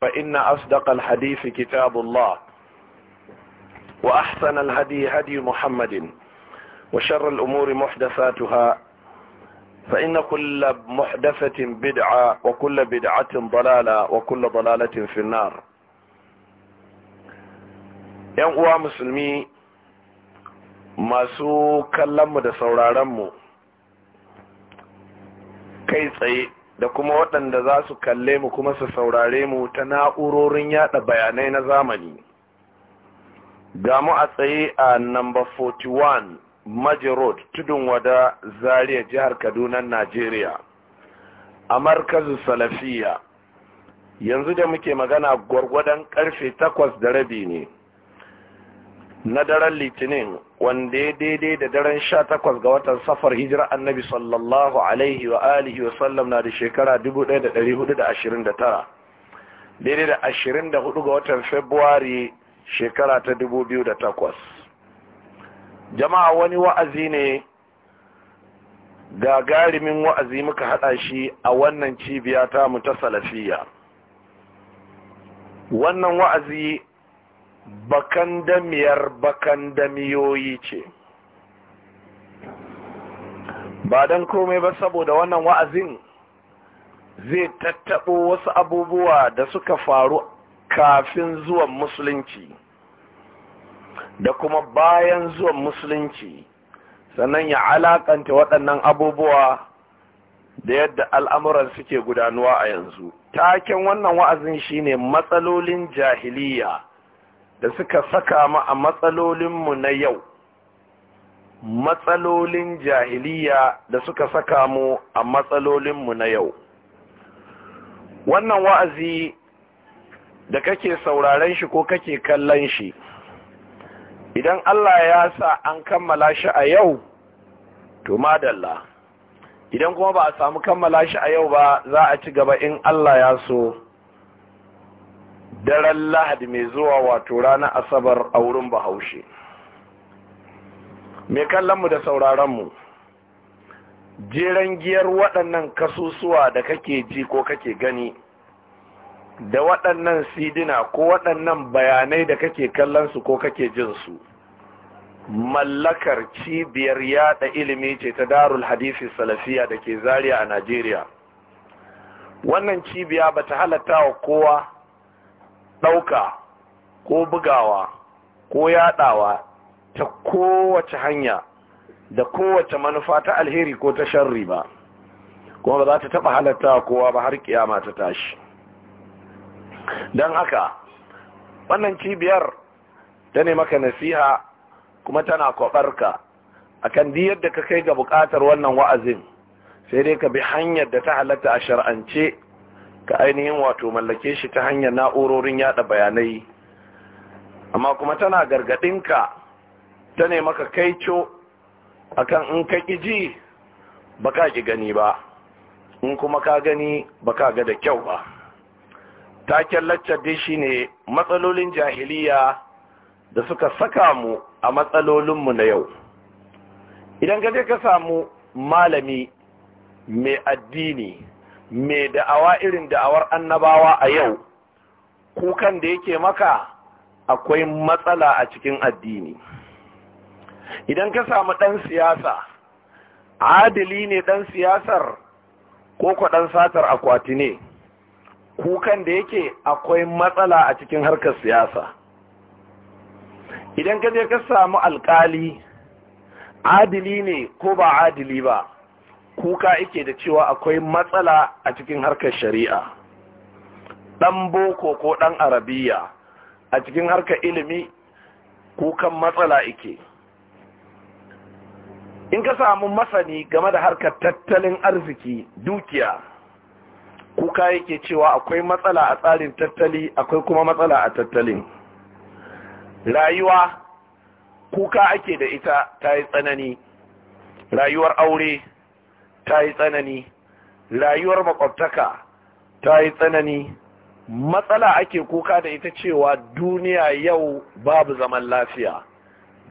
فإن أصدق الحديث كتاب الله وأحسن الهدي هدي محمد وشر الأمور محدثاتها فإن كل محدثة بدعة وكل بدعة ضلالة وكل ضلالة في النار ينقوى مسلمي ما سو كلمة da رمو كيف da kuma waɗanda za su kalle mu kuma su saurare mu ta na'urorin yaɗa bayanai na zamani ga mu a tsaye a number 41 maji road tudun wada zaria jihar kaduna najeriya a markazu salafiya yanzu da muke magana gwargwadon karfe takwas da rabi ne na daren litinin wanda ya daidai da daren sha takwas ga watan safar hijira annabi sallallahu alaihi wa alihi wa sallam na da shekara 1429 daidai da 24 ga watan februari shekara ta 2008 jama'a wani wa'azi ne ga gagarumin wa'azi muka hada shi a wannan cibiya ta mu ta salafiya wannan wa'azi Bakandamiyar bakandamiyoyi ce ba don komai ba saboda wannan wa'azin zai tattaɓo wasu abubuwa da suka faru kafin zuwan musulunci da kuma bayan zuwan musulunci sannan ya alaƙanta waɗannan abubuwa da yadda al'amuran suke gudanuwa a yanzu taken wannan wa'azin shine matsalolin jahiliya da suka saka mu a matsalolinmu na yau matsalolin jahiliya da suka saka mu a matsalolinmu na yau wannan wa'azi da kake sauraren shi ko kake kallon shi idan Allah ya sa an kammala shi a yau to madalla idan kuma ba a samu kammala shi a yau ba za a ci gaba in Allah ya so daren lahadi mai zuwa wato rana asabar a wurin bahaushe mai kallonmu da sauraronmu jeren giyar waɗannan kasusuwa da kake ji ko kake gani da waɗannan sidina ko waɗannan bayanai da kake kallonsu ko kake jinsu mallakar cibiyar yada ilimi ce ta darul hadisi salafiya da ke zariya a najeriya wannan cibiya ba ta halatta wa kowa ɗauka ko bugawa ko yaɗawa ta kowace hanya da kowace manufa ta alheri ko ta sharri ba kuma ba za ta taɓa halatta kowa ba har kiyama ta tashi don haka wannan cibiyar ta ne maka nasiha kuma tana kwabarka kan di yadda ka kai ga bukatar wannan wa'azin sai dai ka bi hanyar da ta halatta a shar'ance ka ainihin wato mallake shi ta hanyar na'urorin yada bayanai amma kuma tana gargadinka ta ne maka kaico akan in ka ji ka ki gani ba in kuma ka gani baka ga da kyau ba taken laccar dai shine matsalolin jahiliya da suka saka mu a matsalolinmu na yau idan ka ka samu malami mai addini mai da'awa irin da'awar annabawa a yau kukan da yake maka akwai matsala a cikin addini idan ka samu ɗan siyasa adali ne ɗan siyasar ko kwaɗan satar akwati ne kukan da yake akwai matsala a cikin harkar siyasa idan ka je ka samu alkali adili ne ko ba adili ba kuka yake da cewa akwai matsala a cikin harkar shari'a ɗan boko ko ɗan arabiya a cikin harkar ilimi kukan matsala yake in ka samu masani game da harkar tattalin arziki dukiya kuka yake cewa akwai matsala a tsarin tattali akwai kuma matsala a tattalin rayuwa kuka ake da ita ta yi tsanani rayuwar aure ta yi tsanani rayuwar makwabtaka ta yi tsanani matsala ake kuka da ita cewa duniya yau babu zaman lafiya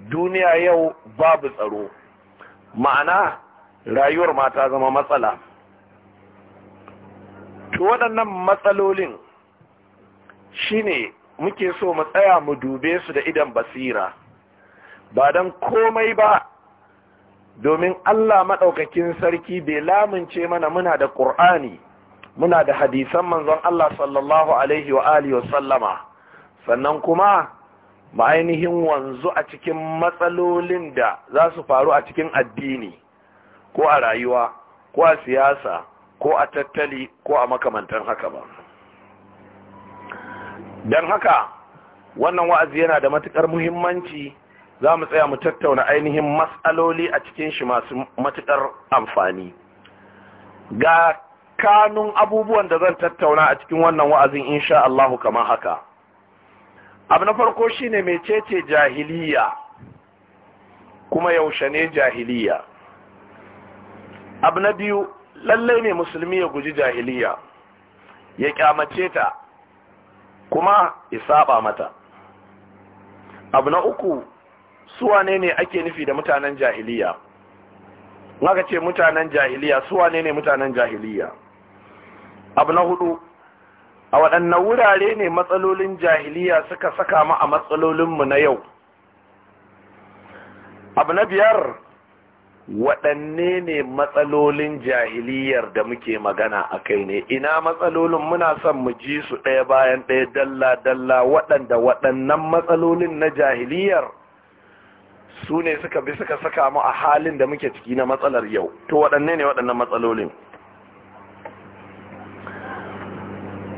duniya yau babu tsaro ma'ana rayuwar ma ta zama matsala to waɗannan matsalolin shine muke so mu tsaya mu dube su da idan basira ba don komai ba domin Allah maɗaukakin sarki bai lamince mana muna da ƙur'ani muna da hadisan manzon Allah sallallahu alaihi wa alihi wa sallama sannan kuma ma'ainihin wanzu a cikin matsalolin da za su faru a cikin addini ko a rayuwa ko a siyasa ko a tattali ko a makamantan haka ba don haka wannan wa'azi yana da matuƙar muhimmanci za mu tsaya mu tattauna ainihin matsaloli a cikin shi masu matuƙar amfani ga kanun abubuwan da zan tattauna a cikin wannan wa'azin insha Allahu kamar haka abu na farko shine mecece jahiliya kuma yaushe ne jahiliya abu na biyu lallai ne musulmi ya guji jahiliya ya kyamace ta kuma ya saba mata abu na uku suwane ne ake nufi da mutanen jahiliya maka ce mutanen jahiliya suwane ne mutanen jahiliya abu na hudu a waɗanne wurare ne matsalolin jahiliya suka saka mu a matsalolinmu na yau abu na biyar waɗanne ne matsalolin jahiliyar da muke magana a kai ne ina matsalolin muna son mu ji su ɗaya bayan ɗaya dalla-dalla waɗanda waɗannan matsalolin na jahiliyar su ne suka bi suka saka mu a halin da muke ciki na matsalar yau to waɗanne ne waɗannan matsalolin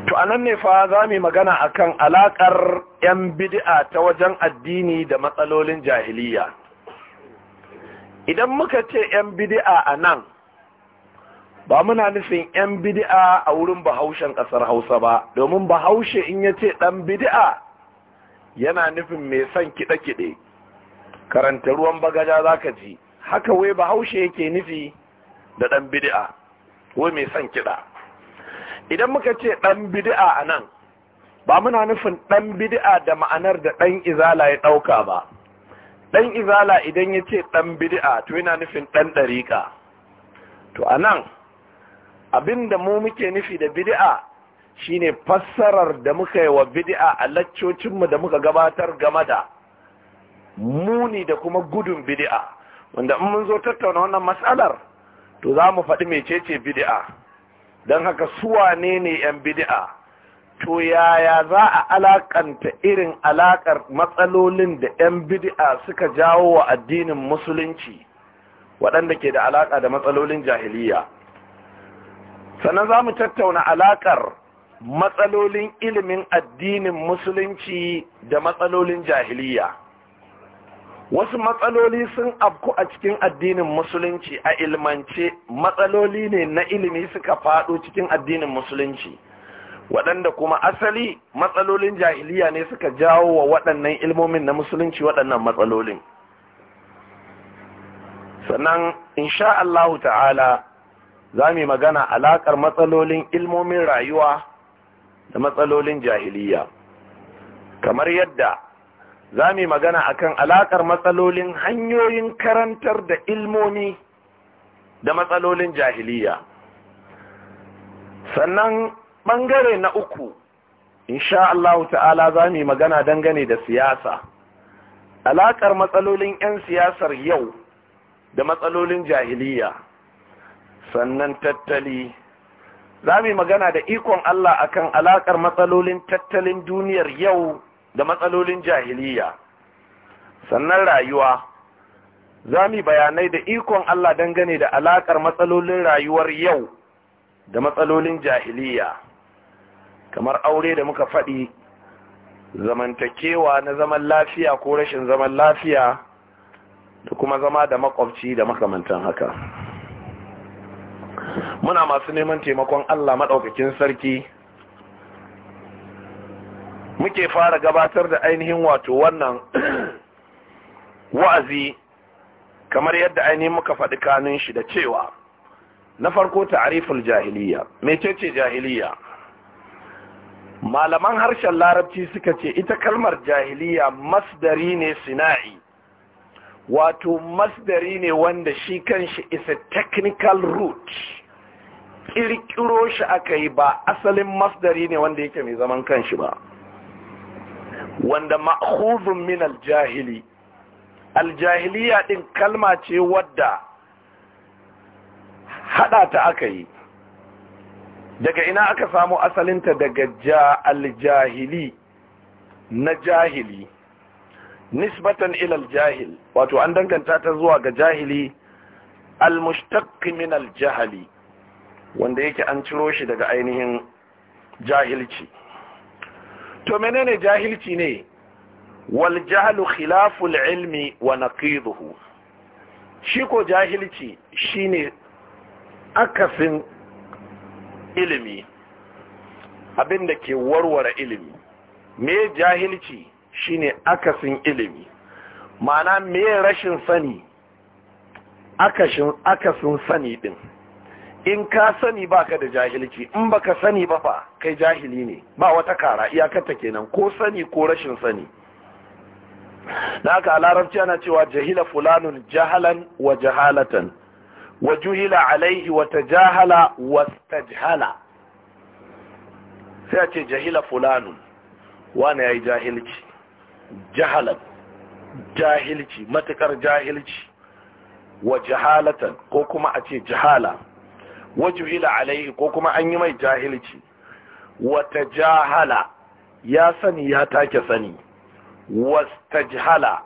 to anan ne fa za mu magana akan alakar yan bid'a ta wajen addini da matsalolin jahiliya idan muka ce yan bid'a anan ba muna nufin yan bid'a a wurin bahaushen ƙasar Hausa ba domin bahaushe in yace ɗan bid'a yana nufin mai son kiɗe-kiɗe. karanta ruwan bagaja za ka ji haka wai bahaushe yake nufi da ɗan bidi'a wai mai son kiɗa idan muka ce ɗan bidi'a a nan ba muna nufin ɗan bidi'a da ma'anar da ɗan izala ya ɗauka ba ɗan izala idan ya ce ɗan bidi'a to yana nufin ɗan ɗariƙa to a nan abinda mu muke nufi da bidi'a shine fassarar da muka yi wa bidi'a a laccocinmu da muka gabatar game da muni da kuma gudun bidi'a wanda in mun zo tattauna wannan matsalar to za mu faɗi mecece bid'a don haka suwane ne 'yan bidi'a to yaya za a alakanta irin alakar matsalolin da 'yan bidi'a suka jawo wa addinin musulunci waɗanda ke da alaka da matsalolin jahiliya sannan za mu tattauna alaƙar matsalolin ilimin addinin musulunci da matsalolin jahiliya wasu matsaloli sun afku a cikin addinin musulunci a ilmance matsaloli ne na ilimi suka faɗo cikin addinin musulunci waɗanda kuma asali matsalolin jahiliya ne suka jawo wa waɗannan ilmomin na musulunci waɗannan matsalolin sannan insha Allahu ta'ala za mu magana alaƙar matsalolin ilmomin rayuwa da matsalolin jahiliya kamar yadda za mu yi magana akan alaƙar matsalolin hanyoyin karantar da ilmomi da matsalolin jahiliya sannan ɓangare na uku insha Allah ta'ala za mu yi magana dangane da siyasa alaƙar matsalolin 'yan siyasar yau da matsalolin jahiliya sannan tattali za mu yi magana da ikon Allah akan alaƙar matsalolin tattalin duniyar yau da matsalolin jahiliya sannan rayuwa za mu bayanai da ikon Allah dangane da alakar matsalolin rayuwar yau da matsalolin jahiliya kamar aure da muka faɗi zamantakewa na zaman lafiya ko rashin zaman lafiya da kuma zama da makwabci da makamantan haka muna masu neman taimakon Allah maɗaukakin sarki muke fara gabatar da ainihin wato wannan wa'azi kamar yadda ainihin muka faɗi kanun shi da cewa na farko ta'ariful jahiliya ce, jahiliya malaman harshen larabci suka ce ita kalmar jahiliya masdari ne sina'i wato masdari ne wanda shi kanshi is a technical root kirkiro shi aka yi ba asalin masdari ne wanda yake mai zaman kanshi ba wanda ma'khudhun min al-jahili al-jahiliya din kalma ce wadda hada ta aka yi daga ina aka samu asalinta daga ja al na jahili nisbatan ilal jahil wato an danganta ta zuwa ga jahili al min al wanda yake an ciro shi daga ainihin jahilci to menene jahilci ne wal jahlu khilaful ilmi wa naqiduhu shi ko jahilci shine akasin ilimi abinda ke warware ilimi me jahilci shine akasin ilimi ma'ana me rashin sani akasin akasin sani din in ka sani baka da jahilci in baka sani ba fa kai jahili ne ba wata kara iyakarta kenan ko sani ko rashin sani da aka a larabci ana cewa jahila fulanun jahalan wa jahalatan wa juhila alaihi wa tajahala wa jahala. sai a ce jahila fulanun wane yi jahilci jahalan jahilci matukar jahilci wa jahalatan ko kuma a ce jahala wajuhila alaihi ko kuma an yi mai jahilci wata jahala ya sani ya take sani jahala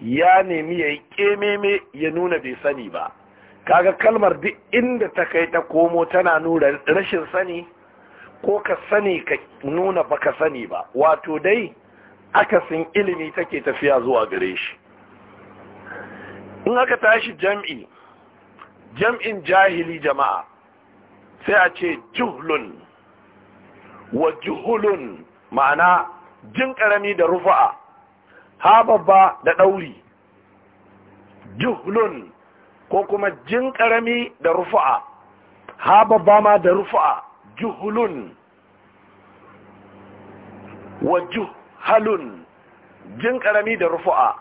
ya nemi ya yi kememe ya nuna bai sani ba kaga kalmar duk inda ta kai ta komo tana nuna rashin sani ko ka sani ka nuna baka sani ba wato dai akasin ilimi take tafiya zuwa gare shi in aka tashi jam'i jam'in jahili jama'a sai a ce juhlun wa juhulun ma'ana jin karami da rufa'a ha babba da ɗauri juhlun ko kuma jin karami da rufa'a ha babba ma da rufa'a juhulun wa juhalun jin karami da rufa'a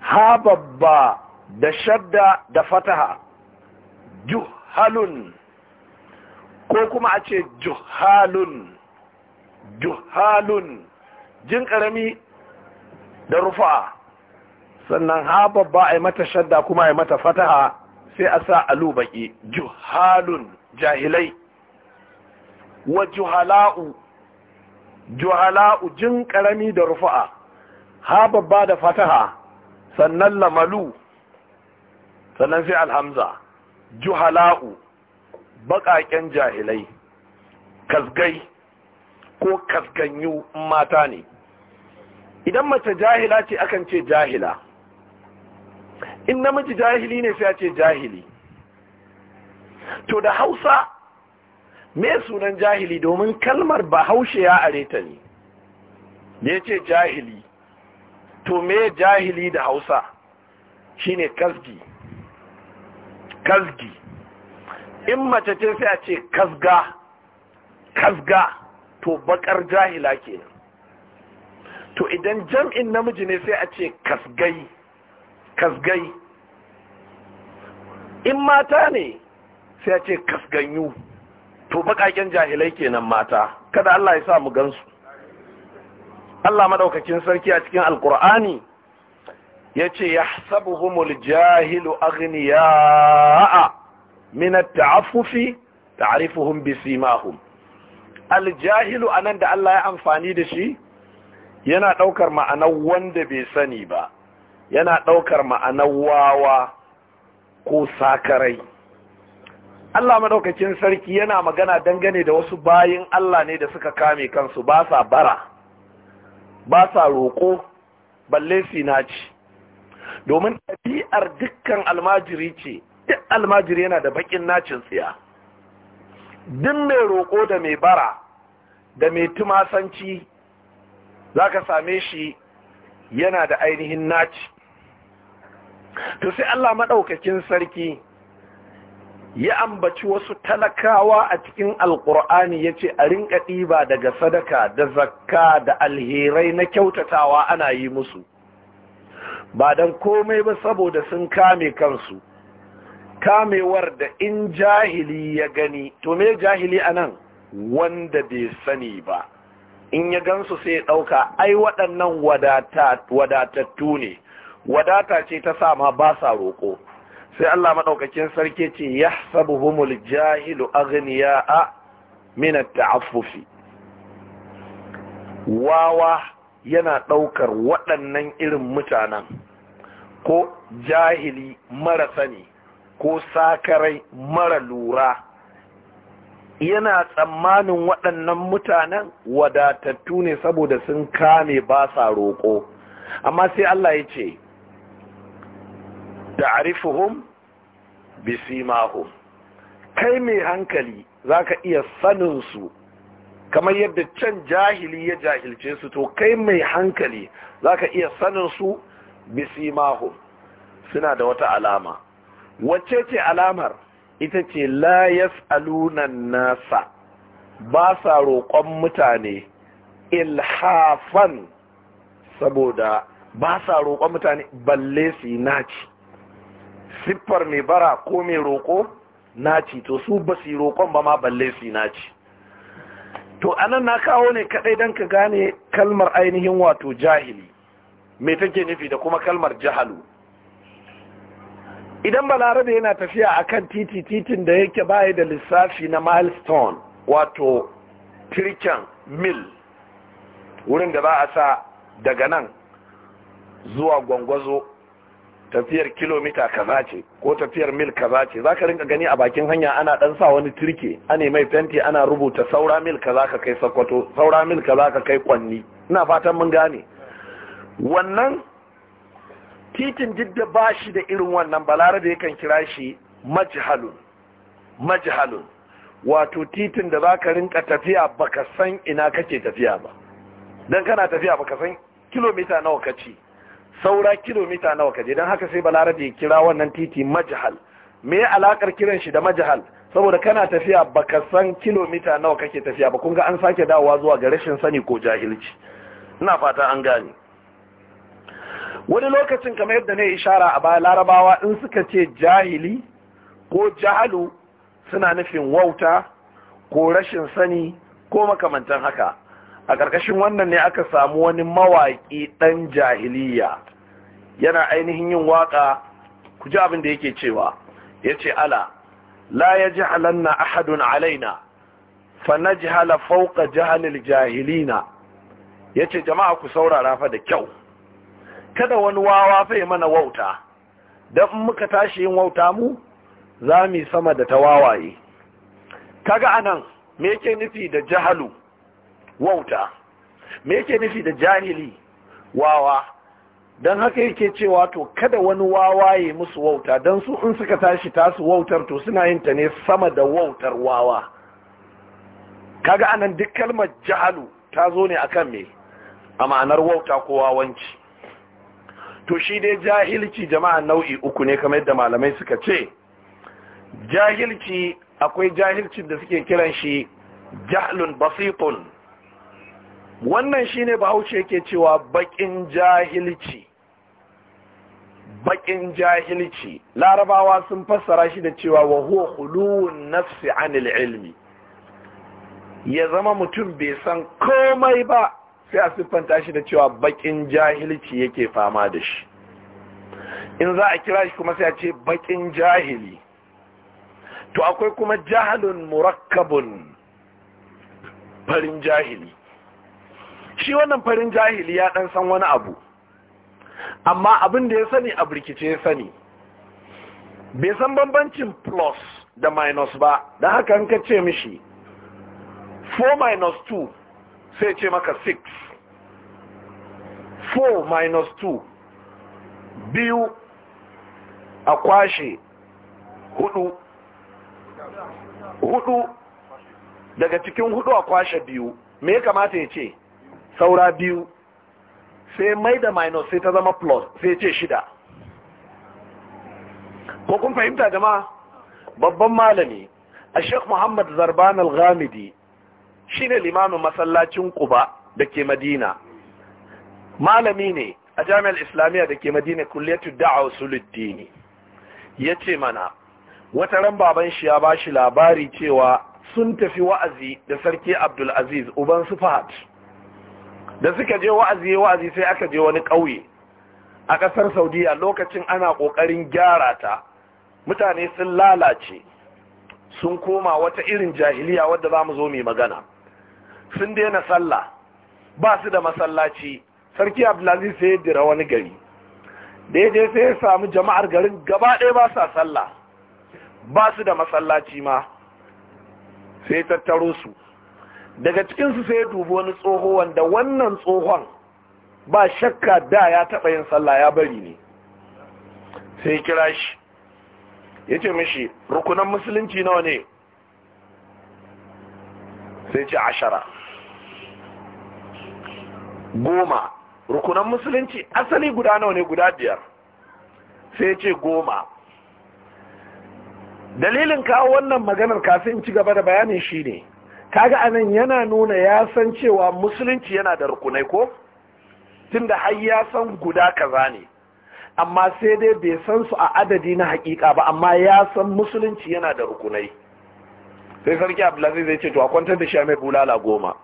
ha babba da shadda da fataha juhalun ko kuma a ce juhalun juhalun jin karami da rufa sannan ha babba a mata shadda kuma a mata fataha sai a sa alubaki juhalun jahilai wa juhala'u juhala'u jin karami da rufa'a ha babba da fataha sannan lamalu sannan sai alhamza juhala'u baƙaƙen jahilai kasgai ko kasganyu mata ne idan mace jahila ce akan ce jahila in namiji jahili ne sai a ce jahili to da hausa me sunan jahili domin kalmar bahaushe ya are ta ne da ya ce jahili to me jahili da hausa shine kasgi kasgi in mace ce sai a ce kasga kasga to bakar jahila kenan to idan jam'in namiji ne sai a ce kasgai kasgai in mata ne sai a ce kasganyu to bakaken jahilai kenan mata kada Allah ya sa mu gansu Allah madaukakin sarki a cikin alkur'ani yace yahsabuhumul jahilu aghniya'a min at ta ta'rifuhum bi simahum al anan da Allah ya amfani da shi yana daukar ma'anar wanda bai sani ba yana daukar ma'anar wawa ko sakarai Allah madaukakin sarki yana magana dangane da wasu bayin Allah ne da suka kame kansu ba sa bara ba sa roƙo balle sinaci domin ɗabi'ar dukkan almajiri ce duk almajiri yana da bakin nacin tsiya duk mai roƙo da mai bara da mai tumasanci za ka same shi yana da ainihin naci to sai Allah maɗaukakin sarki ya ambaci wasu talakawa a cikin alƙur'ani ya ce a rinka ɗiba daga sadaka da zakka da alherai na kyautatawa ana yi musu ba don komai ba saboda sun kame kansu kamewar da in jahili ya gani to me jahili a nan wanda bai sani ba in ya gansu sai ya ɗauka ai waɗannan wadatattu ne wadata ce ta sama ba sa roƙo sai Allah maɗaukakin sarki ce ya humul jahilu agniya a mina ta'afufi wawa yana ɗaukar waɗannan irin mutanen ko jahili mara sani ko sakarai mara lura yana tsammanin waɗannan mutanen wadatattu ne saboda sun kame ba sa roƙo amma sai Allah ya ce ta'rifuhum bisimahum kai mai hankali zaka iya sanin kamar yadda can jahili ya jahilce su to kai mai hankali zaka iya saninsu, su bisimahum suna da wata alama wacce ce alamar ita ce la alunan nasa ba sa roƙon mutane ilhafan saboda ba sa roƙon mutane balle su naci siffar mai bara ko mai roƙo naci to su ba su yi roƙon ba ma balle su naci to anan na kawo ne kaɗai don ka gane kalmar ainihin wato jahili mai take nufi da kuma kalmar jahalu idan balarabe yana tafiya akan titi titin da yake baya da lissafi na milestone wato tirken mil wurin da za a sa daga nan zuwa gwangwazo tafiyar kilomita kaza ce ko tafiyar mil kaza ce za ka rinka gani a bakin hanya ana dan sa wani turke ana mai fenti ana rubuta saura mil kaza ka kai sakwato saura mil kaza ka kai kwanni ina fatan mun gane wannan titin duk da ba shi da irin wannan balarabe yakan kira shi majhalun majhalun wato titin da za ka rinka tafiya baka san ina kake tafiya ba don kana tafiya baka san kilomita nawa ka ci saura kilomita nawa ka je don haka sai balarabe ya kira wannan titi majhal me alakar kiran shi da majhal saboda kana tafiya baka san kilomita nawa kake tafiya ba kun ga an sake dawowa zuwa ga rashin sani ko jahilci ina fata an gane wani lokacin kamar yadda na ishara a baya larabawa in suka ce jahili ko jahalu suna nufin wauta ko rashin sani ko makamantan haka a ƙarƙashin wannan ne aka samu wani mawaƙi ɗan jahiliya yana ainihin yin waƙa ku ji abin da yake cewa ya ce ala la ya ji halanna ahadun alaina fa na ji hala fauka jahalil jahilina ya ce jama'a ku saurara fa da kyau kada wani wawa fai mana wauta don muka tashi yin wauta mu za mu sama da tawawaye kaga anan me yake nufi da jahalu wauta me yake nufi da jahili wawa don haka yake cewa to kada wani wawaye musu wauta don su in suka tashi tasu wautar to suna yin ta ne sama da wautar wawa kaga anan duk kalmar jahalu ta zo ne akan me a ma'anar wauta ko wawanci to shi dai jahilci jama'a nau'i uku ne kamar yadda malamai suka ce jahilci akwai jahilcin da suke kiran shi jahlun basitun wannan shi shine bahaushe yake cewa bakin jahilci bakin jahilci larabawa sun fassara shi da cewa wa huwa khuluwun nafsi anil ilmi ya zama mutum bai san komai ba sai a siffanta shi da cewa bakin jahilci yake fama da shi in za a kira shi kuma sai a ce bakin jahili to akwai kuma jahalun murakkabun farin jahili shi wannan farin jahili ya dan san wani abu amma abin da ya sani a birkice ya sani bai san bambancin plus da minus ba da haka an ka ce mishi 4 minus 2 sai ce maka 6 4 minus 2 biyu a kwashe hudu hudu daga cikin hudu a kwashe biyu me ya kamata ya ce saura biyu sai mai da minus sai ta zama plus sai ce shida ko kun fahimta jama'a babban malami a sheikh muhammad zarban al-ghamidi shine limamin masallacin Quba da ke Madina malami ne a jami'ar islamiyya da ke Madina kulliyatu da'awa usuluddini yace mana wata ran baban shi ya bashi labari cewa sun tafi wa'azi da sarki Abdul Aziz uban Sufahad. da suka je wa'azi wa'azi sai aka je wani ƙauye a ƙasar Saudiya lokacin ana kokarin gyara ta mutane sun lalace sun koma wata irin jahiliya wadda za mu zo mai magana sun daina sallah ba su da masallaci sarki abdulaziz sai ya dira wani gari daidai sai ya samu jama'ar garin gaba ɗaya ba sa sallah ba su da masallaci ma sai tattaro su daga su sai ya dubi wani tsoho wanda wannan tsohon ba shakka da ya taɓa yin sallah ya bari ne sai ya kira shi ya ce mishi rukunan musulunci nawa ne sai ce ashara goma rukunan musulunci asali guda nawa ne guda biyar sai ce goma dalilin kawo wannan maganar kafin ci gaba da bayanin shi ne kaga anan yana nuna ya san cewa musulunci yana da rukunai ko tunda har ya san guda kaza ne amma sai dai bai san su a adadi na hakika ba amma ya san musulunci yana da rukunai sai sarki Abdullahi zai ce to a kwantar da shi mai bulala goma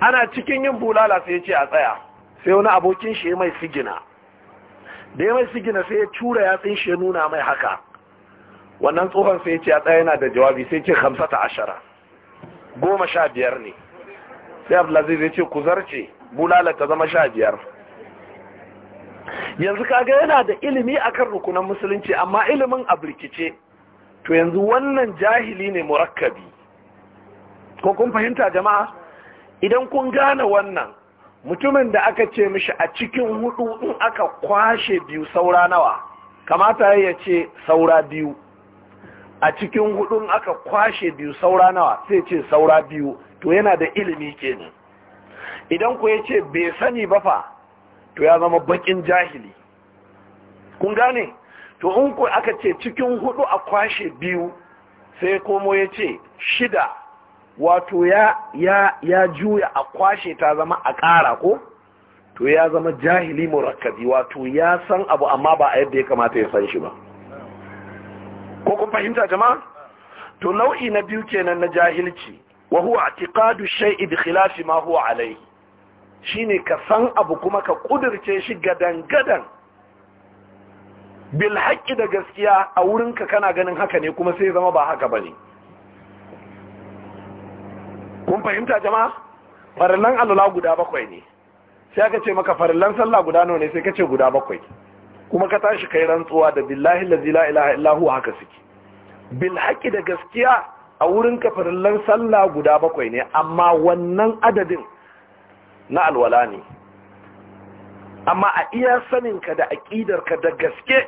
ana cikin yin bulala sai ce a tsaya sai wani abokin shi mai sigina da ya mai sigina sai ya cura yatsun shi ya nuna mai haka wannan tsohon sai ce a tsaya yana da jawabi sai ce ta ashara goma sha biyar ne sai abdulaziz zai ce ku zarce bulala ta zama sha biyar yanzu kaga yana da ilimi akan rukunan musulunci amma ilimin a to yanzu wannan jahili ne murakkabi ko kun fahimta jama'a idan kun gane wannan mutumin da aka ce mishi a cikin hudu in aka kwashe biyu saura nawa kamata ya ce saura biyu a cikin hudu in aka kwashe biyu saura nawa sai ce saura biyu to yana da ilimi kenan idan ku ya ce bai sani ba fa to ya zama bakin jahili kun gane to in ku aka ce cikin hudu a kwashe biyu sai komo ya ce shida wato ya juya a kwashe ta zama a ƙara ko to ya zama jahili murakkabi wato ya san abu amma ba a yadda ya kamata ya san shi ba ko kun fahimta jama'a to nau'i na biyu kenan na jahilci wa huwa i'tiqadu shay'i bi khilafi ma huwa alayhi shine ka san abu kuma ka kudirce shi gadan-gadan bil haƙƙi da gaskiya a wurinka kana ganin haka ne kuma sai zama ba haka bane kun fahimta jama'a farallan alula guda bakwai ne sai aka ce maka farallan sallah guda nawa ne sai ka ce guda bakwai kuma ka tashi kai rantsuwa da billahi allazi la ilaha illa hu haka suke bil da gaskiya a wurin ka farallan sallah guda bakwai ne amma wannan adadin na alwala ne amma a iya sanin ka da aqidar ka da gaske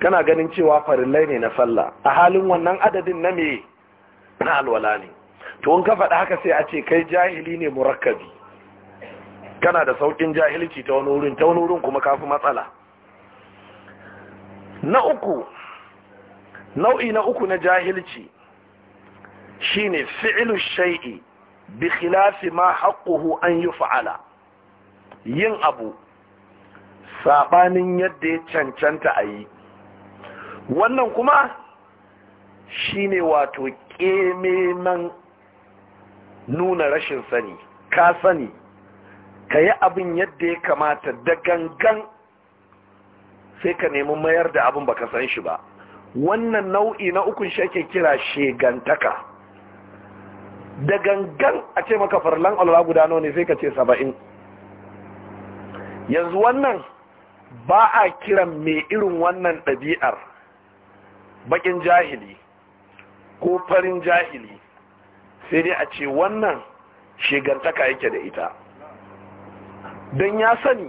kana ganin cewa farillai ne na sallah a halin wannan adadin na me na alwala ne to in ka faɗa haka sai a ce kai jahili ne murakkabi kana da saukin jahilci ta wani wurin ta wani wurin kuma fi matsala na uku nau'i na uku na jahilci shine fi'ilu shai'i bi khilafi ma haƙuhu an yi fa'ala. yin abu saɓanin yadda ya cancanta a yi wannan kuma shine wato kememan nuna rashin sani ka sani ka yi abin yadda ya kamata da gangan sai ka nemi mayar da abin baka san shi ba wannan nau'i na ukun shi kira shegantaka da gangan a ce maka farlan alwa guda nawa ne sai ka ce saba'in yanzu wannan ba a kiran mai irin wannan ɗabi'ar baƙin jahili ko farin jahili sai dai a ce wannan shigantaka yake da ita don ya sani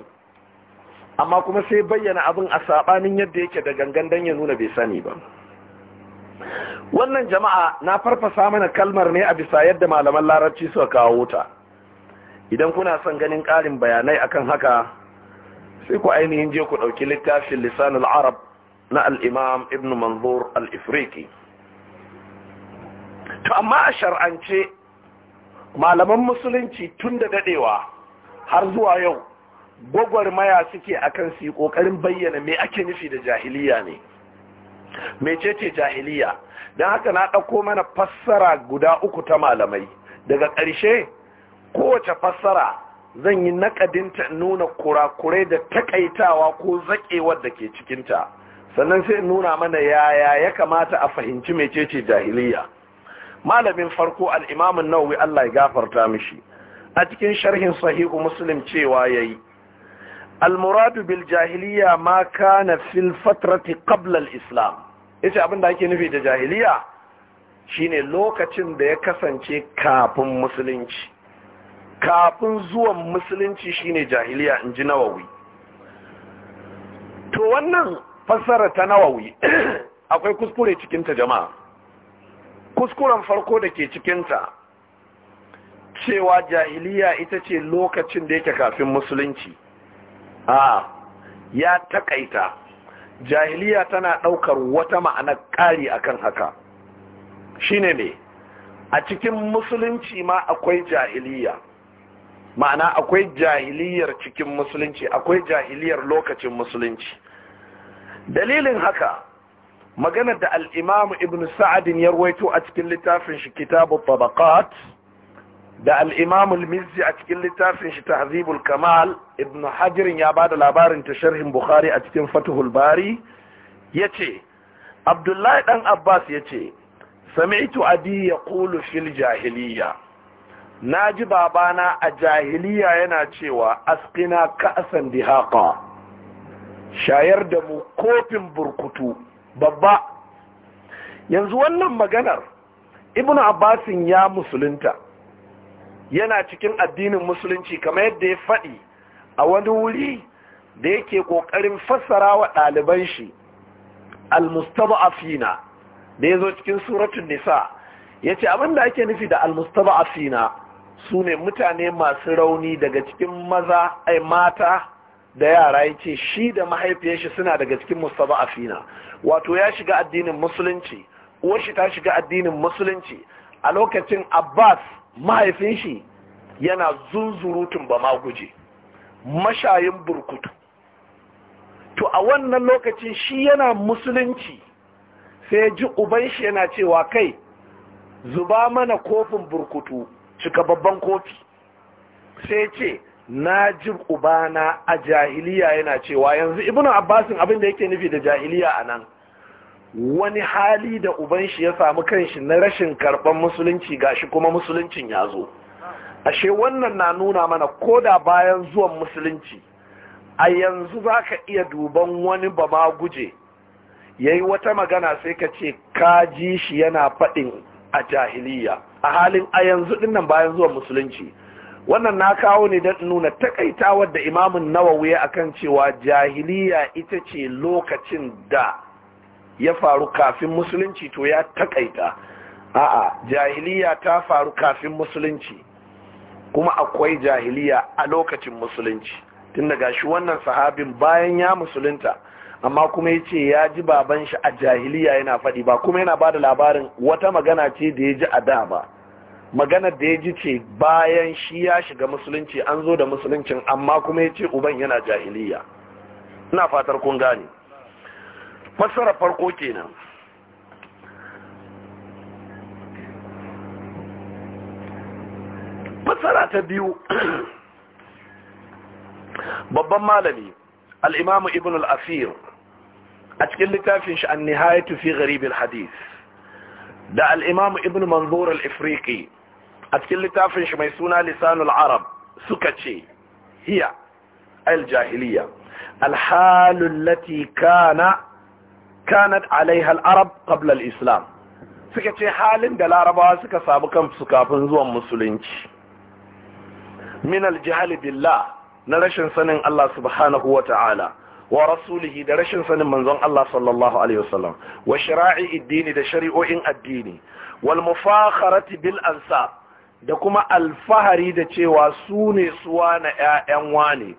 amma kuma sai bayyana abin a saɓanin yadda yake da gangan don ya nuna bai sani ba wannan jama'a na farfasa mana kalmar ne a bisa yadda malaman larabci suka kawo ta idan kuna son ganin ƙarin bayanai akan haka sai ku ainihin je ku ɗauki littafin lisanin arab na al'imam ibn manzur al-ifriki to amma a shar'ance malaman musulunci tun da dadewa har zuwa yau gwagwarmaya suke akan su yi kokarin bayyana me ake nufi da jahiliya ne ce jahiliya don haka na ɗauko mana fassara guda uku ta malamai daga ƙarshe kowace fassara zan yi naƙadinta nuna kurakurai da takaitawa ko zaƙewar da ke cikinta sannan sai nuna mana yaya ya kamata a fahimci mecece jahiliya malamin farko al-imam an-nawawi Allah ya gafarta mishi a cikin sharhin sahihu muslim cewa yayi al-muradu bil jahiliya ma kana fil fatrati qabla al-islam yace abin da ake nufi da jahiliya shine lokacin da ya kasance kafin musulunci kafin zuwan musulunci shine jahiliya in inji nawawi to wannan fassara ta nawawi akwai kuskure cikin ta jama'a kuskuren farko da ke cikinta cewa jahiliya ita ce lokacin da yake kafin musulunci a ya takaita jahiliya tana daukar wata ma'ana ƙari akan haka shine ne a cikin musulunci ma akwai jahiliya ma'ana akwai jahiliyar cikin musulunci akwai jahiliyar lokacin musulunci dalilin haka maganar da al'imam ibn sa'adin ya ruwaito a cikin littafin shi kitabu tabaqat da al'imam al-mizzi a cikin littafin shi hazibul kamal ibn hajirin ya ba da labarin ta sharhin bukhari a cikin fatuhul bari ya ce abdullahi ɗan abbas ya ce sami'tu adi ya kulu fil jahiliya na ji babana a jahiliya yana cewa askina ka'asan dihaqa shayar da mu kofin burkutu babba yanzu wannan maganar ibnu abbasin ya musulunta yana cikin addinin musulunci kamar yadda ya faɗi a wani wuri da yake ƙoƙarin fassara wa ɗaliban shi al Afina da ya zo cikin suratun nisa ya ce abinda ake nufi da al-mustaba'afina su ne mutane masu rauni daga cikin maza ai mata da yara ya ce shi da mahaifiyarshi suna daga cikin mustaba afina wato ya shiga addinin musulunci uwar shi ta shiga addinin musulunci a lokacin abbas mahaifinshi yana zunzurutun ba ma guje mashayin burkutu to a wannan lokacin shi yana musulunci sai ya ji uban shi yana cewa kai zuba mana kofin burkutu cika babban kofi sai ce na jib ubana a jahiliya yana cewa yanzu ibnu abbasin abin da yake nufi da jahiliya a nan wani hali da uban shi ya samu kanshi na rashin karban musulunci gashi kuma musuluncin ya zo ashe wannan na nuna mana ko da bayan zuwan musulunci a yanzu za ka iya duban wani ba ma guje ya yi wata magana sai ka ce ka ji shi yana faɗin a jahiliya a halin a yanzu ɗinnan bayan zuwan musulunci wannan na kawo ne don nuna takaitawar da imamun nawawi kan cewa jahiliya ita ce lokacin da ya faru kafin musulunci to ya takaita a'a jahiliya ta faru kafin musulunci kuma akwai jahiliya a lokacin musulunci tun daga shi wannan sahabin bayan ya musulunta amma kuma ya ce ya ji baban shi a jahiliya yana faɗi ba kuma yana ba da labarin wata magana ce da ya ji a da ba maganar da ya ji ce bayan shi ya shiga musulunci an zo da musuluncin amma kuma ya ce uban yana jahiliya ina fatar kun gane fassara farko kenan fassara ta biyu babban malami al imamu ibn al asir a cikin littafin shi an nihayatu fi gharibin hadith da al'imamu ibn manzur al-ifriqi a cikin littafin shi mai suna lisanul arab suka ce hiya al-jahiliya alhalun lati kana kanat alaiha al-arab qabla islam suka ce halin da larabawa suka samu kansu kafin zuwan musulunci min al-jahil billah na rashin sanin Allah subhanahu wa ta'ala wa rasulihi da rashin sanin manzon Allah sallallahu alaihi wasallam wa shara'i addini da shari'o'in addini wal mufakharati bil ansab da kuma alfahari da cewa su ne suwa na ƴaƴan wane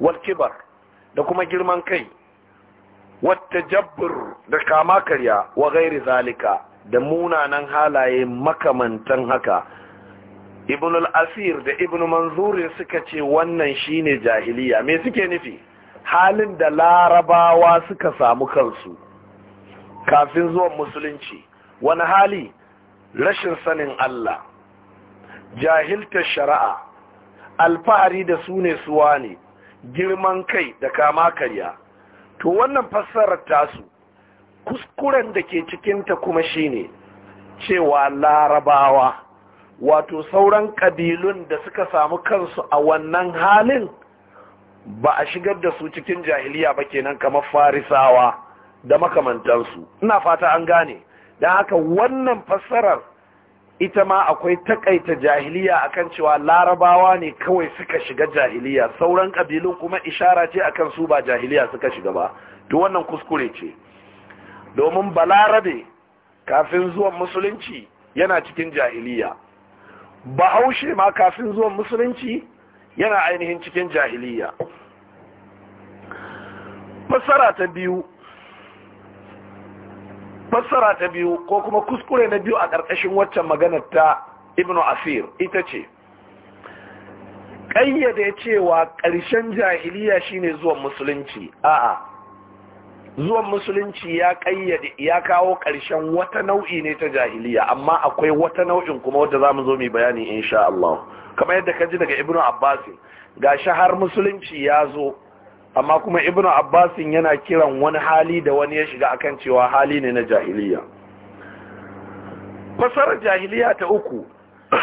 wal kibar da kuma girman kai wat tajabbur da kama karya wa ghairi zalika da munanan halaye makamantan haka ibn al-asir da ibn manzur suka ce wannan shine jahiliya me suke nufi halin da larabawa suka samu kansu kafin zuwan musulunci wani hali rashin sanin Allah jahiltar shari'a alfahari da su ne suwa ne girman kai da kama karya to wannan fassarar tasu kuskuren da ke cikinta kuma shine cewa larabawa wato sauran ƙabilun da suka samu kansu a wannan halin ba a shigar da su cikin jahiliya ba kenan kamar farisawa da makamantansu ina fata an gane don haka wannan fassarar ita ma akwai takaita jahiliya akan cewa larabawa ne kawai suka shiga jahiliya sauran kabilun kuma ishara ce akan su ba jahiliya suka shiga ba to wannan kuskure ce domin balarabe kafin zuwan musulunci yana cikin jahiliya bahaushe ma kafin zuwan musulunci yana ainihin cikin jahiliya fassara ta biyu fassara ta biyu ko kuma kuskure na biyu a ƙarƙashin waccan maganar ta ibnu asir ita ce ƙayyade cewa ƙarshen jahiliya shine zuwan musulunci a'a zuwan musulunci ya kayyade ya kawo ƙarshen wata nau'i ne ta jahiliya amma akwai wata nau'in kuma wadda zamu zo mu bayani insha Allah kamar yadda ka ji daga ibnu Abbas gashi har musulunci ya zo amma kuma Ibnu Abbas yana kiran wani hali da wani ya shiga akan cewa hali ne na jahiliya fasarar jahiliya ta uku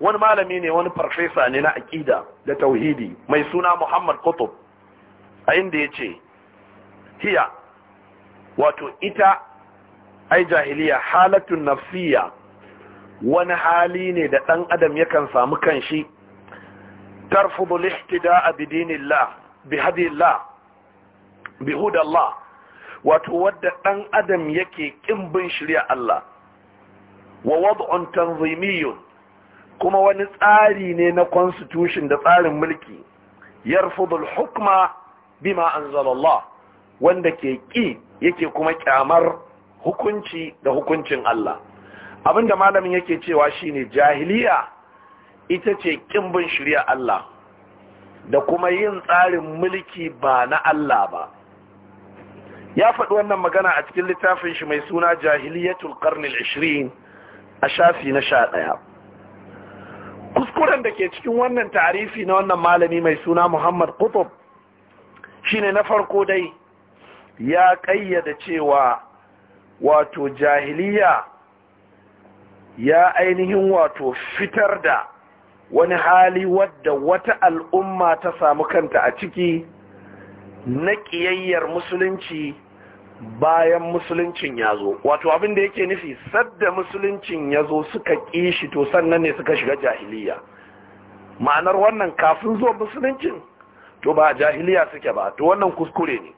wani malami ne wani farfesa ne na Aqida da tauhidi mai suna Muhammad Qutb a inda yace hiya wato ita ai jahiliya halatun nafsiya wani hali ne da ɗan adam yakan samu kanshi tarfudu lihtida'a bi dinillah bi hadillah wato wadda ɗan adam yake ƙin bin shirya Allah wa wad'un tanzimiyyun kuma wani tsari ne na constitution da tsarin mulki yarfudu al-hukma bima anzalallah wanda ke ƙi yake kuma kyamar hukunci da hukuncin Allah abinda malamin yake cewa shine jahiliya ita ce ƙimbin bin Allah da kuma yin tsarin mulki ba na Allah ba ya faɗi wannan magana a cikin littafin shi mai suna jahiliyatul qarnil 20 a shafi na ɗaya. kuskuren da ke cikin wannan tarifi na wannan malami mai suna Muhammad Qutb shine na farko dai ya ƙayyada cewa wato jahiliya ya ainihin wato fitar da wani hali wadda wata al'umma ta samu kanta a ciki na ƙiyayyar musulunci bayan musuluncin ya zo wato abin da yake nufi sadda musuluncin ya zo suka ƙi shi to sannan ne suka shiga jahiliya ma'anar wannan kafin zuwa musuluncin to ba jahiliya suke ba to wannan kuskure ne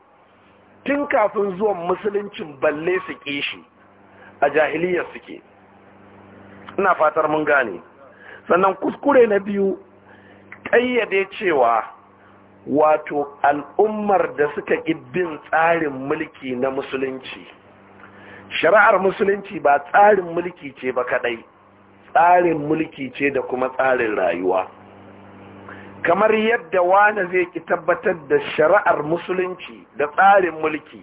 tun kafin zuwan musuluncin balle su ƙi shi a jahiliyar suke ina fatar mun gane sannan kuskure na biyu ƙayyade cewa wato al'ummar da suka bin tsarin mulki na musulunci shari'ar musulunci ba tsarin mulki ce ba kadai tsarin mulki ce da kuma tsarin rayuwa kamar yadda wane zai ki tabbatar da shari'ar musulunci da tsarin mulki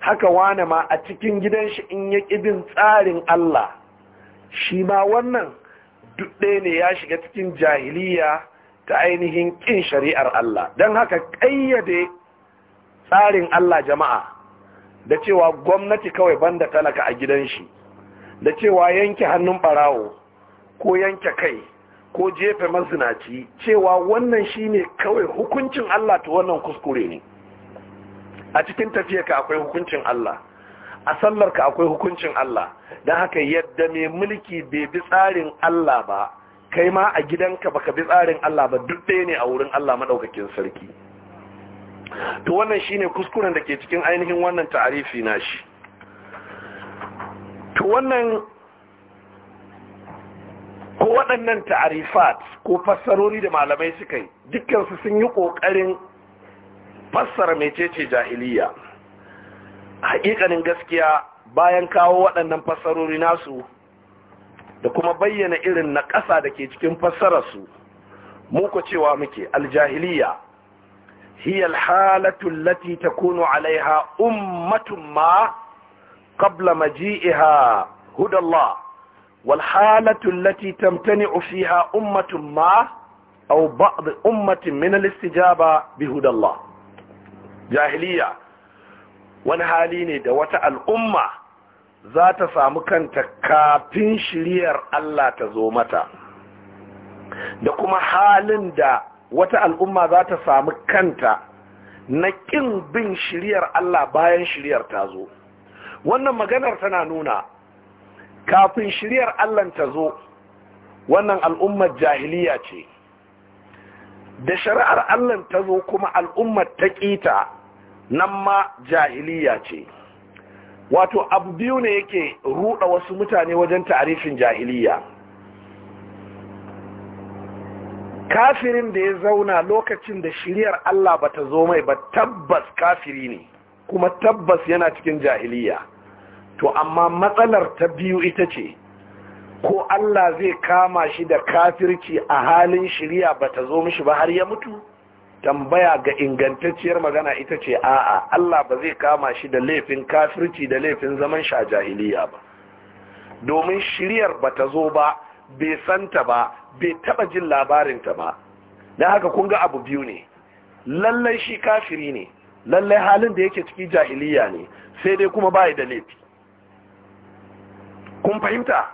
haka wane ma a cikin gidan shi in ya bin tsarin Allah shi ma wannan duk ɗaya ne ya shiga cikin jahiliya ta ainihin ƙin shari'ar Allah don haka ƙayyade tsarin Allah jama'a da cewa gwamnati kawai banda talaka a gidan shi da cewa yanke hannun barawo ko yanke kai ko jefe mazinaci cewa wannan shine kawai hukuncin Allah ta wannan kuskure ne a cikin tafiyarka akwai hukuncin Allah a sallar ka akwai hukuncin Allah don haka yadda mai mulki bai bi tsarin Allah ba kai ma a gidanka ka bi tsarin Allah ba duk ɗaya ne a wurin Allah maɗaukakin sarki to wannan shine kuskuren da ke cikin ainihin wannan ta'arifi shi. to wannan ko waɗannan ta'arifat ko fassarori da malamai suka yi dukkansu sun yi ƙoƙarin fassara mecece jahiliya haƙiƙanin gaskiya bayan kawo waɗannan fassarori nasu da kuma bayyana irin na ƙasa da ke cikin fassararsu muku cewa muke aljahiliya hiya alhalatu allati takunu alaiha ummatun ma qabla maji'iha hudallah والحالة التي تمتنع فيها أمة ما أو بعض أمة من الاستجابة بهدى الله جاهلية ونهالين دوة الأمة ذات سامكا تكابين شرير الله تزومتا دكما حال دا وتا الأمة ذات سامكا نكين بين شرير ƙin باين شرير تازو وانا مغانر تنانونا kafin shiriyar Allah ta zo wannan al'ummar jahiliya ce da shari'ar Allah ta zo kuma al'ummar ta ƙita nan ma jahiliya ce wato abu biyu ne yake ruɗa wasu mutane wajen tarifin jahiliya kafirin da ya zauna lokacin da shiriyar Allah ba ta zo mai ba tabbas kafiri ne kuma tabbas yana cikin jahiliya to amma matsalar ta biyu ita ce ko Allah zai kama shi da kafirci a halin shirya ba ta zo mishi ba har ya mutu tambaya ga ingantacciyar magana ita ce a'a Allah ba zai kama shi da laifin kafirci da laifin zaman sha jahiliya ba domin shiryar ba ta zo ba bai santa ba bai taba jin labarinta ba Na haka kun ga abu biyu ne lallai shi kafiri ne lallai halin da yake ciki jahiliya ne sai dai kuma bai da laifi kun fahimta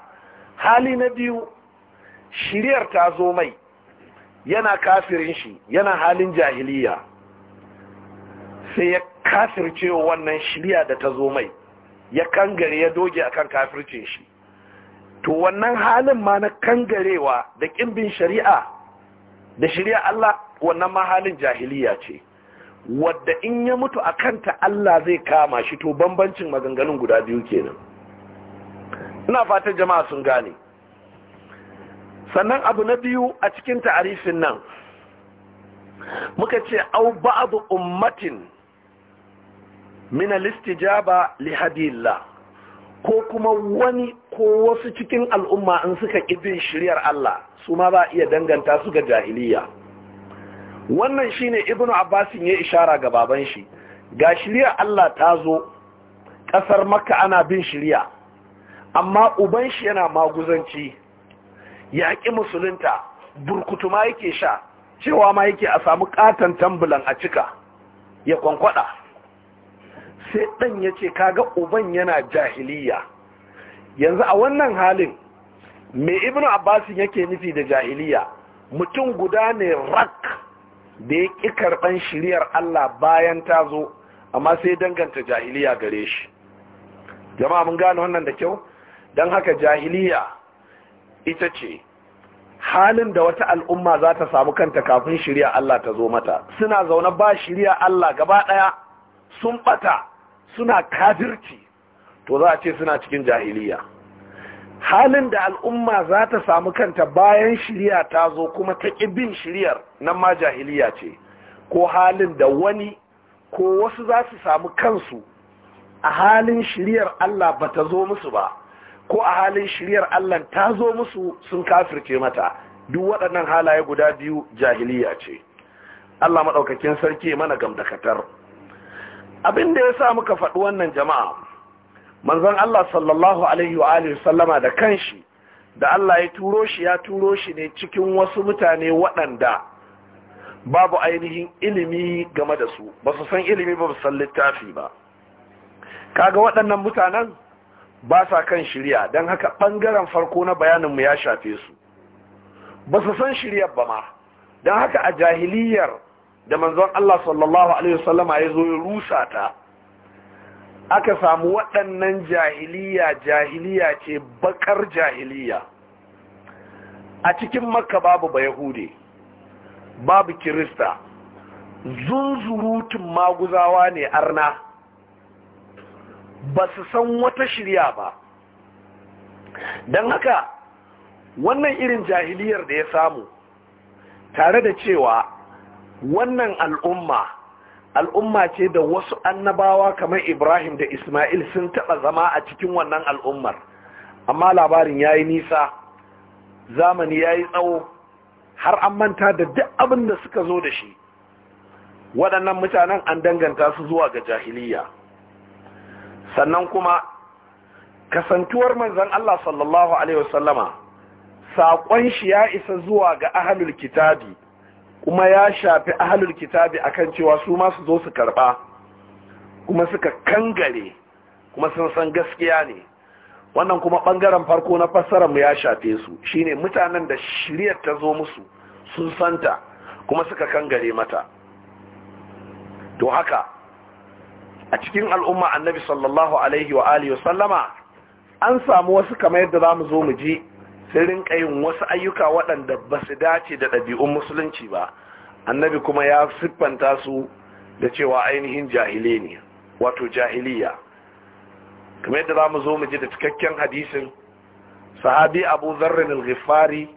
hali na biyu shiriyar ta zo mai yana kafirin shi yana halin jahiliya sai ya kafirce wannan shiriya da ta zo mai ya kangare ya doge akan kafircin shi to wannan halin ma na kangarewa da kimbin shari'a da shirya Allah wannan ma halin jahiliya ce wadda in ya mutu a kanta Allah zai kama shi to bambancin maganganun guda biyu kenan ina fatan jama'a sun gane sannan abu na biyu a cikin ta'arifin nan muka ce au ba'adu ummatin min al-istijaba li ko kuma wani ko wasu cikin al'umma in suka bin shiryar Allah su ma ba iya danganta su ga jahiliya wannan shine ibnu abbasin ya ishara ga baban shi ga shiryar Allah ta zo ƙasar makka ana bin shirya amma uban shi yana maguzanci yaƙi musulunta burkutu ma yake sha cewa ma yake a samu ƙaton tambulan a cika ya kwankwada sai ɗan ya ce kaga uban yana jahiliya yanzu a wannan halin mai ibn abbasin yake nufi da jahiliya mutum guda ne rak da ya ƙi karɓan shiriyar Allah bayan ta zo amma sai danganta jahiliya gare shi jama'a mun gane wannan da kyau don haka jahiliya ita ce halin da wata al'umma za ta samu kanta kafin shirya Allah ta zo mata suna zaune ba shirya Allah gaba ɗaya sun ɓata suna kafirci to za a ce suna cikin jahiliya halin da al'umma za ta samu kanta bayan shirya ta zo kuma ta bin shiryar nan ma jahiliya ce ko halin da wani ko wasu za su samu kansu a halin shiryar Allah ba ta zo musu ba ko a halin shiryar Allah ta zo musu sun kafirce mata duk waɗannan halaye guda biyu jahiliya ce Allah maɗaukakin sarki mana gamdakatar abin da ya sa muka faɗi wannan jama'a manzon Allah sallallahu alaihi wa alihi sallama da kanshi da Allah ya turo shi ya turo shi ne cikin wasu mutane waɗanda babu ainihin ilimi game da su ba su san ilimi ba su san littafi ba kaga waɗannan mutanen ba sa kan shirya don haka ɓangaren farko na bayaninmu ya shafe su ba su san shiryar ba ma don haka a jahiliyar da manzon Allah sallallahu Alaihi wasallama ya zo rusa ta aka samu waɗannan jahiliya jahiliya ce bakar jahiliya a cikin makka babu ba yahude babu kirista zunzurutun maguzawa ne arna ba su san wata shirya ba don haka wannan irin jahiliyar da ya samu tare da cewa wannan al'umma al'umma ce da wasu annabawa kamar ibrahim da ismail sun taɓa zama a cikin wannan al'ummar amma labarin ya yi nisa zamani ya yi tsawo har an manta da duk abin da suka zo da shi waɗannan mutanen an danganta su zuwa ga jahiliya sannan kuma kasantuwar manzon Allah sallallahu alaihi wasallama saƙon shi ya isa zuwa ga ahalul kitabi kuma ya shafi ahalul kitabi akan cewa su ma zo su karɓa kuma suka kangare kuma sun san gaskiya ne wannan kuma ɓangaren farko na fassarar mu ya shafe su shine mutanen da shirya ta zo musu sun santa kuma suka kangare mata to haka a cikin al'umma annabi sallallahu alaihi wa alihi wasallama an samu wasu kamar yadda za mu zo mu ji sun rinka yin wasu ayyuka waɗanda ba su dace da ɗabi'un musulunci ba annabi kuma ya siffanta su da cewa ainihin jahile ne wato jahiliya kamar yadda za mu zo mu ji da cikakken hadisin sahabi abu zarrin al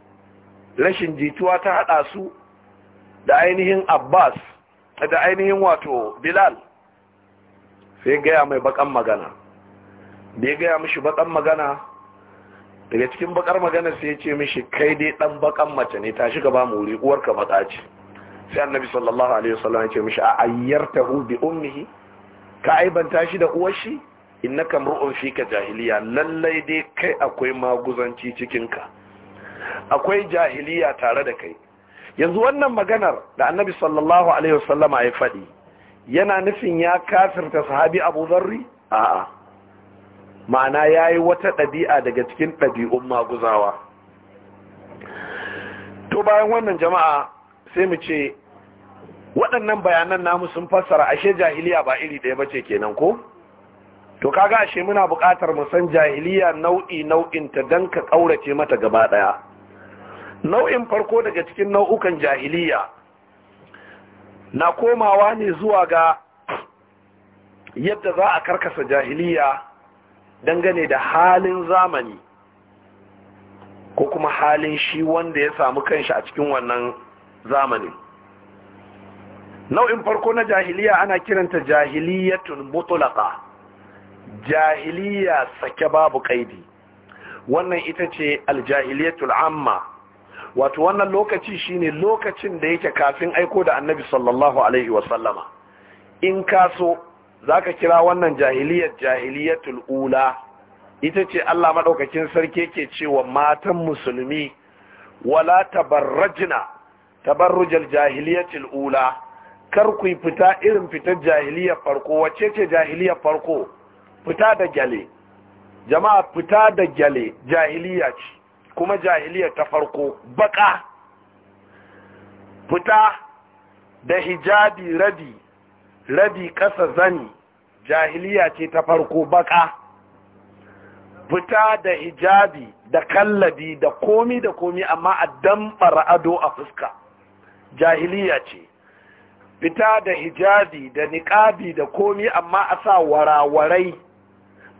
rashin jituwa ta haɗa su da ainihin abbas da ainihin wato bilal sai gaya mai bakan magana da ya gaya mishi bakan magana daga cikin bakar magana sai ya ce mishi kai dai dan bakan mace ne ta ka ba mu wuri uwarka ba ce sai annabi sallallahu alaihi wasallam ya ce mishi a hu bi ummihi ka aibanta shi da uwar shi innaka mar'un ka jahiliya lallai dai kai akwai maguzanci cikin ka akwai jahiliya tare da kai yanzu wannan maganar da annabi sallallahu alaihi wasallam ya faɗi yana nufin ya kafirta sahabi abu zarri a'a ma'ana ya yi wata ɗabi'a daga cikin ɗabi'un maguzawa to bayan wannan jama'a sai mu ce waɗannan bayanan namu sun fassara ashe jahiliya ba iri ɗaya ba ce kenan ko to kaga ashe muna buƙatar mu san jahiliya nau'i nau'in ta don ka ƙaurace mata gaba ɗaya nau'in farko daga cikin nau'ukan jahiliya na komawa ne zuwa ga yadda za a karkasa jahiliya dangane da halin zamani ko kuma halin shi wanda ya samu kanshi a cikin wannan zamani. nau'in farko na jahiliya ana kiranta jahiliyatun mutulaka jahiliya sake babu kaidi wannan ita ce aljahiliyatul amma wato wannan lokaci shine lokacin da yake kafin aiko da annabi sallallahu alaihi wasallama in ka so zaka kira wannan jahiliyar jahiliyatul ula ita ce Allah madaukakin sarki yake cewa matan musulmi wala tabarrajna tabarrujal jahiliyatul ula kar ku fita irin fitar jahiliyar farko Wace ce jahiliyar farko fita da gyale jama'a fita da gyale jahiliya ce kuma jahiliya ta farko baka fita da hijabi rabi rabi kasa zani jahiliya ce ta farko baka fita da hijabi da kallabi da komi da komi amma a damfara ado a fuska jahiliya ce fita da hijabi da niƙabi da komi amma a sa warawarai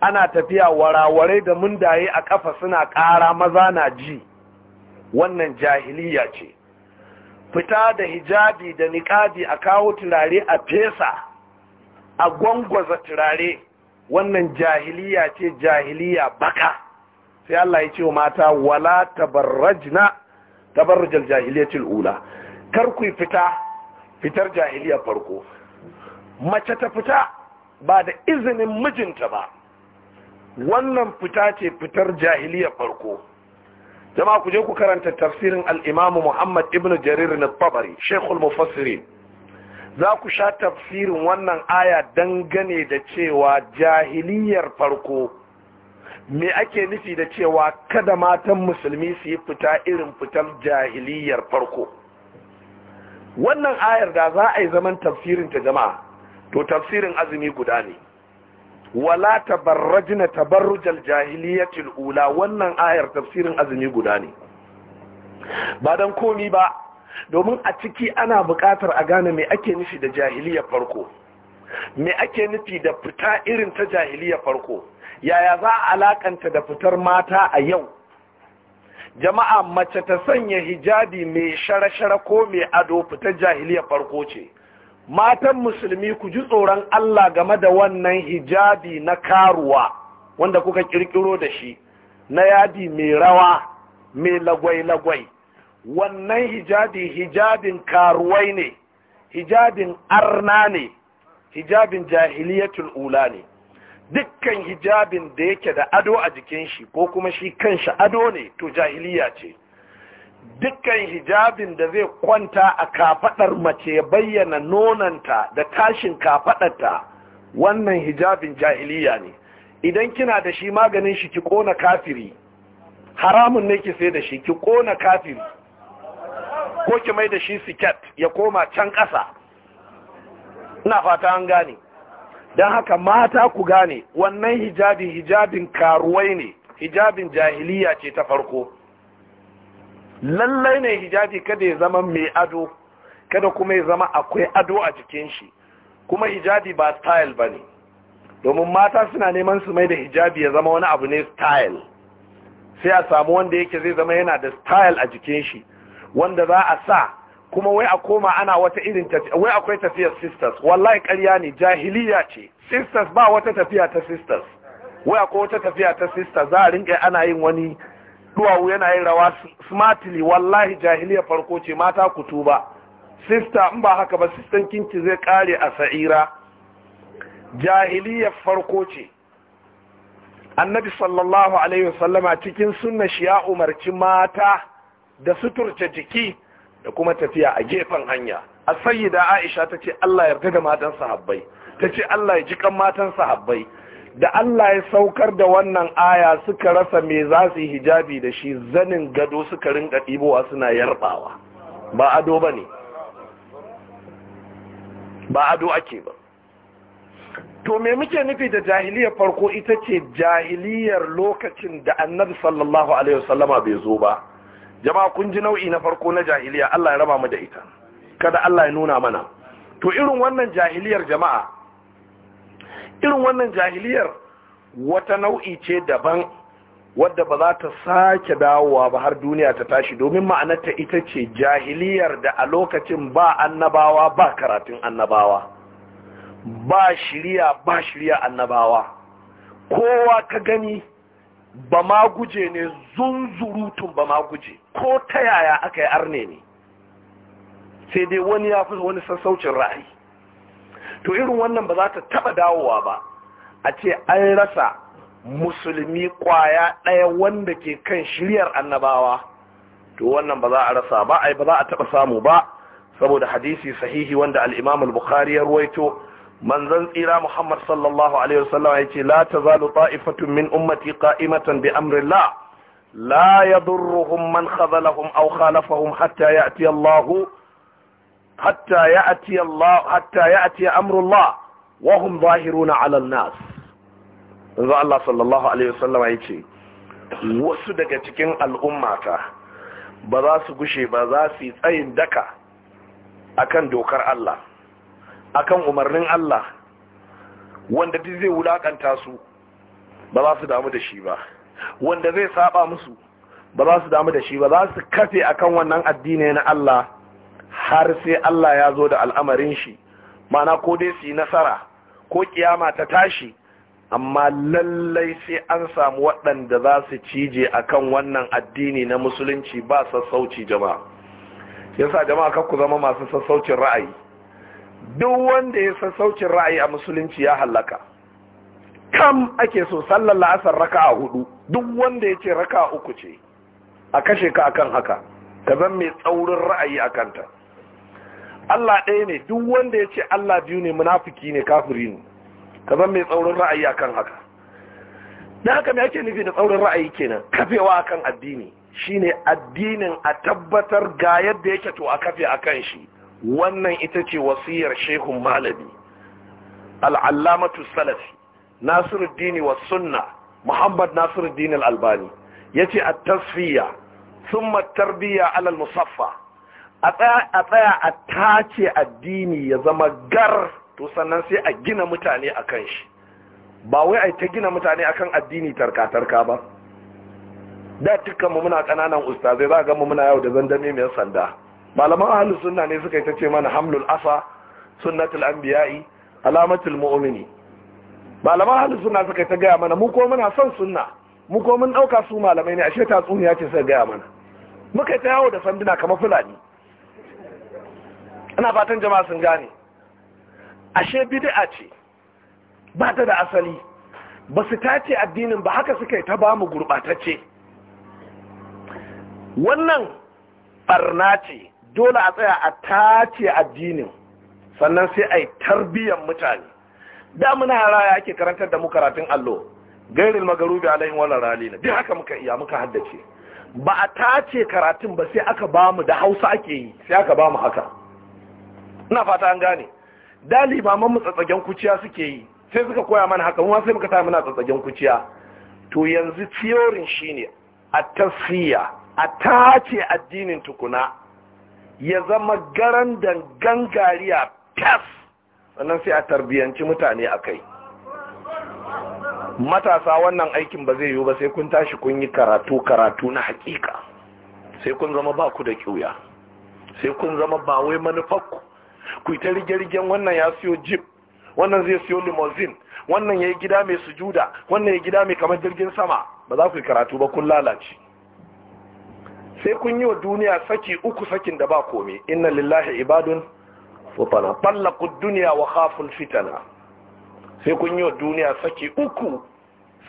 ana tafiya warawarai da mundaye a kafa suna ƙara maza na ji wannan jahiliya ce fita da hijabi da niƙabi a kawo turare a fesa a gwangwaza turare wannan jahiliya ce jahiliya baka sai Allah ya ce wa mata wala tabarrajna tabarrujal jahiliyatul ula kar ku fita fitar jahiliya farko mace ta fita ba da izinin mijinta ba wannan fita ce fitar jahiliya farko jama'a ku je ku karanta tafsirin al-imamu Muhammad ibn Jarir al-Tabari shaykhul mufassiri za ku sha tafsirin wannan aya dangane da cewa jahiliyar farko me ake nufi da cewa kada matan musulmi su yi fita irin fitar jahiliyar farko wannan ayar da za a yi zaman tafsirin ta jama'a to tafsirin azumi guda ne wala tabarrajna tabarrujal jahiliyatil ula wannan ayar tafsirin azumi guda ne ba dan komi ba domin a ciki ana buƙatar a gane me ake nufi da jahiliyar farko me ake nufi da fita irin ta jahiliyar farko yaya za a alakanta da fitar mata a yau jama'a mace ta sanya hijabi mai shara-shara ko mai ado fitar jahiliyar farko ce matan musulmi ku ji tsoron Allah game da wannan hijabi na karuwa wanda kuka kirkiro da shi na yadi mai rawa mai lagwai-lagwai wannan hijabi hijabin karuwai ne hijabin arna ne hijabin jahiliyatul ula ne dukkan hijabin da yake da ado a jikin shi ko kuma shi kanshi ado ne to jahiliya ce dukkan hijabin da zai kwanta a kafadar mace ya bayyana nonanta da tashin kafadarta wannan hijabin jahiliya ne idan kina da shi maganin shi ki kona kafiri haramun ne ki sai da shi ki kona kafiri ko ki mai da shi siket ya koma can ƙasa ina fata an gane don haka mata ku gane wannan hijabi hijabin karuwai ne hijabin jahiliya ce ta farko lallai ne hijabi kada ya zama mai ado kada kuma ya zama akwai ado a jikin shi kuma hijabi ba style ba ne domin mata suna neman su mai da hijabi ya zama wani abu ne style sai a samu wanda yake zai zama yana da style a jikin shi wanda za a sa kuma wai a koma ana wata irin tafiya wai akwai tafiyar sisters wallahi ƙarya ne jahiliya ce sisters ba wata tafiya ta sisters wai akwai wata tafiya ta sisters za a rinka ana yin wani duwawu yana yin rawa smartly wallahi jahiliya farko ce mata ku tuba sista in ba haka ba sistan kinki zai kare a sa'ira jahiliya farko ce annabi sallallahu alaihi wasallama cikin sunna shi ya umarci mata da suturce jiki da kuma tafiya a gefen hanya a sayyida aisha ta ce Allah yarda da matan sahabbai ta ce Allah ya ji kan matan sahabbai da Allah ya saukar da wannan aya suka rasa me za su hijabi da shi zanin gado suka rinka ɗibowa suna yarbawa ba ado ba ne ba ado ake ba to me muke nufi da jahiliyar farko ita ce jahiliyar lokacin da annabi sallallahu alaihi wasallama bai zo ba jama'a kun ji nau'i na farko na jahiliya Allah ya raba mu da ita kada Allah ya nuna mana to irin wannan jahiliyar jama'a irin wannan jahiliyar wata nau'i ce daban wadda ba za ta sake dawowa ba har duniya ta tashi domin ma'anarta ita ce jahiliyar da a lokacin ba annabawa ba karatun annabawa ba shirya ba shirya annabawa kowa ka gani ba ma guje ne zunzurutun ba ma guje ko ta yaya aka yi arne ne sai dai wani ya fi wani sassaucin ra'ayi to irin wannan ba za ta taba dawowa ba a ce an rasa musulmi kwaya ɗaya wanda ke kan shiryar annabawa to wannan ba za a rasa ba ai ba za a taba samu ba saboda hadisi sahihi wanda al-Imam al-Bukhari ya ruwaito manzon tsira Muhammad sallallahu alaihi wasallam yace la tazalu ta'ifatun min ummati qa'imatan bi amrillah la yadurruhum man khazalahum aw khalafahum hatta ya'ti Allahu hatta ya Allah hatta ya'ti amrullah wa hum zahiruna 'ala an-nas Allah sallallahu alaihi wasallam yace wasu daga cikin al'ummata ba za su gushe ba za su yi tsayin daka akan dokar Allah akan umarnin Allah wanda duk zai wulakanta su ba za su damu da shi ba wanda zai saba musu ba za su damu da shi ba za su kafe akan wannan addini na Allah har sai Allah ya zo da al'amarin shi mana ko dai su yi nasara ko kiyama ta tashi amma lallai sai an samu waɗanda za su cije akan wannan addini na musulunci ba sassauci jama'a yasa jama'a kakku zama masu sassaucin ra'ayi duk wanda ya sassaucin ra'ayi a musulunci ya hallaka kam ake so sallar la'asar a hudu duk wanda ya ce raka uku ce a kashe ka akan haka ka zan mai tsaurin ra'ayi a kanta Allah ɗaya ne duk wanda ya ce Allah biyu ne munafiki ne kafiri ne ka zan mai tsaurin ra'ayi akan haka na haka me ake nufi da tsaurin ra'ayi kenan kafewa akan addini shine addinin a tabbatar ga yadda yake to a kafe kan shi wannan ita ce wasiyar shehun malami al'allamatu salafi nasiruddini wa sunna muhammad nasiruddini al'albani ya ce a tasfiya sun matarbiya alal musaffa a tsaya a tace addini ya zama gar to sannan sai a gina mutane a kan shi ba wai a ta gina mutane akan addini tarka-tarka ba da tukkanmu muna kananan ustazai za a gama muna yau da zandame mai sanda malaman ahalus suna ne suka yi ta ce mana hamlul asa sunnatul anbiya'i alamatul mu'mini malaman ahalus suna suka yi ta gaya mana mu ko muna son sunna mu ko mun dauka su malamai ne ashe tatsuniya ce suka gaya mana muka yi ta yawo da sanduna kamar fulani ina fatan jama'a sun gane ashe bid'a ce ba ta da asali ba su tace addinin ba haka suka yi ta ba mu gurɓatacce wannan ɓarna ce dole a tsaya a tace addinin sannan sai a yi tarbiyyar mutane da muna raya ake karantar da mu karatun allo gairil magarubi wannan rali na duk haka muka iya muka haddace ba a tace karatun ba sai aka ba mu da hausa ake yi sai aka ba mu haka ina fata an gane dali ba tsatsagen kuciya suke yi sai suka koya mana haka mun sai muka sa muna tsatsagen kuciya to yanzu tiyorin shine a tasfiya a tace addinin tukuna ya zama garan gangariya tas sannan sai a tarbiyanci mutane a kai matasa wannan aikin ba zai yiwu ba sai kun tashi kun yi karatu karatu na hakika sai kun zama ba ku da kiuya sai kun zama ba wai manufarku ku ta rige wannan ya siyo jib wannan zai siyo limousine wannan ya yi gida mai sujuda wannan ya yi gida mai kamar jirgin sama ba za ku yi karatu ba kun lalace sai kun yi wa duniya saki uku sakin da ba komai inna lillahi ibadun fufana tallaku duniya wa haful fitana sai kun yi wa duniya saki uku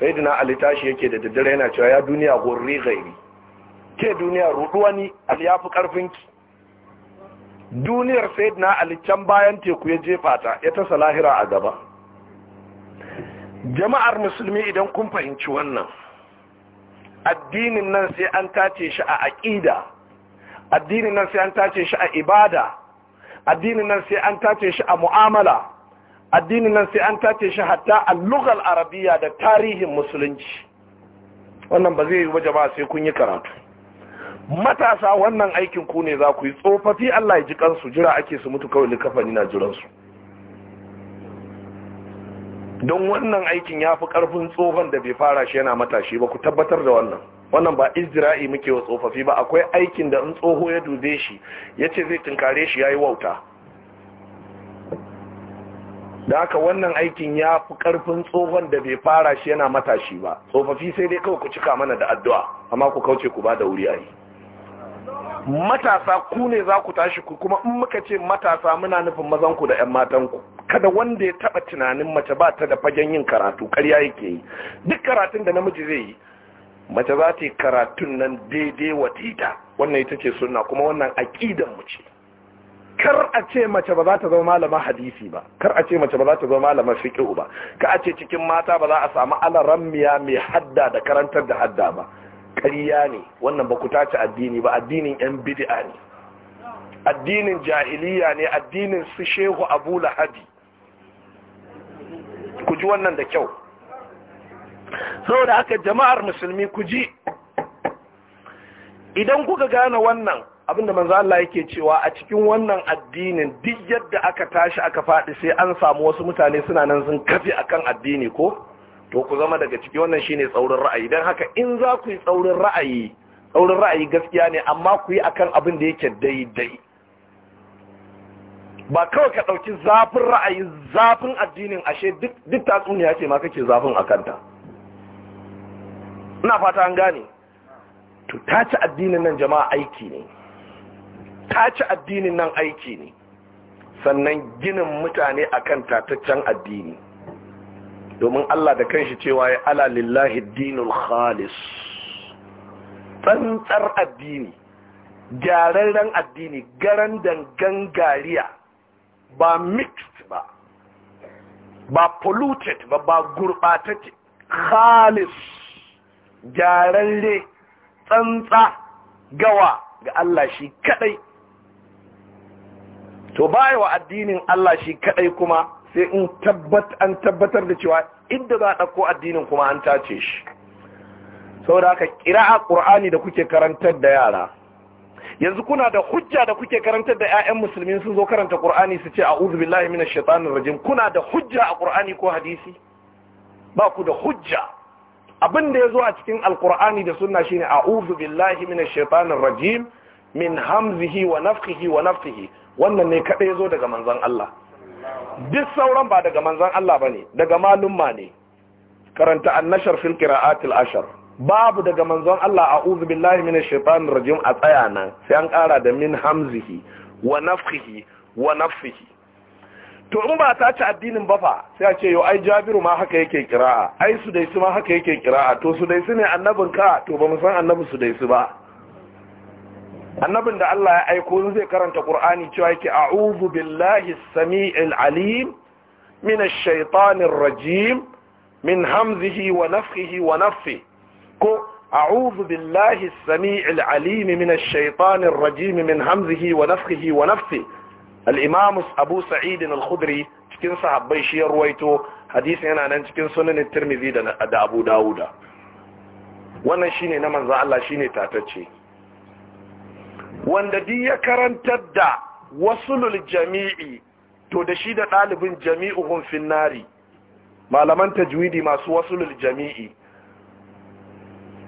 sai dina alitashi yake da daddare yana cewa ya duniya gurri gairi ke duniya ruduwa ni al yafi karfinki duniyar sayyidina ali can bayan teku ya jefa ta ya tasa lahira a gaba jama'ar musulmi idan kun fahimci wannan addinin nan sai an tace shi a aƙida addinin nan sai an tace shi a ibada addinin nan sai an tace shi a mu'amala addinin nan sai an tace shi hatta a lughal arabiya da tarihin musulunci wannan ba zai yi wa jama'a sai kun yi karatu matasa wannan aikin ku ne za ku yi tsofaffi Allah ya ji kansu jira ake su mutu kawai likafani na jiransu don wannan aikin ya fi karfin tsohon da bai fara shi yana matashi ba ku tabbatar da wannan wannan ba isra'i muke wa tsofaffi ba akwai aikin da in tsoho ya dube shi ya ce zai tunkare shi ya yi wauta da haka wannan aikin ya fi karfin tsohon da bai fara shi yana matashi ba tsofaffi sai dai kawai ku cika mana da addu'a amma ku kauce ku ba da wuri a yi matasa ku ne za ku tashi ku kuma in muka ce matasa muna nufin mazanku da 'yan matan ku. kada wanda ya taba tunanin mace ba ta da fagen yin karatu karya yake yi duk karatun da namiji zai yi mace za ta yi karatun nan daidai wa wannan ita ce sunna kuma wannan aƙidan mu ce kar a ce mace ba za ta zama malama hadisi ba kar a ce mace ba za ta zama malama fiqh ba ka a ce cikin mata ba za a samu alarammiya mai hadda da karantar da hadda ba ƙarya ne wannan ba ku tace addini ba addinin yan bid'a ne addinin jahiliya ne addinin su shehu abu lahadi ku ji wannan da kyau saboda haka jama'ar musulmi ku ji idan kuka gane wannan abinda manzo Allah yake cewa a cikin wannan addinin duk yadda aka tashi aka faɗi sai an samu wasu mutane suna nan sun kafi akan addini ko to ku zama daga ciki wannan shine tsaurin ra'ayi don haka in za ku yi tsaurin ra'ayi tsaurin ra'ayi gaskiya ne amma ku yi akan abin da yake daidai ba kawai ka ɗauki zafin ra'ayi zafin addinin ashe duk tatsuniya ce ma kake zafin a ina fata an gane to ta ci addinin nan jama'a aiki ne ta ci addinin nan aiki ne sannan ginin mutane akan tataccen addini domin Allah da kanshi cewa ya ala lillahi dinul khalis tsantsar addini gyararren addini garan dangan gariya ba mixed ba ba polluted ba ba gurbatacce khalis gyararre tsantsa gawa ga Allah shi kadai to baya wa addinin Allah shi kadai kuma sai in an tabbatar da cewa inda za a ɗauko addinin kuma an tace shi saboda haka a ƙur'ani da kuke karantar da yara yanzu kuna da hujja da kuke karantar da 'ya'yan musulmi sun zo karanta ƙur'ani su ce a'udhu billahi minash shaitanir rajim kuna da hujja a ƙur'ani ko hadisi ba ku da hujja abin da ya zo a cikin alƙur'ani da sunna shine a'udhu billahi minash shaitanir rajim min hamzihi wa nafthihi wa nafthihi wannan ne kada ya zo daga manzon Allah duk sauran ba daga manzon Allah bane daga malumma ne karanta annashar fil qira'atil ashar babu daga manzon Allah a'udhu billahi minash shaitanir rajim a tsaya nan sai an kara da min hamzihi wa nafkhihi wa nafsihi to in ba ta ci addinin bafa, fa sai a ce yo ai Jabiru ma haka yake kira'a ai Sudaisu ma haka yake kira'a to Sudaisu ne annabin ka to ba mu san annabi su Sudaisu ba annabin da Allah ya aiko zai karanta Qur'ani cewa yake a'udhu billahi samiil alim minash shaitanir rajim min hamzihi wa nafthihi wa nafthihi ko a'udhu billahi samiil alim minash shaitanir rajim min hamzihi wa nafthihi wa nafthihi al-imam Abu Sa'id al-Khudri cikin sahabbai shi ruwaito hadisin yana nan cikin sunan Tirmidhi da Abu Dawuda. wannan shine na manzo Allah shine tatacce wanda duk ya karantar da wasulul jami'i to da shi da ɗalibin jami'uhun finnari malaman tajwidi masu wasulul jami'i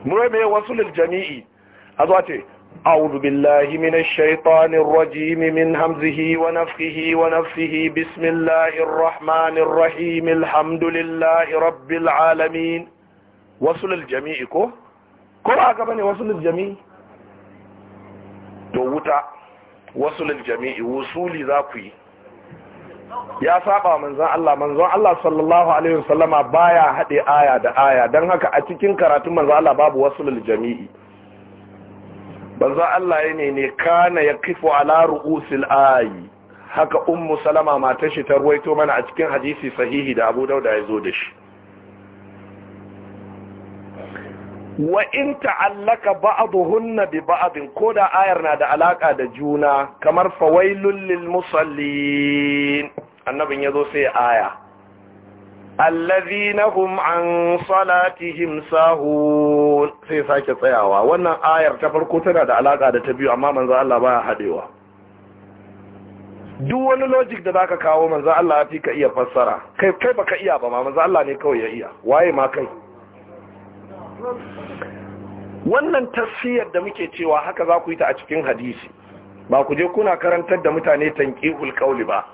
mure mai wasulul jami'i a zuwa ce أعوذ بالله من الشيطان الرجيم من همزه ونفخه ونفسه بسم الله الرحمن الرحيم الحمد لله رب العالمين وصل الجميع كو كو عقبني وصل الجميع to wuta wasu jami'i wusuli za ku yi ya saba manzon Allah manzon Allah sallallahu alaihi wasallama baya hade aya da aya dan haka a cikin karatun manzon Allah babu wasulul jami'i manzon Allah yana ne kana yaqifu ala ru'usil ayi haka ummu salama matar shi ta ruwaito mana a cikin hadisi sahihi da Abu dauda ya zo da shi wa in ta'allaka ba'dhunna bi ba'din da ayar na da alaka da juna kamar fawailul lil musallin annabin yazo sai aya alladhina hum an salatihim sahun sai sake tsayawa wannan ayar ta farko tana da alaka da ta biyu amma manzo Allah baya hadewa duk wani logic da zaka kawo manzo Allah ya fi ka iya fassara kai kai baka iya ba ma manzo Allah ne kawai ya iya waye ma kai wannan tafsiyar da muke cewa haka za ku yi ta a cikin hadisi ba ku je kuna karantar da mutane tanqihul qawli ba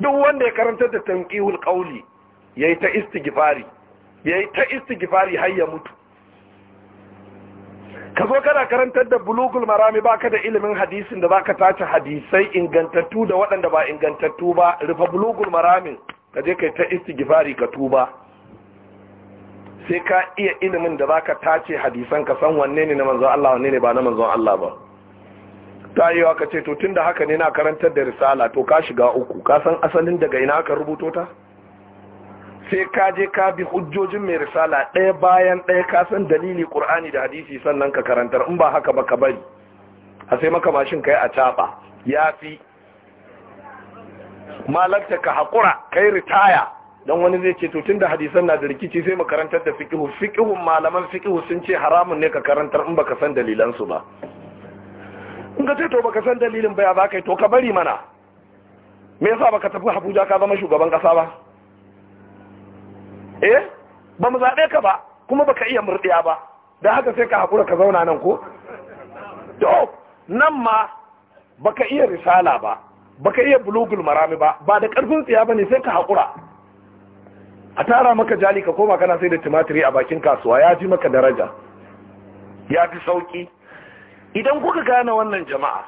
duk wanda ya karantar da tanqihul ya yayi ta istighfari yayi ta istighfari har ya mutu ka zo kana karantar da bulugul marami baka da ilimin hadisin da zaka tace hadisai ingantattu da waɗanda ba ingantattu ba rufe bulugul maramin ka je kai ta istighfari ka tuba sai ka iya ilimin da zaka tace hadisan ka san wanne ne na manzon Allah wanne ne ba na manzon Allah ba ta yiwa ka ce to tunda haka ne na karantar da risala to ka shiga uku ka san asalin daga ina ka rubuto ta sai ka je ka bi hujjojin mai risala ɗaya bayan ɗaya ka san dalili ƙur'ani da hadisi sannan ka karantar in ba haka ba ka bari a sai maka mashin kai a caɓa Yafi. malakta ka haƙura kai ritaya don wani zai ce to tunda hadisan na da rikici sai mu karantar da fiƙihu. fiqhun malaman fiƙihu sun ce haramun ne ka karantar in baka san dalilan su ba in ka ce to baka san dalilin ba ya za kai to ka bari mana me yasa baka tafi Abuja ka zama shugaban kasa ba eh ba mu zabe ka ba kuma baka iya murdiya ba dan haka sai ka hakura ka zauna nan ko to nan ma baka iya risala ba baka iya bulugul marami ba ba da karfin tsiya ba ne sai ka hakura a tara maka jali ka koma kana sai da tumatiri a bakin kasuwa ya ji maka daraja ya fi sauki idan kuka gane wannan jama'a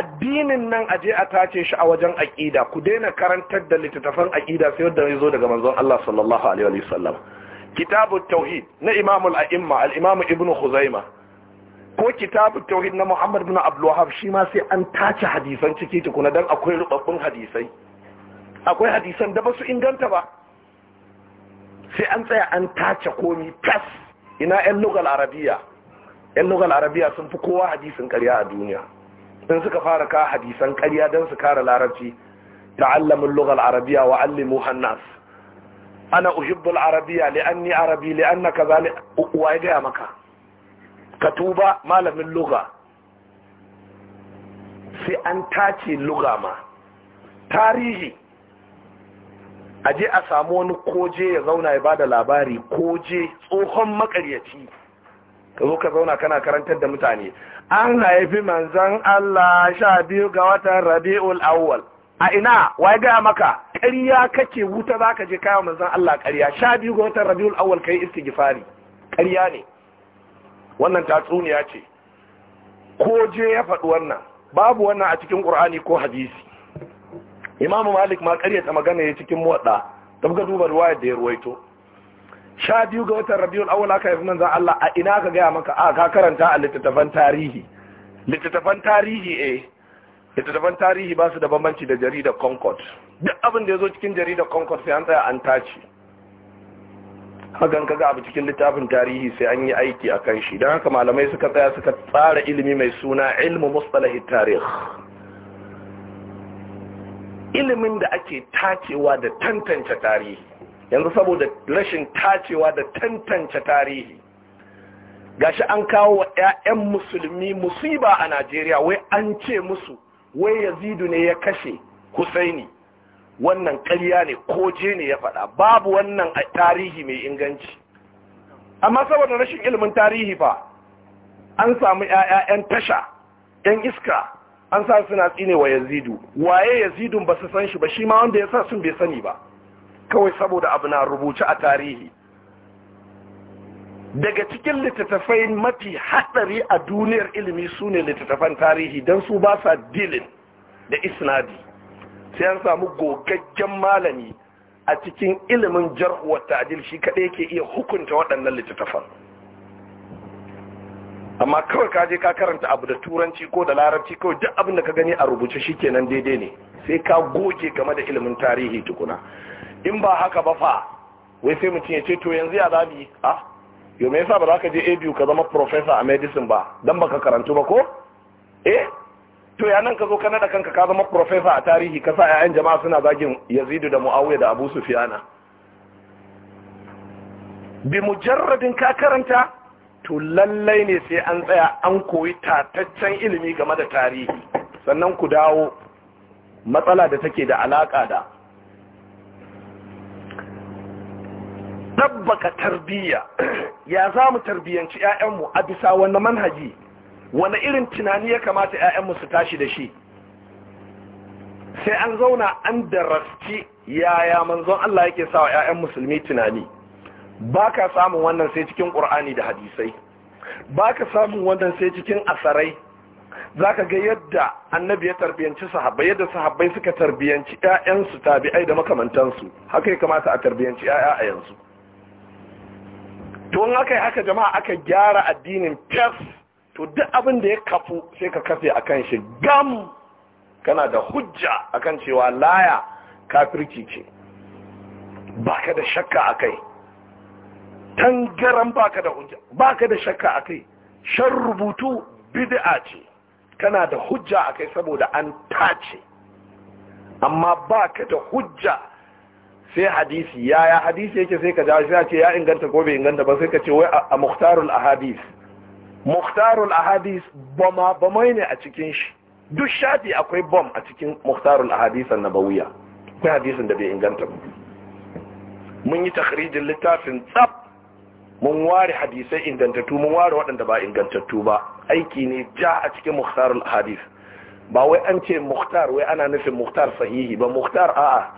addinin nan aje a tace shi a wajen aƙida ku daina karantar da littattafan aƙida sai wanda ya zo daga manzon Allah sallallahu alaihi wa sallam kitabu tauhid na imamu al-a'imma al-imam ibn khuzaima ko kitabu tauhid na muhammad ibn abdul wahhab shi ma sai an tace hadisan ciki tukuna dan akwai rubabbun hadisai akwai hadisan da ba su inganta ba sai an tsaya an tace komi tas ina yan lugal arabiya yan lugal arabiya sun fi kowa hadisin karya a duniya in suka fara ka hadisan karya don su kara larabci ta'allamin lugal arabiya wa allimu hannas ana uhibbul arabiya li'anni arabi li'anna kaza li wa ya gaya maka ka tuba malamin luga sai an tace luga ma tarihi a je a samu wani koje ya zauna ya bada labari koje tsohon makaryaci ka zo ka zauna kana karantar da mutane an haifi manzan Allah sha biyu ga watan rabi'ul awwal a ina wai gaya maka ƙarya kake wuta za ka je kawo manzan Allah ƙarya sha biyu ga watan rabi'ul awwal ka kai gifari. ƙarya ne wannan tatsuniya ce Koje ya faɗi wannan babu wannan a cikin ƙur'ani ko hadisi imamu malik ma karyata magana ya cikin muwadda don ga duba ruwayar da ya ruwaito sha biyu ga watan rabiul awwal aka yi manzon Allah a ina ka gaya maka a ka karanta a littattafan tarihi littattafan tarihi eh littattafan tarihi ba su da bambanci da jaridar concord duk abin da ya zo cikin jaridar concord sai an tsaya an tace ka kaga abu cikin littafin tarihi sai an yi aiki a kan shi don haka malamai suka tsaya suka tsara ilimi mai suna ilmu mustalahi tarihi ilimin da ake tacewa da tantance tarihi yanzu saboda rashin tacewa da tantance tarihi gashi an kawo wa 'ya'yan musulmi musiba a najeriya wai an ce musu wai yazidu ne ya kashe husaini wannan karya ne ko je ne ya faɗa babu wannan a tarihi mai inganci amma saboda rashin ilimin tarihi fa an samu 'ya'ya'yan tasha 'yan iska an sa suna tsine wa yazidu waye yazidun ba su san shi ba shi ma wanda ya sa sun bai sani ba kawai saboda abu na rubuce a tarihi daga cikin littattafai mafi hatsari a duniyar ilimi su ne littattafan tarihi don su ba sa dilin da isnadi sai an samu gogaggen malami a cikin ilimin jarhuwar ta'adil shi kaɗai ke iya hukunta waɗannan littattafan amma kawai ka je ka karanta abu da turanci ko da larabci kawai duk abin da ka gani a rubuce shikenan daidai ne sai ka goge game da ilimin tarihi tukuna in ba haka ba fa wai sai mutum ya ce to yanzu ya zabi a ah, yau me yasa ba za ka je ABU ka zama professor a medicine ba dan baka karantu ba ko eh to ya nan ka zo ka nada kanka ka zama professor a tarihi ka sa 'ya'yan jama'a suna zagin Yazidu da Muawiya da Abu Sufiyana bi mujarradin ka karanta to lallai ne sai an tsaya an koyi tataccen ilimi game da tarihi sannan ku dawo matsala da take da alaƙa da tabbaka tarbiyya ya za mu tarbiyyanci 'ya'yanmu a bisa wani manhaji wani irin tunani ya kamata 'ya'yanmu su tashi da shi sai an zauna an darasci yaya manzon Allah yake sawa 'ya'yan musulmi tunani ba ka samun wannan sai cikin ƙur'ani da hadisai ba ka samun wannan sai cikin asarai za ka ga yadda annabi ya tarbiyanci sahabbai yadda sahabbai suka tarbiyanci 'ya'yansu tabi'ai da makamantansu haka ya kamata a tarbiyanci 'ya'ya a yanzu to in aka yi haka jama'a aka gyara addinin fes to duk abin da ya kafu sai ka kafe a kan shi gam kana da hujja akan cewa laya kafirci ce ba ka da shakka a kai tangaran baka da hujja baka da shakka akai shan rubutu bid'a ce kana da hujja akai saboda an tace amma baka da hujja sai hadisi Ya ya hadisi yake sai ka jawo sai ce ya inganta ko bai inganta ba sai ka ce wai a muhtarul ahadis muhtarul ahadis bama bamai ne a cikin shi duk shafi akwai bom a cikin muhtarul ahadisan nabawiya akwai hadisin da bai inganta ba mun yi takhrijin littafin tsab mun ware hadisai ingantattu mun ware waɗanda ba ingantattu ba aiki ne ja a cikin muhtarul hadis ba wai an ce muhtar wai ana nufin muhtar sahihi ba muhtar a'a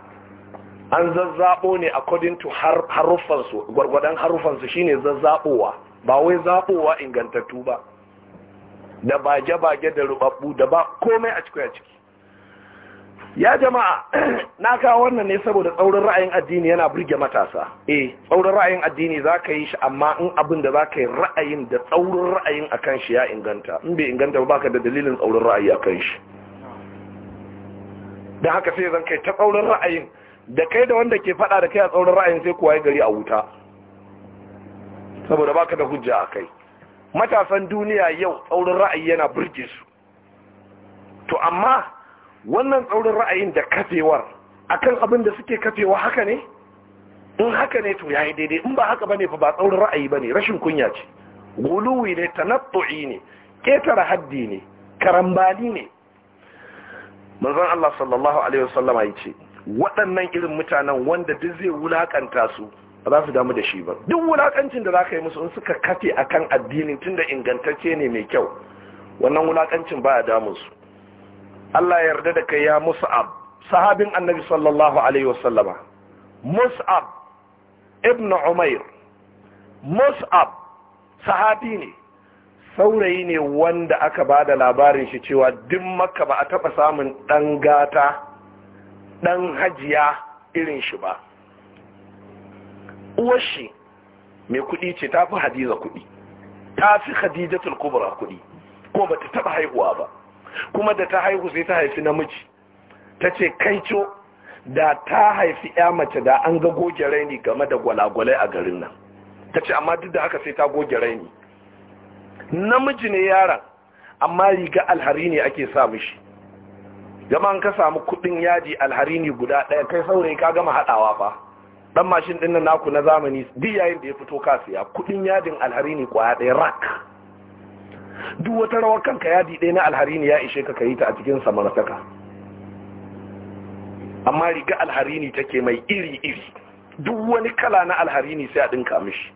an zazzabo ne according to haruffansu gwargwadon haruffansu shine zazzabowa ba wai zabowa ingantattu ba da baje-baje da rubabbu da ba komai a ciki a ciki ya jama'a na kawo wannan ne saboda tsaurin ra'ayin addini yana burge matasa eh tsaurin ra'ayin addini za ka yi shi amma in abin da za ka yi ra'ayin da tsaurin ra'ayin a kan shi ya inganta in bai inganta ba ka da dalilin tsaurin ra'ayi a kan shi da haka sai zan kai ta tsaurin ra'ayin da kai da wanda ke faɗa da kai a tsaurin ra'ayin sai kuwa ya gari a wuta saboda ba ka da hujja a kai matasan duniya yau tsaurin ra'ayi yana burge su to amma wannan tsaurin ra'ayin da kafewar akan abin da suke kafewa haka ne in haka ne to yayi daidai in ba haka bane fa ba tsaurin ra'ayi bane rashin kunya ce guluwi ne tanattu'i ne ketara haddi ne karambali ne manzon Allah sallallahu alaihi wasallama yace waɗannan irin mutanen wanda duk zai wulakanta su ba za su damu da shi ba duk wulakancin da za ka yi musu in suka kafe akan addinin tunda ingantacce ne mai kyau wannan wulakancin baya damun su Allah ya yarda da kai ya Mus'ab sahabin Annabi sallallahu alaihi wasallama Mus'ab ibn Umair Mus'ab sahabi ne saurayi ne wanda aka ba da labarin shi cewa duk makka ba a taɓa samun ɗan gata ɗan hajiya irin shi ba uwashi mai kuɗi ce ta fi hadiza kuɗi ta fi hadijatul kubra kuɗi ko ba ta taɓa haihuwa ba kuma da ta haihu sai ta haifi namiji ta ce kaico da ta haifi ya mace da an ga goge raini game da gwalagwale a garin nan ta ce amma duk da haka sai ta goge raini namiji ne yaran amma riga alhari ne ake sa mishi Gama an ka samu kudin yaji alhari ne guda ɗaya kai saurayi ka gama haɗawa fa Ɗan mashin ɗin nan naku na zamani duk yayin da ya fito ka siya kudin yajin alhari ne kwaya ɗaya rak duk wata rawar kanka yadi ɗaya na alharini ya ishe ka ka yi ta a cikin samartaka amma riga alharini take mai iri-iri duk wani kala na alharini sai a ɗinka mishi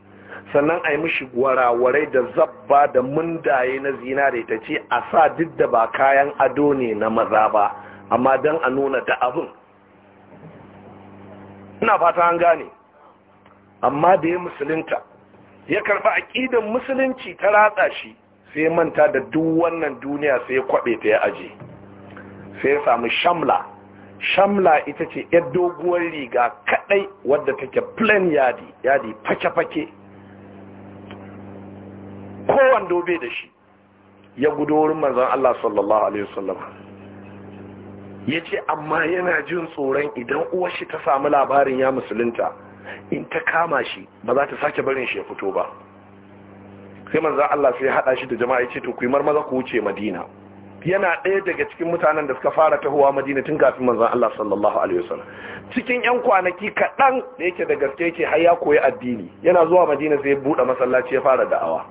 sannan a yi mishi warawarai da zabba da mundaye na zinare ta ce a sa duk da ba kayan ado ne na maza ba amma don a nuna da abin ina fata an gane amma da ya musulunta ya karɓi aƙidan musulunci ta ratsa shi sai manta da duk wannan duniya sai ya kwabe ta ya aje sai ya samu shamla shamla ita ce yar doguwar riga kadai wadda take plan yadi yadi fake-fake kowan dobe da shi ya gudu wurin manzan Allah sallallahu alaihi wasallam ya ce amma yana jin tsoron idan uwar shi ta samu labarin ya musulunta in ta kama shi ba za ta sake barin shi ya fito ba sai manzan Allah sai hada shi da jama'a yace ce to ku yi marmaza ku wuce madina yana ɗaya daga cikin mutanen da suka fara tahowa madina tun kafin manzan Allah sallallahu alaihi wasallam cikin yan kwanaki kaɗan da yake da gaske yake har ya koyi addini yana zuwa madina sai ya buɗe masallaci ya fara da'awa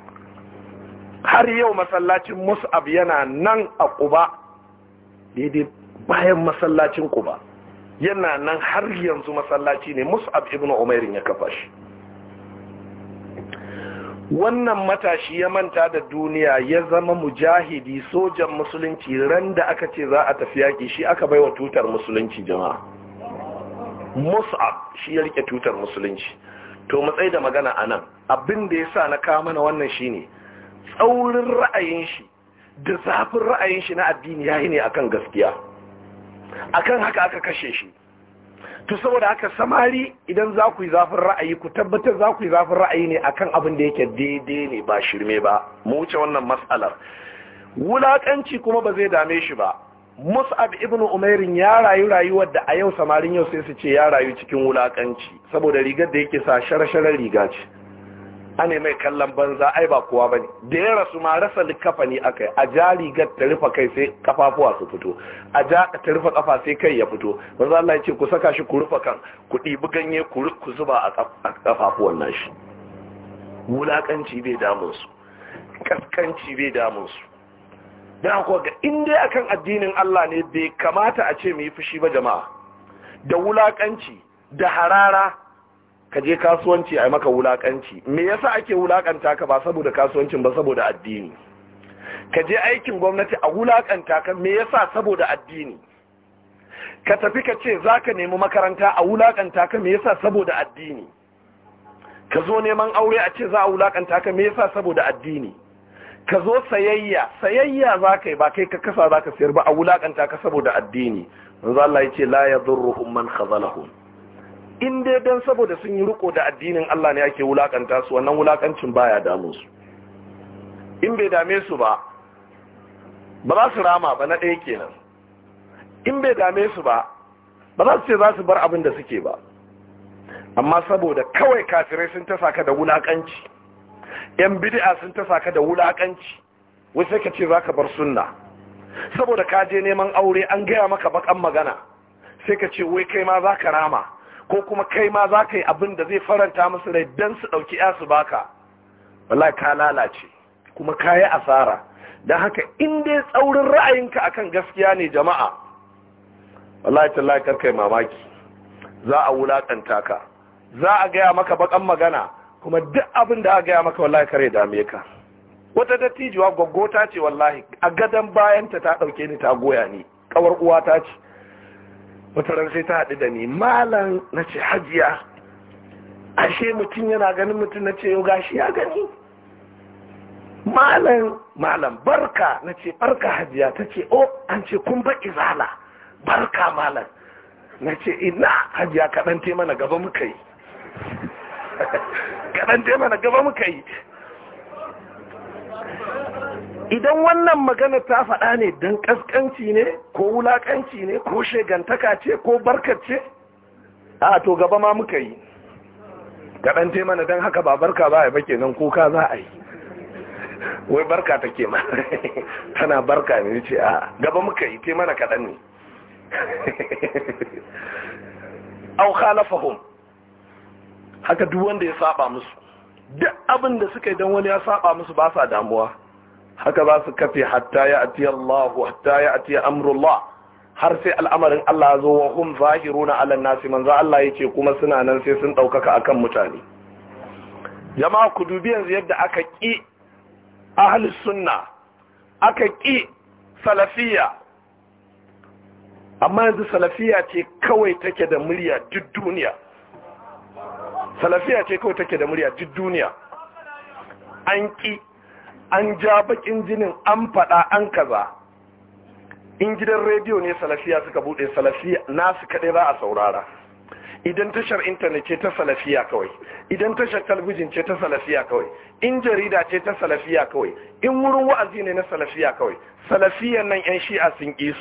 har yau masallacin mus'ab yana nan a ƙuba daidai bayan masallacin ƙuba yana nan har yanzu masallaci ne mus'ab ibnu Umair ya kafa shi wannan matashi ya manta da duniya ya zama mujahidi sojan musulunci ran da aka ce za a tafi yaƙi shi aka bai wa tutar musulunci jama'a mus'ab shi ya rike tutar musulunci to matsayi da magana a nan abin da ya sa na kawo mana wannan shi ne tsaurin ra'ayin shi da zafin ra'ayin shi na addini ya yi ne akan gaskiya akan haka aka kashe shi to saboda haka samari idan za ku yi zafin ra'ayi ku tabbatar za ku yi zafin ra'ayi ne akan abin da yake daidai ne ba shirme ba mu wuce wannan matsalar Wulaƙanci kuma ba zai dame shi ba mus'ab ibn umairin ya rayu rayuwar da a yau samarin yau sai su ce ya rayu cikin wulakanci saboda rigar da yake sa shara-shara riga ce ane mai kallon banza ai ba kowa bane da ya rasu ma rasa aka akai a jari ga ta rufa kai sai kafafuwa su fito a ja ta rufa kafa sai kai ya fito manzo Allah ya ce ku saka shi ku rufa kan ku ɗibi ganye ku ku zuba a kafafuwan nashi wulakanci bai damun su kaskanci bai damun su Da ko ga in dai akan addinin Allah ne bai kamata a ce mu yi fushi ba jama'a da wulakanci da harara ka je kasuwanci a maka wulakanci me yasa ake wulakanta ka ba saboda kasuwancin ba saboda addini ka je aikin gwamnati a wulakanta ka me yasa saboda addini ka tafi ka ce zaka nemi makaranta a wulakanta ka me yasa saboda addini ka zo neman aure a ce za a wulakanta ka me yasa saboda addini ka zo sayayya sayayya za ka yi ba kai ka kasa za ka sayar ba a wulakanta ka saboda addini manzo Allah ya ce la man khazalahum in dai don saboda sun yi riko da addinin Allah ne ake wulakanta su wannan wulakancin baya damu su in bai dame su ba ba za su rama ba na ɗaya kenan in bai dame su ba ba za su ce za su bar abin da suke ba amma saboda kawai kafirai sun ta saka da wulakanci yan bid'a sun ta saka da wulakanci wai sai ka ce za ka bar sunna saboda ka je neman aure an gaya maka bakan magana sai ka ce wai kai ma za ka rama ko kuma kai ma za ka yi abin da zai faranta musu rai don su ɗauki ya su baka wallahi ka lalace kuma ka yi asara don haka inda dai tsaurin ra'ayinka akan gaskiya ne jama'a wallahi tallahi karkai mamaki za a wulaƙanta ka za a gaya maka bakan magana kuma duk abin da a gaya maka wallahi kare dame ka wata dattijuwa gwaggota ce wallahi a gadon bayanta ta ɗauke ni ta goya ni kawar uwata ce wata ran sai ta haɗu da ni malam na ce hajiya ashe mutum yana ganin mutum na ce yau gashi ya gani malam malam barka na ce barka hajiya ta ce o oh, an ce kun ba izala barka malam na ce ina hajiya kaɗan te mana gaba muka yi kaɗan te mana gaba muka yi idan wannan magana ta faɗa ne don ƙasƙanci ne ko wulaƙanci ne ko shegantaka ce ko barkace a to gaba ma muka yi kaɗan te mana don haka ba barka ba a bake nan kuka za a yi wai barka ta ke ma tana barka ne ce a gaba muka yi te mana kaɗan ne au khalafahum haka duk wanda ya saba musu duk abin da suka yi don wani ya saba musu ba sa damuwa haka za su kafe hatta ya ati Allah hatta ya ati amrullah har sai al'amarin Allah zo wa hum zahiruna ala nasi manzo Allah yake kuma suna nan sai sun daukaka akan mutane jama'a ku dubi yanzu yadda aka ki ahli sunna aka ki salafiyya amma yanzu salafiya ce kawai take da murya duk duniya salafiya ce kawai take da murya duk duniya an ƙi an ja bakin jinin an faɗa an kaza in gidan rediyo ne salafiya suka buɗe salafiya nasu kaɗai za a saurara idan tashar intanet ce ta salafiya kawai idan tashar talbijin ce ta salafiya kawai in jarida ce ta salafiya kawai in wurin wa'azi ne na salafiya kawai salafiyan nan yan shi'a sun ƙi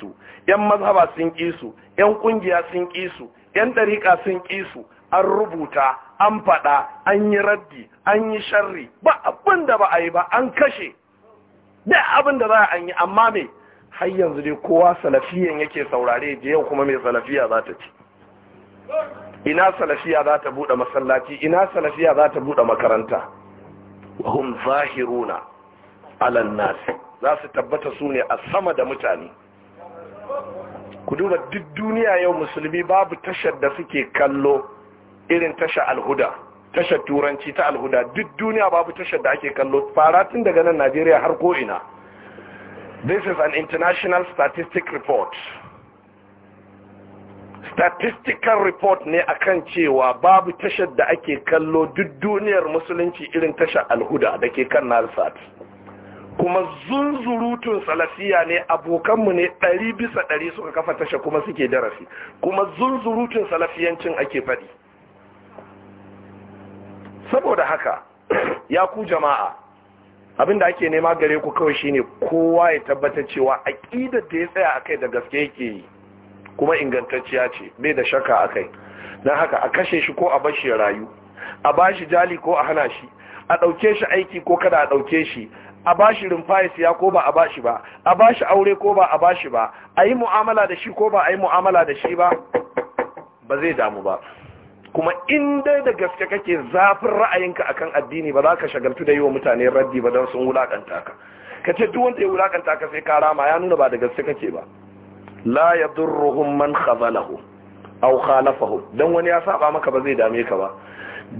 yan mazhaba sun ƙi yan ƙungiya sun kisu yan dariƙa sun ƙi an rubuta an faɗa an yi raddi an yi sharri ba abin da ba a yi ba an kashe da abin da za a yi amma me har yanzu dai kowa salafiyan yake saurare da yau kuma mai salafiya za ta ci ina salafiya za ta buɗe masallaci ina salafiya za ta buɗe makaranta wahum zahiruna alan nasi za su tabbata su ne a sama da mutane ku duba duk duniya yau musulmi babu tashar da suke kallo irin tasha alhuda tashar turanci ta alhuda duk duniya babu tashar da ake kallo fara tun daga nan najeriya har ko'ina this is an international statistic report statistical report ne akan cewa babu tashar da ake kallo duk duniyar musulunci irin tashar alhuda da ke kan nalsat kuma zunzurutun salafiya ne abokanmu ne ɗari bisa ɗari suka kafa tasha kuma suke darasi kuma zunzurutun salafiyancin ake faɗi saboda haka ya ku jama'a abinda ake nema gare ku kawai shine kowa ya tabbata cewa aqidar da ya tsaya akai da gaske yake yi kuma ingantacciya ce bai da shakka akai dan haka a kashe shi ko a bar shi rayu a bashi jali ko a hana shi a dauke shi aiki ko kada a dauke shi a bashi rumfa ya siya ko ba a bashi ba a bashi aure ko ba a bashi ba a yi mu'amala da shi ko ba a yi mu'amala da shi ba ba zai damu ba kuma in dai da gaske kake zafin ra'ayinka akan addini ba za ka shagaltu da yi wa mutane raddi ba don sun wulakanta ka ka ce duk wanda ya wulakanta ka sai ka rama ya nuna ba da gaske kake ba la durruhum man khazalahu aw khalafahu dan wani ya saba maka ba zai dame ka ba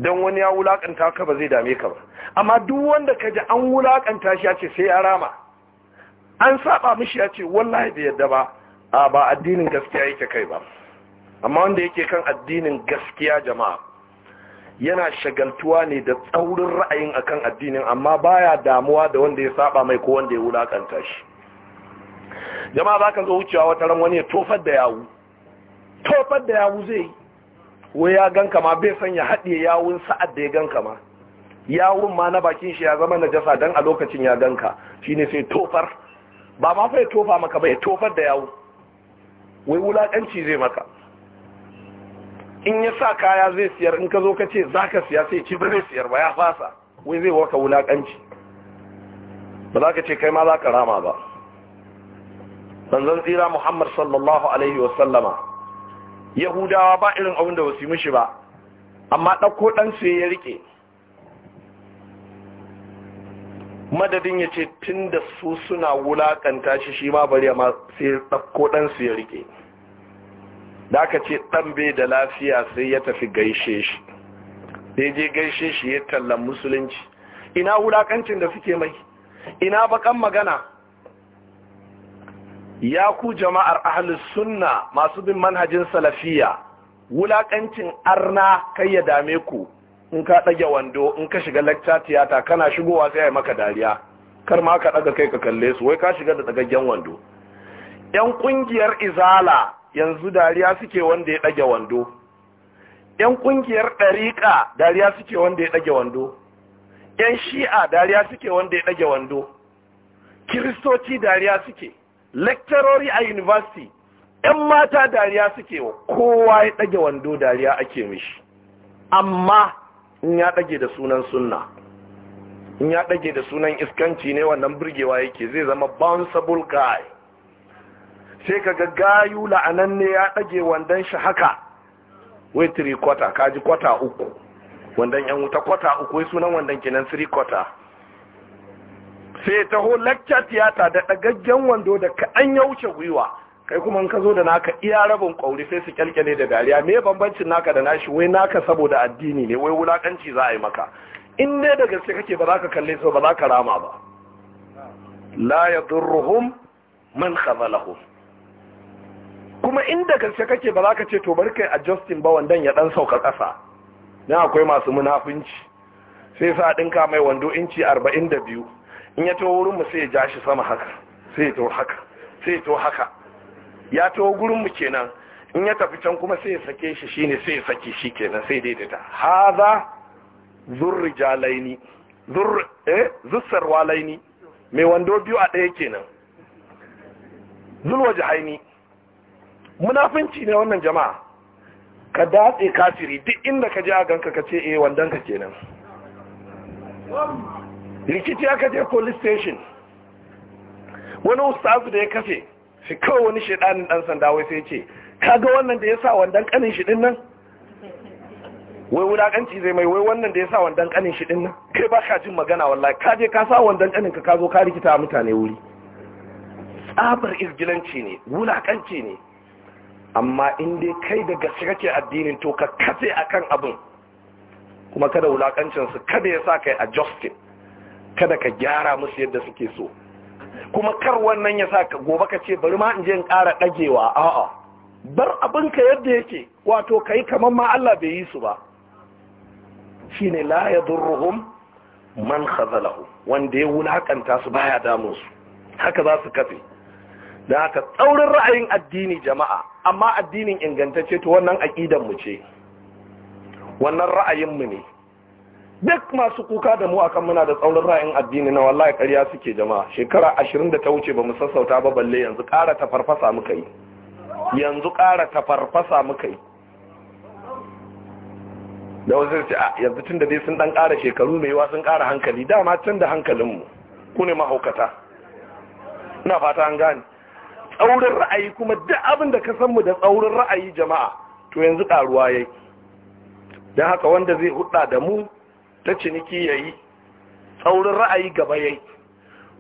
dan wani ya wulakanta ka ba zai dame ka ba amma duk wanda ka ji an wulakanta shi ya ce sai ya rama an saba mishi ya ce wallahi bai yadda ba a ba addinin gaskiya yake kai ba amma wanda yake kan addinin gaskiya jama'a yana shagaltuwa ne da tsaurin ra'ayin akan addinin amma baya damuwa da wanda ya saba mai ko wanda ya wulakanta shi jama'a za ka zo wucewa wata ran wani ya tofar da yawu tofar da yawu zai wai ya gan kama bai sanya haɗe yawun sa'ad da ya gan kama yawun ma na bakin shi ya zama na jasa, dan a lokacin ya ganka shine sai tofar ba ma fa tofa maka ba ya tofar da yawu wai wulakanci zai maka in ya sa kaya zai siyar in ka zo ka ce za ka siya sai ci ba zai siyar ba ya fasa wai zai waka wulaƙanci ba za ka ce kai ma za ka rama ba manzon tsira muhammad sallallahu alaihi wasallama yahudawa ba irin abin da wasu mishi ba amma ɗauko ɗansu ya rike madadin ya ce tun da su suna wulaƙanta shi shi ma bari ma sai ɗauko ɗansu ya riƙe. da aka ce ɗan da lafiya sai ya tafi gaishe shi sai je gaishe shi ya tallan musulunci ina wulakancin da suke mai ina bakan magana ya ku jama'ar ahlus sunna masu bin manhajin salafiya Wulaƙancin arna kai ya dame ku in ka ɗage wando in ka shiga lecture tiyata kana shigowa sai yi maka dariya kar ma ka ɗaga kai ka kalle su wai ka shiga da ɗagaggen wando yan ƙungiyar izala yanzu dariya suke wanda ya ɗage wando yan ƙungiyar ɗariƙa dariya suke wanda ya ɗage wando yan shi'a dariya suke wanda ya ɗage wando kiristoci dariya suke lecturori a university yan mata dariya suke wa kowa ya ɗage wando dariya ake mishi amma in ya ɗage da sunan sunna in ya ɗage da sunan iskanci ne wannan burgewa yake zai zama bounceable guy sai ka ga gayu la'anan ne ya ɗage wandon shi haka wai three quarter kaji kwata uku wandon yan wuta kwata uku wai sunan wandon kinan three quarter ta taho lakcha tiyata da ɗagaggen wando da ka an ya wuce gwiwa kai kuma ka zo da naka iya rabin kwauri sai su kyalkyale da dariya me bambancin naka da nashi wai naka saboda addini ne wai wulakanci za a yi maka in ne da gaske kake ba za ka kalle su ba za ka rama ba la yadurruhum man khazalahum kuma inda karshe kake ba za ka ce to bari kai adjusting ba wandan ya dan sauka ƙasa na akwai masu munafunci sai sa dinka mai wando inci 42 in ya to wurin mu sai ya ja shi sama haka sai ya to haka sai ya to haka ya to gurin mu kenan in ya tafi can kuma sai ya sake shi shine sai ya saki shi kenan sai daidaita haza zurrijalaini zur eh zussarwalaini mai wando biyu a ɗaya kenan zulwaji haini munafinci ne wannan jama'a ka datse kafiri duk inda ka je a ganka ka ce eh wandan ka kenan likiti aka je police station wani ustazu da ya kafe shi kawai wani shedanin dan sanda wai sai ce kaga wannan da ya sa wandan kanin shi din nan wai wulakanci zai mai wai wannan da ya sa wandan kanin shi din nan kai ba ka jin magana wallahi ka je ka sa wandan kanin ka ka zo ka rikita mutane wuri tsabar izgilanci ne wulakanci ne amma in dai kai da gaske kake addinin to ka kace akan abin kuma kada wulakancin su kada ya sa kai adjusting kada ka gyara musu yadda suke so kuma kar wannan ya sa ka gobe ka ce bari ma in je in ƙara ɗagewa a'a bar abin ka yadda yake wato kai kamar ma Allah bai yi su ba shine la yadurruhum man khazalahu wanda ya wulakanta su baya damun su haka za su kafe da haka tsaurin ra'ayin addini jama'a amma addinin ingantacce to wannan aqidan mu ce wannan ra'ayin mu ne duk masu kuka da mu akan muna da tsaurin ra'ayin addini na wallahi ƙarya suke jama'a shekara 20 da ta wuce bamu sassauta ba balle yanzu ƙara ta farfasa muka yi yanzu ƙara ta farfasa muka yi da wasu sai a ah, yanzu tun da dai sun dan ƙara shekaru mai yawa sun ƙara hankali dama tun da hankalinmu ku ne mahaukata ina fata an gane tsaurin ra'ayi kuma duk abin da ka san mu da tsaurin ra'ayi jama'a to yanzu karuwa yayi don haka wanda zai hudda da mu ta ciniki yayi tsaurin ra'ayi gaba yayi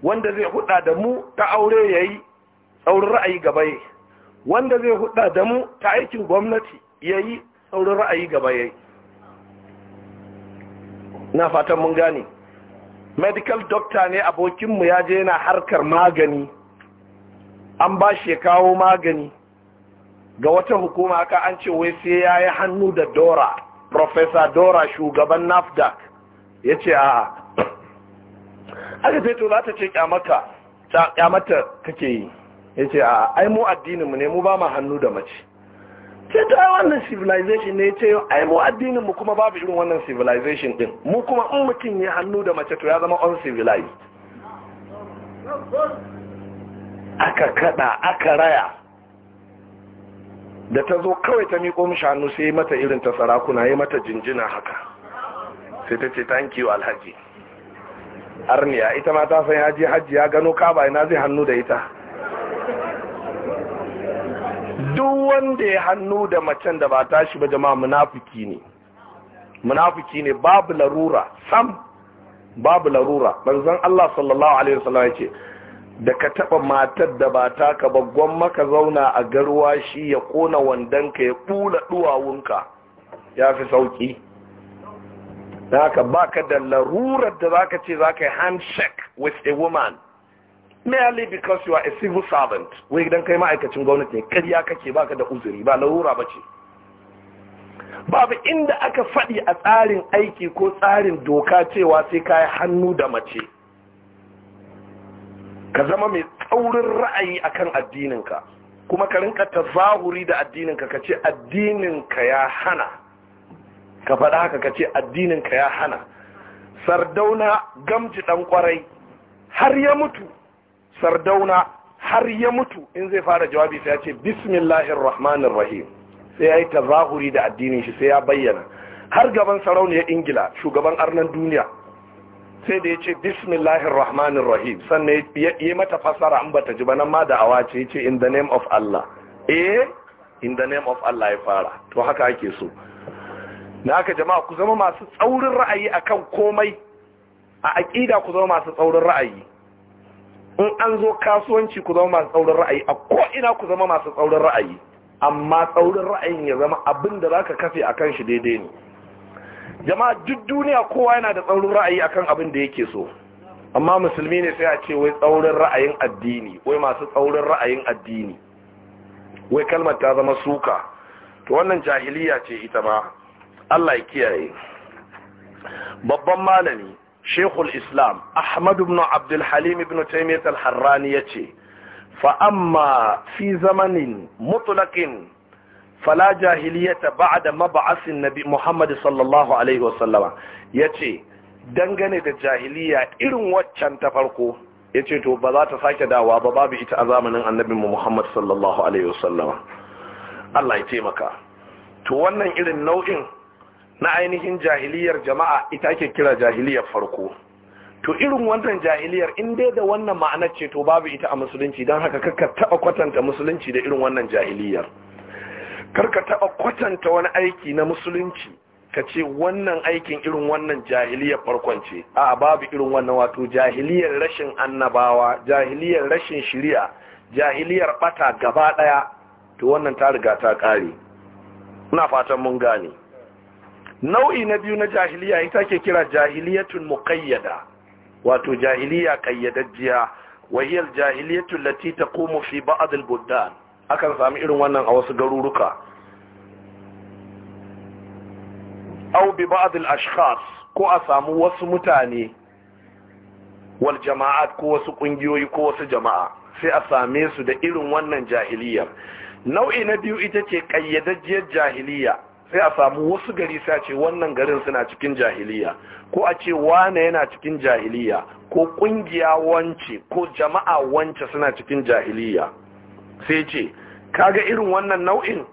wanda zai hudda da mu ta aure yayi tsaurin ra'ayi gaba yayi wanda zai hudda da mu ta aikin gwamnati yayi tsaurin ra'ayi gaba yayi na fatan mun gane medical doctor ne abokinmu ya je yana harkar magani an ba shi ya kawo magani ga wata hukuma aka an ce wai sai ya yi hannu da dora professor dora shugaban nafdac ya ce a aka ce to za ta ce kyamata kake yi ya ce a ai mu addininmu ne mu ba mu hannu da mace ce ta yi wannan civilization ne ce ai mu addininmu kuma babu irin wannan civilization din mu kuma in mutum ya hannu da mace to ya zama uncivilized aka kada aka raya da ta zo kawai ta miƙo mishi hannu sai mata irin ta sarakuna ya mata jinjina haka sai ta ce thank you alhaji arniya ita ma ta san yaji hajji ya gano kaba ina zai hannu da ita duk wanda ya hannu da macen da ba ta shi ba jama'a munafiki ne munafiki ne babu larura sam babu larura manzon Allah sallallahu alaihi wasallam yace da ka taba matar da ba taka ba gwamma ka zauna a garwa shi ya kona wandonka ya kula duwawunka ya fi sauki da haka baka da larurar da zaka ce zaka yi handshake with a woman merely because you are a civil servant wai idan kai ma'aikacin gwamnati ne karya kake baka da uzuri ba larura ba ce babu inda aka faɗi a tsarin aiki ko tsarin doka cewa sai ka yi hannu da mace ka zama mai tsaurin ra'ayi a akan addininka kuma ka rinka tazahuri da addininka ka ce addininka ya hana ka faɗa haka ka ce addininka ya hana sardauna gamji ɗan ƙwarai har ya mutu sardauna har ya mutu in zai fara jawabi sai ya ce bismillahir rahmanir rahim sai ya yi tazahuri da addinin shi sai ya bayyana har gaban sarauniyar ingila shugaban arnan duniya sai da ya ce bismillahir rahmanir rahim sannan ya yi mata fassara, an bata ji ba nan ma da awa ce ya ce in the name of Allah eh in the name of Allah ya fara to haka ake so na haka jama'a ku zama masu tsaurin ra'ayi akan komai a aƙida ku zama masu tsaurin ra'ayi in an zo kasuwanci ku zama masu tsaurin ra'ayi a ko'ina ku zama masu tsaurin ra'ayi amma tsaurin ra'ayin ya zama abin da za kafe a kan shi daidai ne jama'a duk duniya kowa yana da tsaurin ra'ayi akan abin da yake so amma musulmi ne sai a ce wai tsaurin ra'ayin addini wai masu tsaurin ra'ayin addini wai kalmar ta zama suka to wannan jahiliya ce ita ma Allah ya kiyaye babban malami shekul islam ahmad ibn abdul halim ibn taymiyyah al-harrani yace fa amma fi zamanin mutlaqin fala jahiliyata ba'da mab'asin nabi Muhammad sallallahu alaihi wasallama yace dangane da jahiliya irin waccan ta farko yace to ba za ta sake dawa ba babu ita a zamanin annabi Muhammad sallallahu alaihi wasallama Allah ya taimaka to wannan irin nau'in na ainihin jahiliyar jama'a ita ake kira jahiliyar farko to irin wannan jahiliyar in dai da wannan ma'anar ce to babu ita a musulunci don haka kakka taɓa kwatanta musulunci da irin wannan jahiliyar karka taɓa kwatanta wani aiki na musulunci ka ce wannan aikin irin wannan jahiliyar farkon ce a babu irin wannan wato jahiliyar rashin annabawa jahiliyar rashin shiriya jahiliyar bata gaba ɗaya. to wannan ta riga ta kare ina fatan mun gane nau'i na biyu na jahiliya ita ke kira jahiliyatun muqayyada wato jahiliya kayyadajjiya wahiyar jahiliyatu allati taqumu fi ba'd al-buddan akan sami irin wannan a wasu garuruka au bi ba'd ashkhas ko a samu wasu mutane wal jama'at ko wasu kungiyoyi ko wasu jama'a sai a same su da irin wannan jahiliya nau'i na biyu ita ce kayyadajjiyar jahiliya sai a samu wasu gari sai a ce wannan garin suna cikin jahiliya ko a ce wane yana cikin jahiliya ko kungiya wance ko jama'a wance suna cikin jahiliya sai ce kaga irin wannan nau'in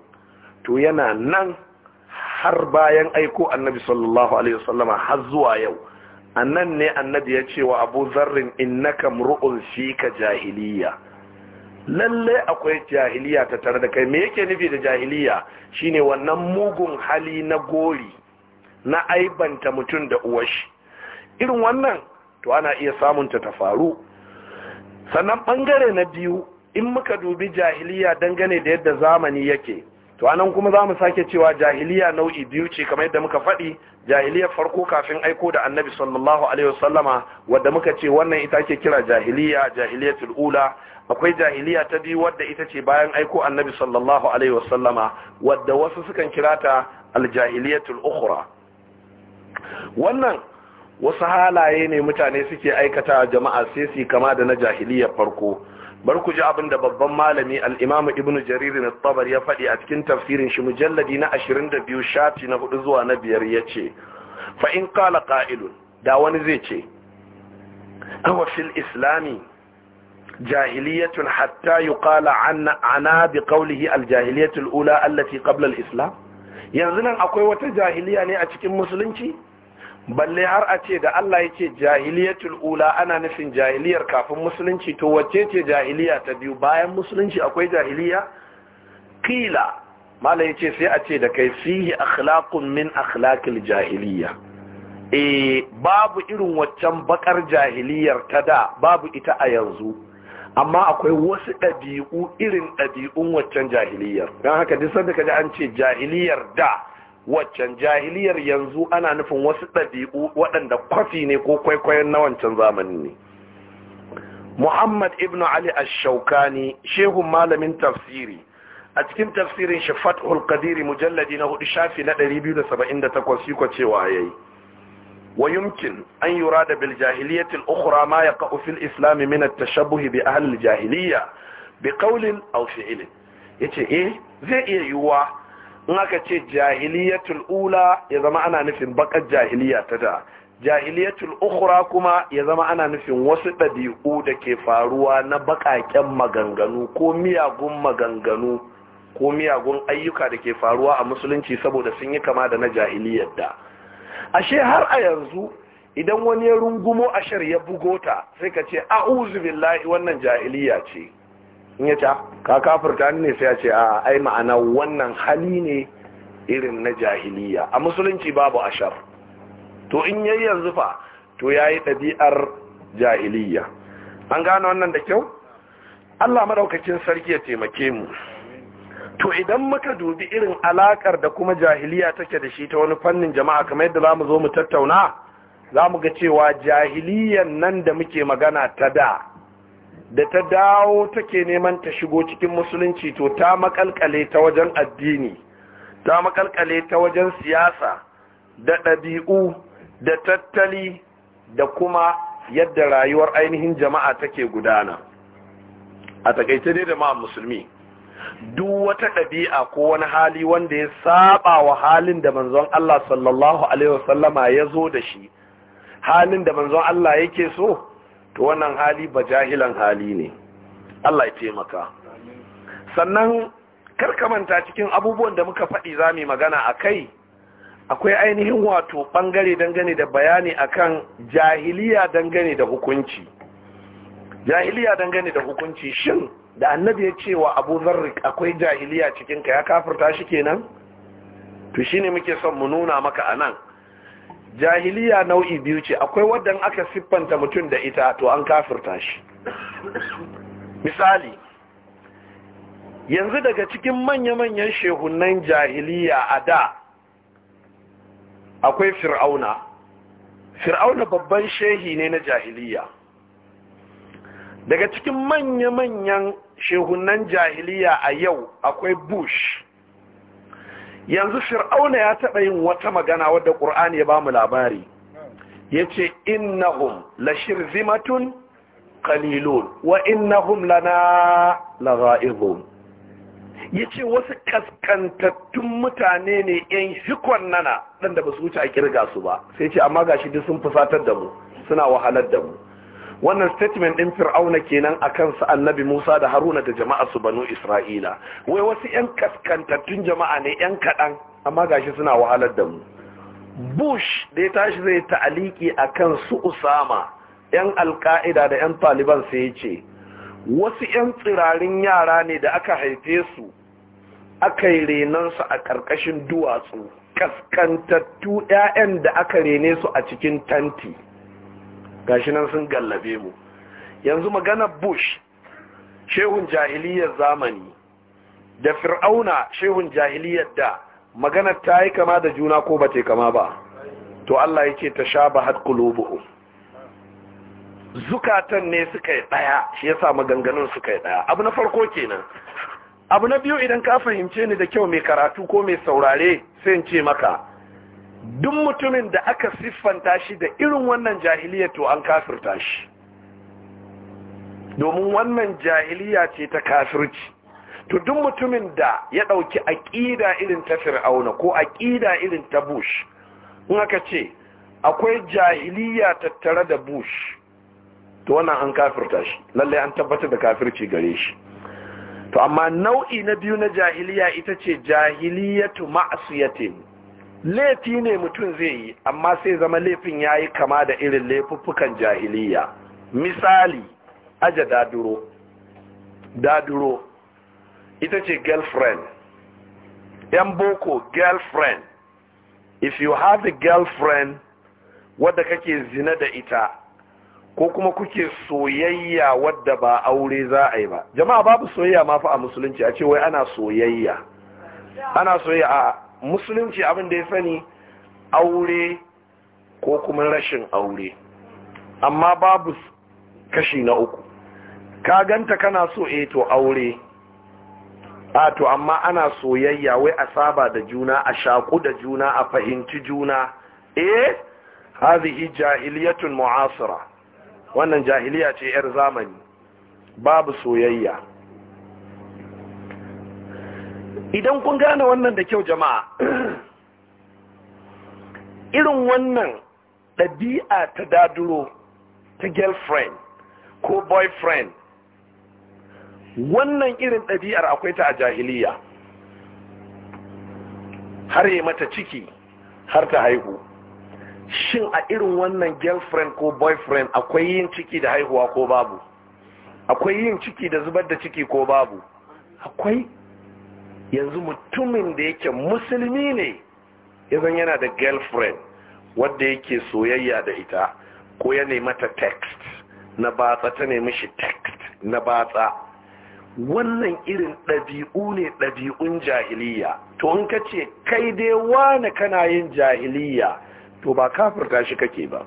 to yana nan har bayan aiko annabi sallallahu alaihi wasallama har zuwa yau annan ne annabi ya ce wa abu zarrin innaka mru'un fika jahiliya lalle akwai jahiliya ta tare da kai me yake nufi da jahiliya shine wannan mugun hali na gori na aibanta mutum da uwashi irin wannan to ana iya samun ta ta faru sannan bangare na biyu in muka dubi jahiliya dangane da yadda zamani yake to anan kuma za mu sake cewa jahiliya nau'i biyu ce kamar yadda muka faɗi jahiliyar farko kafin aiko da annabi sallallahu alaihi wasallama wadda muka ce wannan ita ake kira jahiliya jahiliyatul ula akwai jahiliya ta biyu wadda ita ce bayan aiko annabi sallallahu alaihi wasallama wadda wasu sukan kira ta aljahiliyatul ukhra wannan wasu halaye ne mutane suke aikata jama'a sai su kama da na jahiliyar farko bar ku ji abin da babban malami al'imamu ibn jarir na ya faɗi a cikin tafsirin shi mujalladi na 22 shafi na 4 zuwa na 5 ya ce fa'in kala ƙa'ilun da wani zai ce awa fil islami jahiliyatun hatta yi kala ana bi ƙaulihi aljahiliyatul ula allafi ƙablal islam yanzu nan akwai wata jahiliya ne a cikin musulunci balle har a ce da Allah yake jahiliyatul ula ana nufin jahiliyar kafin musulunci to wacce ce jahiliya ta biyu bayan musulunci akwai jahiliya kila mala yace sai a ce da kai fihi akhlaqun min akhlaqil jahiliya eh babu irin waccan bakar jahiliyar ta da babu ita a yanzu amma akwai wasu ɗabi'u irin ɗabi'un waccan jahiliyar dan haka duk sanda kaji an ce jahiliyar da waccan jahiliyar yanzu ana nufin wasu ɗabi'u waɗanda kwafi ne ko kwaikwayon na wancan zamani ne muhammad ibn ali ash-shaukani shehun malamin tafsiri a cikin tafsirin shi fathul qadiri mujalladi na hudu shafi na 278 yiko cewa yayi wa yumkin an yurada bil jahiliyyati al-ukhra ma yaqa'u fil islam min at-tashabbuh bi ahli al-jahiliyya bi qawlin aw fi'lin yace eh zai iya yuwa in aka ce jahiliyatul ula ya zama ana nufin bakar jahiliya ta da jahiliyatul ukhra kuma ya zama ana nufin wasu ɗabi'u da ke faruwa na baƙaƙen maganganu ko miyagun maganganu ko miyagun ayyuka da ke faruwa a musulunci saboda sun yi kama da na jahiliyar da ashe har a yanzu idan wani ya rungumo ashar ya bugota, sai ka ce a'uzu billahi wannan jahiliya ce in ya ce ah, ka kafirta ne sai ya ce a ah, ai ma'ana wannan hali ne irin na jahiliya a musulunci babu ashar to in yayi yanzu fa to yayi ɗabi'ar jahiliya an gano wannan da kyau Allah madaukakin sarki ya taimake mu to idan muka dubi irin alakar da kuma jahiliya take da shi ta wani fannin jama'a kamar yadda zamu zo mu tattauna zamu ga cewa jahiliyan nan da muke magana ta da da ta dawo take neman ta shigo cikin musulunci to ta makalkale ta wajen addini ta makalkale ta wajen siyasa da ɗabi'u da tattali da kuma yadda rayuwar ainihin jama'a take gudana a takaice dai da ma'a musulmi duk wata ɗabi'a ko wani hali wanda ya saba wa halin da manzon Allah sallallahu alaihi wasallama ya zo da shi halin da manzon Allah yake so to wannan hali ba jahilan hali ne Allah ya taimaka sannan manta cikin abubuwan da muka faɗi za magana a kai akwai ainihin wato ɓangare dangane da bayani akan jahiliya dangane da hukunci jahiliya dangane da hukunci shin da annabi ya ce wa abu zarrik akwai jahiliya cikinka ya kafirta shi kenan to shine muke son mu nuna maka anan jahiliya nau'i biyu ce akwai wadan aka siffanta mutum da ita to an kafirta shi misali yanzu daga cikin manya-manyan shehunan jahiliya a da akwai fir'auna fir'auna babban shehi ne na jahiliya daga cikin manya-manyan shehunan jahiliya a yau akwai bush yanzu shir'auna ya taɓa yin wata magana wadda ƙur'ani ya ba mu labari ya ce innahum la shirzimatun kalilun. wa innahum lana lagha'ibun ya ce wasu kaskantattun mutane ne yan hikon nana ɗanda ba su wuce a kirga su ba sai ce amma gashi duk sun fusatar da mu suna wahalar da mu wannan statement din fir'auna kenan a su annabi Musa da Haruna da jama'a su banu Isra'ila wai wasu yan kaskantattun jama'a ne yan kaɗan? amma gashi suna wahalar da mu Bush da ya tashi zai ta'aliki a kan su Usama yan alka'ida da yan Taliban sai ya ce wasu yan tsirarin yara ne da aka haife su aka yi renansu a ƙarƙashin duwatsu kaskantattu 'ya'yan da aka rene su a cikin tanti gashi nan sun gallabe mu yanzu magana bush shehun jahiliyar zamani da fir'auna shehun jahiliyar da magana ta yi kama da juna ko ba kama ba to Allah yake ta sha ba zukatan ne suka yi ɗaya shi yasa maganganun suka yi ɗaya abu na farko kenan abu na biyu idan ka fahimce ni da kyau mai karatu ko mai saurare sai in ce maka duk mutumin da aka siffanta shi da irin wannan jahiliya to an kafirta shi domin wannan jahiliya ce ta kafirci to duk mutumin da ya ɗauki aƙida irin ta fir'auna ko aƙida irin ta bush in aka ce akwai jahiliya tattare da bush to wannan an kafirta shi lallai an tabbatar da kafirci gare shi to amma nau'i na biyu na jahiliya ita ce jahiliyatu ma'asiyatin laifi ne mutum zai yi amma sai zama laifin ya yi kama da irin laifuffukan jahiliya misali aja daduro daduro ita ce girlfriend yan boko girlfriend if you have a girlfriend wadda kake zina da ita ko kuma kuke soyayya wadda ba aure za a yi ba jama'a babu soyayya ma a musulunci a ce wai ana soyayya ana soyayya a musulunci abin da ya sani aure ko kuma rashin aure amma babu kashi na uku ka ganta kana so eh to aure a to amma ana soyayya wai a saba da juna a shaku da juna a fahimci juna eh hazihi jahiliyatun mu'asira wannan jahiliya ce yar zamani babu soyayya idan kun gane wannan da kyau jama'a irin wannan ɗabi'a ta daduro ta girlfriend ko boyfriend wannan irin ɗabi'ar akwai ta a jahiliya har yi mata ciki har ta haihu shin a irin wannan girlfriend ko boyfriend akwai yin ciki da haihuwa ko babu akwai yin ciki da zubar da ciki ko babu akwai yanzu mutumin da yake musulmi ne yanzan yana da girlfriend wadda yake soyayya da ita ko ya mata text na batsa ta nemi shi text na batsa wannan irin ɗabi'u ne ɗabi'un jahiliya to in ka ce kai dai wane kana yin jahiliya to ba kafirta shi kake ba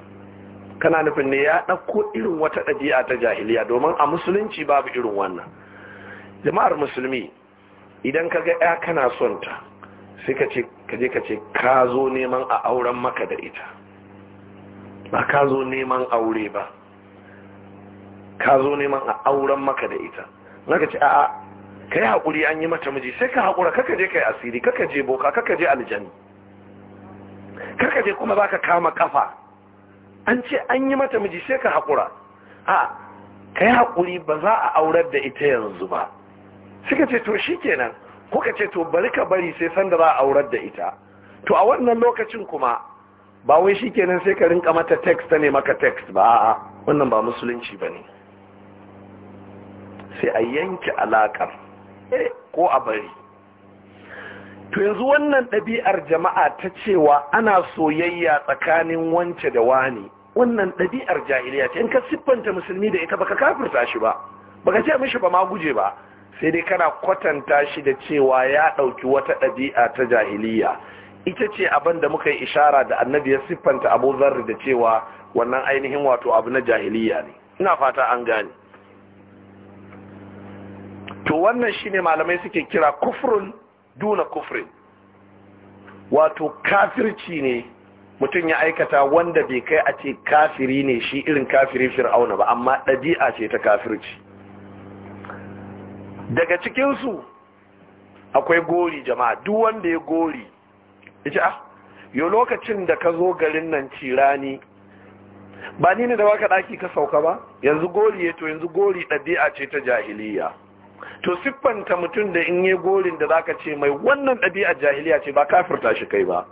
kana nufin ne ya ɗauko irin wata ɗabi'a ta jahiliya domin a musulunci babu irin wannan jama'ar musulmi idan ka ga ya kana son ta sai ka ce ka je ka ce ka zo neman a auren maka da ita ba ka zo neman aure ba ka zo neman a auren maka da ita ka ce a'a yi hakuri an yi mata miji sai ka haƙura kaka je ka yi asiri kaka je boka kaka je aljani kaka je kuma baka kama kafa an ce an yi mata miji sai ka haƙura a yi hakuri ba za a aurar da ita yanzu ba suka ce to shi kenan kuka ce to bari ka bari sai sanda za a aurar da ita to a wannan lokacin kuma ba wai shi kenan sai ka rinka mata text ta ne maka text ba a'a wannan ba musulunci ba ne sai a yanke alaƙar eh, ko a bari to yanzu wannan ɗabi'ar jama'a ta cewa ana soyayya tsakanin wance da wani wannan ɗabi'ar jahiliya ce in ka siffanta musulmi da ita baka kafirta shi ba baka ce mishi ba ma guje ba sai dai kana kwatanta shi da cewa ya ɗauki wata ɗabi'a ta jahiliya ita ce abin da muka yi ishara da annabi ya siffanta abu zarri da cewa wannan ainihin wato abu na jahiliya ne ina fata an gane to wannan shine malamai suke kira kufrun duna kufrin wato kafirci ne mutum ya aikata wanda bai kai a ce kafiri ne shi irin kafiri fir'auna ba amma ɗabi'a ce ta kafirci daga cikinsu akwai gori jama'a duk wanda ya gori ce ah yo lokacin da ka zo garin nan cirani ba ni ne da waka daki ka sauka ba yanzu gori ya to yanzu gori ɗabi'a ce ta jahiliya to siffanta mutum da in yi gori da zaka ce mai wannan ɗabi'a jahiliya ce ba kafirta shi kai ba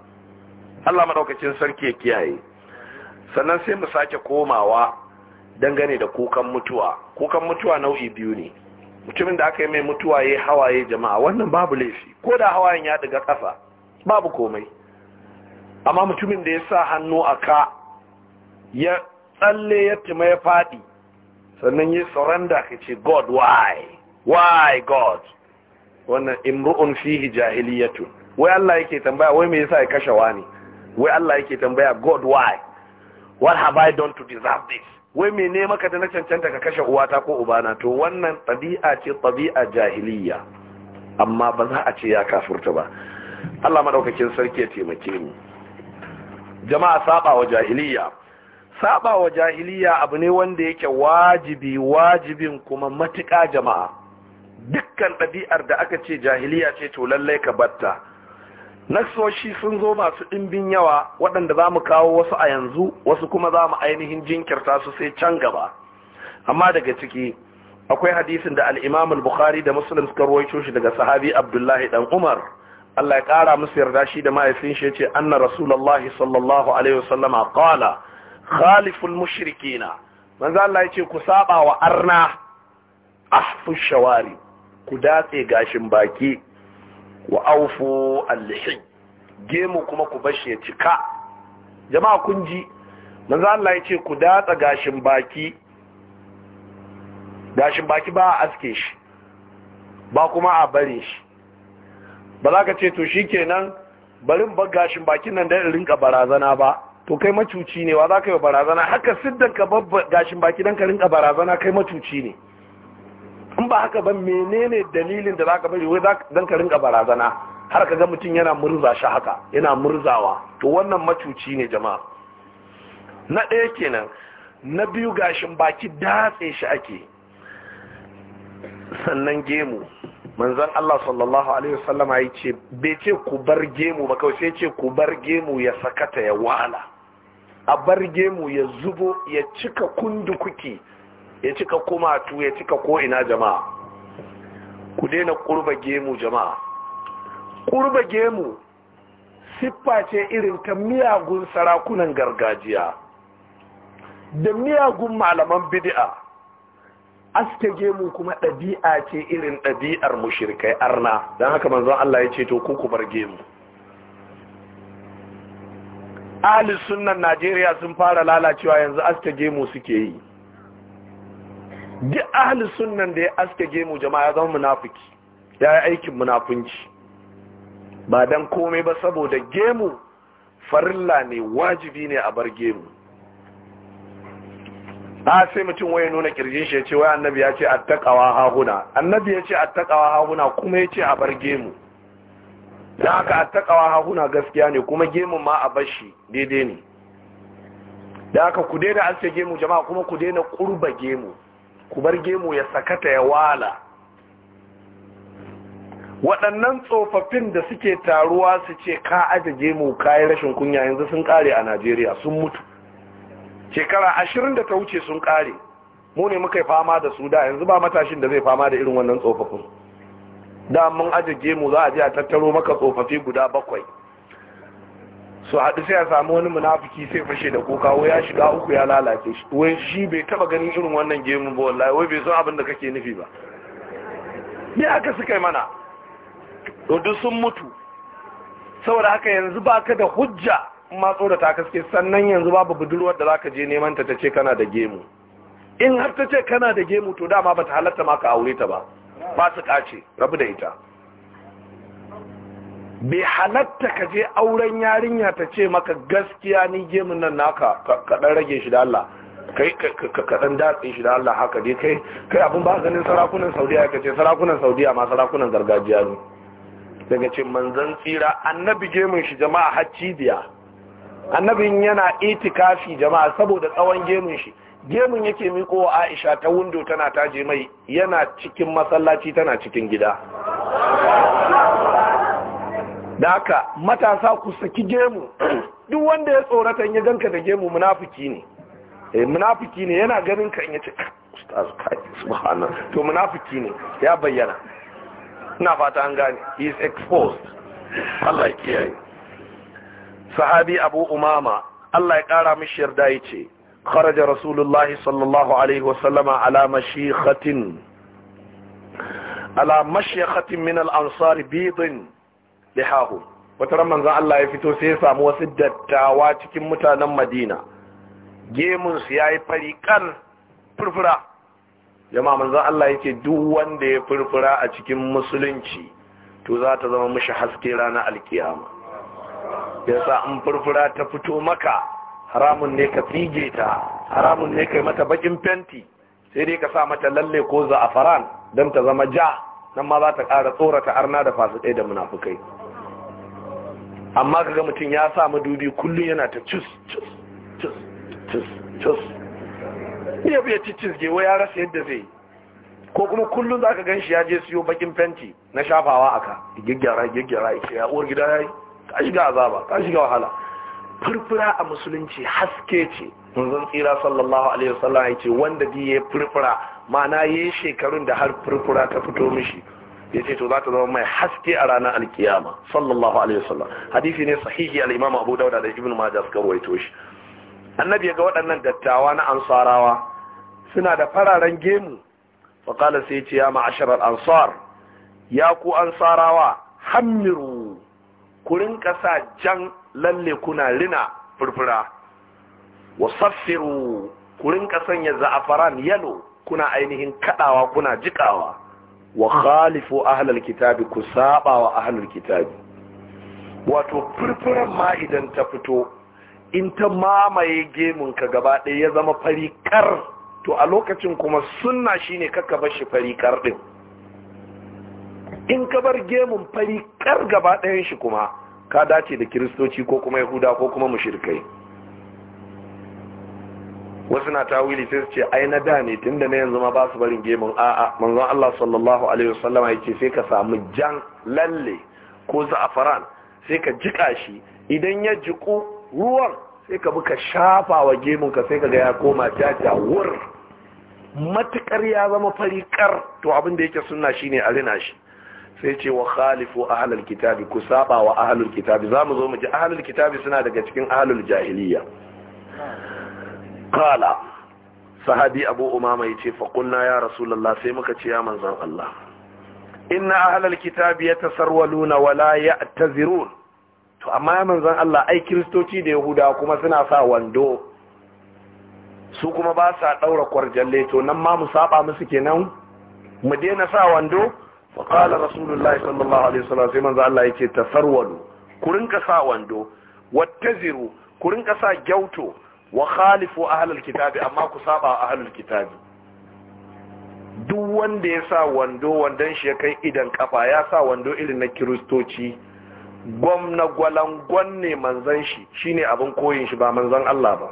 Allah maɗaukacin sarki ya kiyaye sannan sai mu sake komawa dangane da kukan mutuwa kukan mutuwa nau'i biyu ne mutumin da aka yi mai mutuwa ya hawaye jama'a wannan babu laifi ko da hawayen ya daga ƙasa babu komai amma mutumin da ya sa hannu a ka ya tsalle ya tuma ya faɗi sannan ya surrender ka ce god why why god wannan imru'un fihi jahiliyatun wai Allah yake tambaya wai me yasa ya kashe wani wai Allah yake tambaya god why what have i done to deserve this wai ne maka da na cancanta ka kashe uwata ko ubana to wannan ɗabi'a ce ɗabi'a jahiliya amma ba za a ce ya kafurta ba Allah madaukakin sarki ya taimake mu jama'a saba wa jahiliya saba wa jahiliya abu ne wanda yake wajibi wajibin kuma matuƙa jama'a dukkan ɗabi'ar da aka ce jahiliya ce to lallai ka batta nasoshi sun zo masu ɗimbin yawa waɗanda za mu kawo wasu a yanzu wasu kuma za mu ainihin jinkirta su sai can gaba amma daga ciki akwai hadisin da al'imam bukhari da muslim suka ruwaito shi daga sahabi abdullahi ɗan umar Allah ya ƙara musu yarda shi da mahaifin shi ce anna Rasulallah sallallahu alaihi wasallama qala khaliful mushrikina manzo Allah ya ce ku saba wa arna ahfu shawari ku datse gashin baki wa aufu al-lihin gemu kuma ku bashi ya cika jama'a kun ji manzo Allah yace ku datsa gashin baki gashin baki ba a aske shi ba kuma a bare shi ba za ka ce to shikenan barin ba gashin bakin nan da rinka barazana ba to kai macuci ne wa za ka yi barazana haka siddan ka bar gashin baki dan ka rinka barazana kai macuci ne in ba haka ba menene dalilin da zaka bari wai za ka rinka barazana har ka ga mutum yana murza shi haka yana murzawa to wannan macuci ne jama'a na ɗaya kenan na biyu gashin baki datse shi ake sannan gemu manzon Allah sallallahu alaihi wasallam ya ce bai ce ku bar gemu ba kawai sai ce ku bar gemu ya sakata ya wahala a bar gemu ya zubo ya cika kundu kuki. ya cika kumatu ya cika ko'ina jama'a ku daina kurba gemu jama'a kurba gemu siffa ce irin ta miyagun sarakunan gargajiya da miyagun malaman bidi'a aske gemu kuma ɗabi'a ce irin ɗabi'ar mushirkai arna don haka manzon Allah ya ce to ku bar gemu ahli sunnan Najeriya sun fara lalacewa yanzu aske gemu suke yi duk ahli sunnan da ya aske gemu jama'a ya zama munafiki ya yi aikin munafunci ba don komai ba saboda gemu farilla ne wajibi ne a bar gemu a sai mutum waye nuna kirjin shi ya ce wai annabi ya ce takawa hahuna annabi ya ce takawa hahuna kuma ya ce a bar gemu da aka takawa hahuna gaskiya ne kuma gemun ma a bar shi daidai ne da aka ku daina aske gemu jama'a kuma ku daina kurba gemu ku bar gemu ya sakata ya wala waɗannan tsofaffin da suke taruwa su ce ka aje gemu yi rashin kunya yanzu sun ƙare a najeriya sun mutu shekara ashirin da ta wuce sun ƙare mu ne muka fama da su da yanzu ba matashin da zai fama da irin wannan tsofaffin da mun aje gemu za a je a tattaro maka tsofaffi guda bakwai su haɗu sai a samu wani munafiki sai fashe da kuka wai ya shiga uku ya lalace shi wai shi bai taba ganin irin wannan gemu ba wallahi wai bai san abin da kake nufi ba me aka suka yi mana to sun mutu saboda haka yanzu baka da hujja in ma tsoro ta kaske sannan yanzu babu budurwar da zaka je neman ta tace kana da gemu in har tace kana da gemu to dama bata halatta maka aure ta ba ba su kace rabu da ita bai halatta ka je auren yarinya ta ce maka gaskiya ni gemun nan naka ka kaɗan rage shi da Allah kai ka datse shi da Allah haka dai kai kai abin ba ganin sarakunan Saudiya ka ce sarakunan Saudiya ma sarakunan gargajiya ne daga ce manzan tsira annabi gemun shi jama'a hacci biya annabin yana itikafi jama'a saboda tsawon gemun shi gemun yake miko aisha ta windo tana taje mai yana cikin masallaci tana cikin gida da haka matasa ku saki gemu duk wanda ya tsorata ya ganka da gemu munafiki ne eh munafiki ne yana ganin ka in ah, ustaz kai subhanallah to munafiki ne ya bayyana ina fata an gane he is exposed Allah ya kiyaye sahabi Abu Umama Allah ya kara mishi yarda yace kharaja rasulullah sallallahu alaihi wasallama ala mashikhatin ala mashikhatin min al-ansar bidin lihahu wata ran manzon Allah ya fito sai ya samu wasu dattawa cikin mutanen Madina gemun su yayi fari kan furfura jama'a manzon Allah yake duk wanda ya furfura a cikin musulunci to za ta zama mishi haske ranar alkiyama yasa in furfura ta fito maka haramun ne ka fige ta haramun ne kai mata bakin fenti sai dai ka sa mata lalle ko za'afaran don ta zama ja nan ma za ta ƙara tsorata arna da ɗaya da munafukai amma kaga mutum ya sa madubi kullum yana ta cus cus cus cus cus ya biya cicis gewa ya rasa yadda zai yi ko kuma kullum za ka gan shi ya je siyo bakin fenti na shafawa aka gaggyara gaggyara ike ya uwar gida ya yi ka shiga azaba ka shiga wahala furfura a musulunci haske ce manzon tsira sallallahu alaihi wasallam ya ce wanda bi ya furfura ma'ana ya yi shekarun da har furfura ta fito mishi ya ce to za ta zama mai haske a ranar alkiyama sallallahu alaihi wasallam hadisi ne sahihi al-imam abu dauda da ibn majah suka rawaito shi annabi ya ga waɗannan dattawa na ansarawa suna da fararen gemu fa qala sai ce ya ma'ashar al-ansar ya ku ansarawa hammiru ku rinka sa jan lalle kuna rina furfura wa saffiru ku rinka sanya za'afaran yalo kuna ainihin kadawa kuna jikawa wa khalifu ahlal kitabi ku saba wa kitabi wato furfuran ma idan ta fito in ta mamaye gemun ka gaba ɗaya ya zama farikar to a lokacin kuma sunna shine kaka bar shi farikar din in ka bar gemun farikar gaba ɗayan shi kuma ka dace da kiristoci ko kuma yahuda ko kuma mushrikai wasu na tawili sai su ce ai na da ne tunda na yanzu ma ba su barin gemun a'a manzon Allah sallallahu alaihi wasallam yake sai ka samu jan lalle ko za'afaran sai ka jika shi idan ya jiku ruwan sai ka buka shafa wa gemun ka sai ka ga ya koma jaja wur matukar ya zama farikar to abin da yake sunna shine a rina shi sai ce wa khalifu ahlul kitabi ku saba wa ahlul kitabi zamu zo mu ji ahlul kitabi suna daga cikin ahlul jahiliya qala sahabi abu umama yace fa qulna ya rasulullah sai muka ce ya manzon Allah inna ahlal kitabi yatasarwaluna wa la ya'tazirun to amma ya manzon Allah ai kristoci da yahuda kuma suna sa wando su kuma ba sa daura kwarjalle to nan ma mu saba musu kenan mu daina sa wando fa qala rasulullah sallallahu alaihi wasallam sai manzon Allah yace tasarwalu ku rinka sa wando wattaziru ku rinka sa gyauto wa khalifu ahlul kitabi amma ku saba ahlul kitabi duk wanda ya sa wando wandon shi ya kai idan kafa ya sa wando irin na kiristoci gwamna gwalangon ne manzan shi shine abin koyin shi ba manzan Allah ba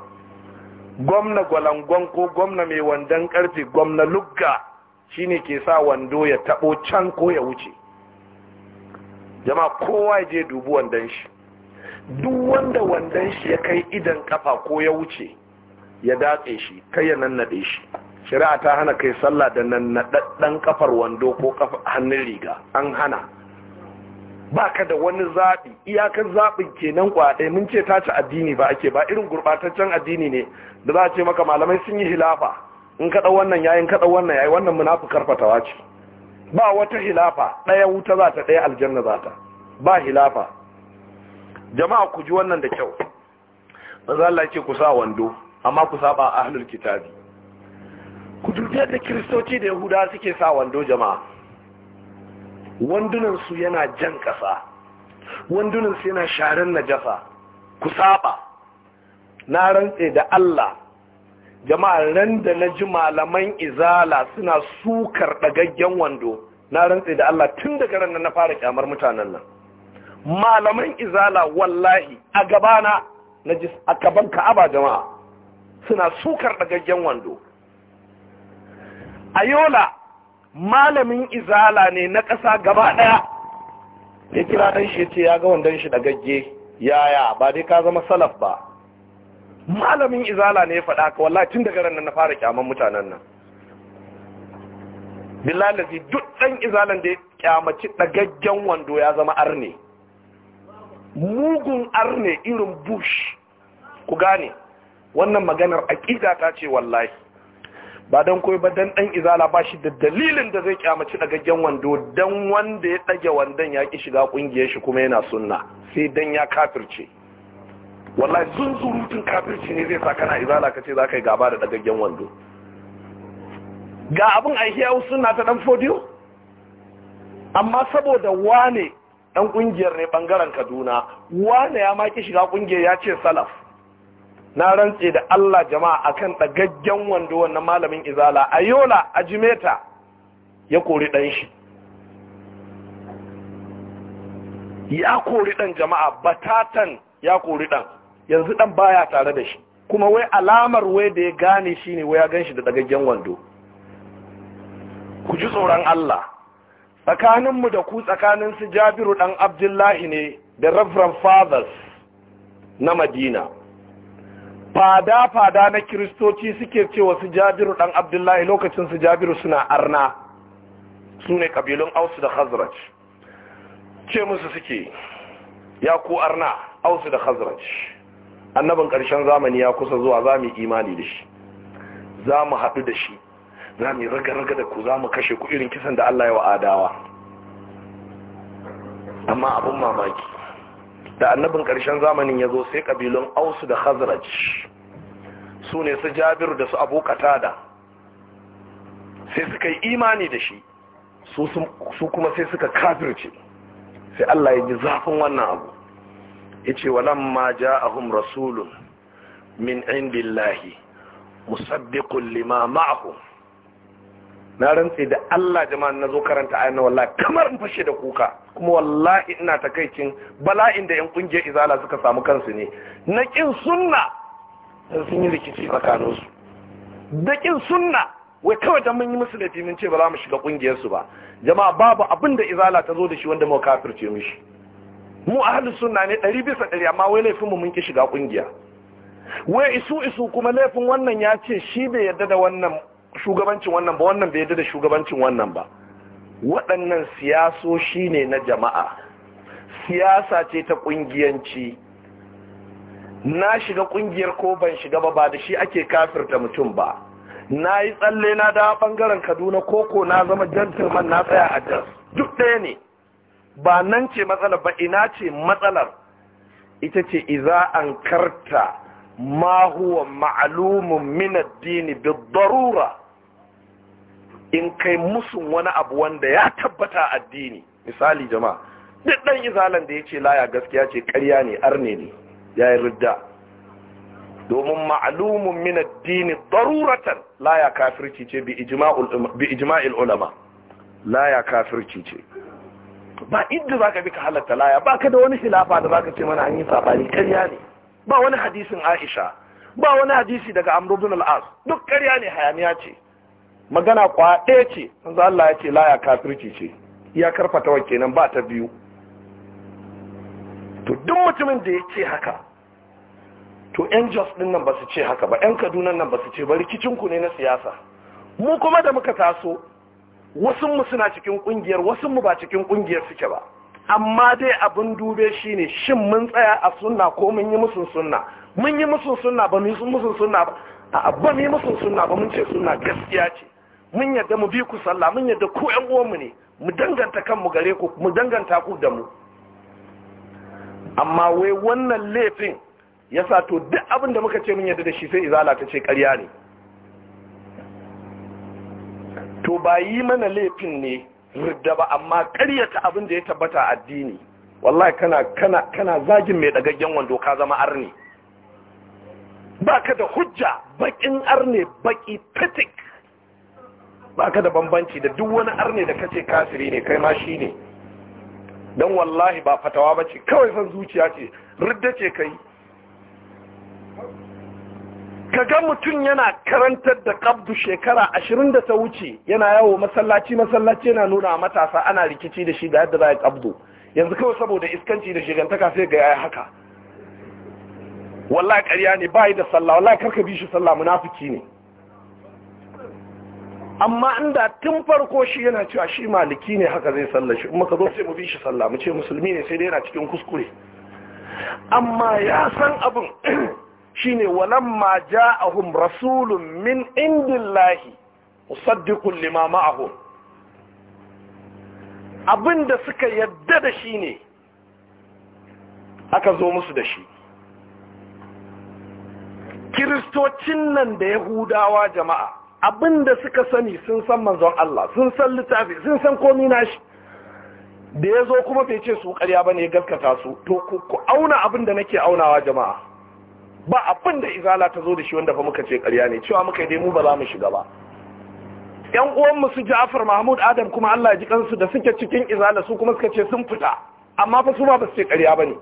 gwamna gwalangon ko gwamna mai wandon karfi, gwamna lugga shine ke sa wando ya tabo can ko ya wuce jama'a kowa ya je dubu wandon shi duk wanda wandan shi ya kai idan kafa ko ya wuce ya datse shi kai ya nannade shi shari'a ta hana kai sallah da nannadaddan kafar wando ko hannun riga an hana baka da wani zaɓi iyakar zaɓin kenan kwaɗe mun ce ta ci addini ba ake ba irin gurɓataccen addini ne da za a ce maka malamai sun yi hilafa in kaɗa wannan yayin kaɗa wannan yayi wannan munafukar fatawa ce ba wata hilafa ɗaya wuta za ta ɗaya aljanna za ta ba hilafa jama'a ku ji wannan da kyau manzo Allah ce ku sa wando amma ku saba ahlul kitabi ku dubiya da kristoci da yahuda suke sa wando jama'a wandunan su yana jan kasa wandunan su yana sharan najasa ku saba na rantse da Allah jama'a ran da na ji malaman izala suna sukar dagaggen wando na rantse da Allah tun daga ran na fara kyamar mutanen nan malaman izala wallahi a gabana na ji a gaban ka'aba jama'a suna sukar dagaggen wando a yola malamin izala ne na ƙasa gaba ɗaya ya kira ɗan shi ce ya ga wandon shi dagagge yaya ba dai ka zama salaf ba malamin izala ne ya faɗa ka wallahi tun daga ran nan na fara kyaman mutanen nan billahi duk ɗan izalan da ya kyamaci ɗagaggen wando ya zama arne mugun arne irin bush ku gane wannan maganar aƙida ta ce wallahi ba don koi ba dan ɗan izala ba shi da dalilin da zai kyamaci ɗagaggen wando dan wanda ya ɗage wandon ya ƙi shiga ƙungiyar shi kuma yana sunna sai dan ya kafirce wallahi zun zurutun kafirci ne zai sa kana izala ka ce za ka gaba da ɗagaggen wando ga abin a hiyar suna ta ɗan fodiyo amma saboda wane Ɗan ƙungiyar ne ɓangaren Kaduna wane ya maki shiga kungiyar ya ce salaf na rantse da Allah jama'a akan ɗagaggen wando wannan malamin izala A Yola, a Jimeta. ya kori ɗan shi ya kori ɗan jama'a batatan ya kori ɗan. yanzu ɗan baya tare da shi kuma wai alamar wai da ya gane shi ne wai ya shi da ɗagaggen wando ku ji tsoron Allah tsakaninmu da ku tsakanin su jabiru ɗan abdullahi ne da reverend fathers na madina fada-fada na kiristoci suke cewa su jabiru ɗan abdullahi lokacin su jabiru suna arna su ne ƙabilun ausu da khazraj ce musu suke ya ku arna ausu da khazraj annabin ƙarshen zamani ya kusa zuwa za mu imani da shi za mu haɗu da shi za mu yi raga-raga da ku za mu kashe ku irin kisan da Allah ya wa adawa amma abin mamaki da annabin ƙarshen zamanin ya zo sai ƙabilun ausu da khazraj su ne su jabiru da su abu da sai suka yi imani da shi su kuma sai suka kafirce sai Allah ya ji zafin wannan abu ya ce ja ja'ahum rasulun min indillahi musabbiqun lima na rantse da Allah jama'an na zo karanta ayan na wallahi kamar in fashe da kuka kuma wallahi ina takaicin bala'in da yan kungiyar izala suka samu kansu ne na kin sunna sun yi rikici tsakaninsu. su da kin sunna wai kawai dan mun yi musu laifi mun ce ba za mu shiga kungiyar ba jama'a babu abin da izala ta zo da shi wanda mu kafirce mishi mu ahlus sunna ne 100 bisa 100 amma wai laifin mu mun ki shiga kungiya wai isu isu kuma laifin wannan ya ce shi bai yarda da wannan shugabancin wannan ba wannan bai yadda da shugabancin wannan ba waɗannan siyasoshi ne na jama'a siyasa ce ta ƙungiyanci na shiga ƙungiyar ko ban shiga ba ba da shi ake kafirta mutum ba na yi tsalle na dawo ɓangaren kaduna koko na zama gentleman na tsaya a jas duk ɗaya ne ba nan ce matsalar ba ina ce matsalar ita ce iza an karta ma huwa ma'alumun min addini bi darura in kai musun wani abu wanda ya tabbata addini misali jama'a duk dan izalan da yace laya gaskiya ce ƙarya ne arne ne yayin ridda domin ma'lumun min addini daruratan laya kafirci ce bi ijma'ul bi ijma'il ulama laya kafirci ce ba inda zaka bi ka halatta laya baka da wani khilafa da zaka ce mana an yi sabani ƙarya ne ba wani hadisin Aisha ba wani hadisi daga Amr ibn al-As duk ƙarya ne hayaniya ce magana kwa ɗaya ce manzo Allah ya ce laya kafirci ce ya karfata wa kenan ba ta biyu to duk mutumin da ya ce haka to yan jos ɗin nan ba su ce haka ba yan kaduna nan ba su ce ba rikicinku ne na siyasa mu kuma da muka taso wasu suna cikin ƙungiyar wasu ba cikin ƙungiyar suke ba amma dai abin dube shine shin mun tsaya a suna ko mun yi musun sunna mun yi musun sunna ba mun yi musun sunna ba a ba mun yi musun sunna ba mun ce sunna gaskiya ce mun yadda mu bi ku sallah mun yadda ku ƴan mu ne mu danganta kanmu gare ku mu danganta ku da mu amma wai wannan laifin ya sa to duk abin da muka ce mun yadda da shi sai izala ta ce ƙarya ne to ba yi mana laifin ne rudda ba amma ta abin da ya tabbata addini wallahi kana kana kana zagin mai dagaggen wando ka zama arne baka da hujja bakin arne baki fitik ba ka da bambanci da duk wani arne da kace kafiri ne kai ma shi ne don wallahi ba fatawa ba ce kawai son zuciya ce ridda ce kai ga mutum yana karantar da kabdu shekara ashirin da ta wuce yana yawo masallaci masallaci yana nuna matasa ana rikici da shi da yadda za a kabdu yanzu kawai saboda iskanci da shigantaka sai ga yaya haka wallahi ƙarya ne yi da sallah wallahi karka bi shi sallah munafuki ne amma inda tun farko shi yana cewa shi maliki ne haka zai sallar shi ka zo sai mu bi shi sallah mu ce musulmi ne sai dai yana cikin kuskure amma ya san abin shine walamma ja'ahum rasulun min indillahi limama lima abin da suka yadda da shi ne aka zo musu da shi kiristocin nan da yahudawa jama'a abin da suka sani sun san manzon Allah sun san littafi sun san komi nashi da ya zo kuma bai ce su karya ba ne gaskata su to ku auna abin da nake aunawa jama'a ba abin da izala ta zo da shi wanda fa muka ce karya ne cewa muka yi dai mu ba za mu shiga ba yan uwanmu su Ja'far Mahmud Adam kuma Allah ya ji kansu da suke cikin izala su kuma suka ce sun fita amma fa su ma ba su ce karya ba ne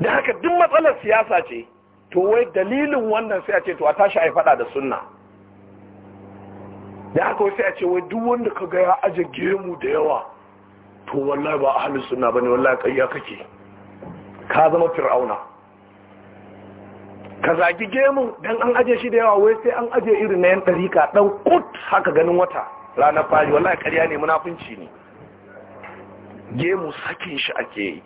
da haka duk matsalar siyasa ce to wai dalilin wannan sai a ce to a tashi a yi fada da sunna da aka wasu a ce wai duk wanda ka ga ya aje gemu da yawa to wallahi ba a ahlus sunna ne, wallahi kayya kake ka zama fir'auna ka zagi gemun dan an aje shi da yawa wai sai an aje irin na yan ɗarika ɗan kut haka ganin wata ranar fari wallahi ƙarya ne munafunci ne gemu sakin shi ake yi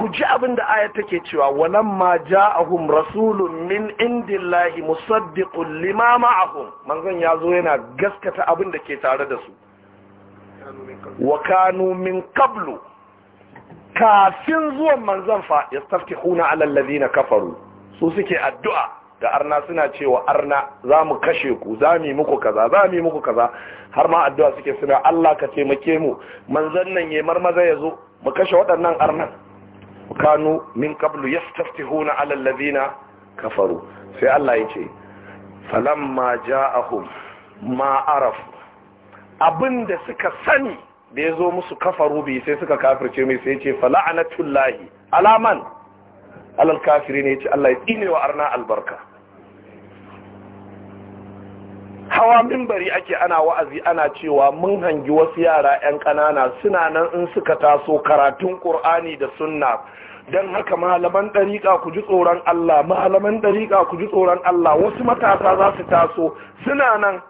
ku ji abin da ayat take cewa ma ja'ahum rasulun min indillahi musaddiqul lima ma'ahum manzon zo yana gaskata abin da ke tare da su wa kanu min qablu kafin zuwan manzon fa yastaftihuna ala alladhina kafaru su suke addu'a da arna suna cewa arna za kashe ku za mu muku kaza za muku kaza har ma addu'a suke suna Allah ka taimake mu manzon nan yayi marmaza yazo mu kashe waɗannan arnan kanu min qablu yastaftihuna ala na kafaru sai Allah ya ce falamma ja'ahum ma arafu abinda suka sani da ya zo musu kafaru bi sai suka kafirce mai sai ce fala'anatullahi alaman alal kafiri ne ce Allah ya wa arna albarka hawa mimbari ake ana wa'azi ana cewa mun hangi wasu yara 'yan ƙanana suna nan in suka taso karatun ƙur'ani da sunna don haka malaman ɗariƙa ku ji tsoron Allah malaman ɗariƙa ku ji tsoron Allah wasu matasa za su taso suna nan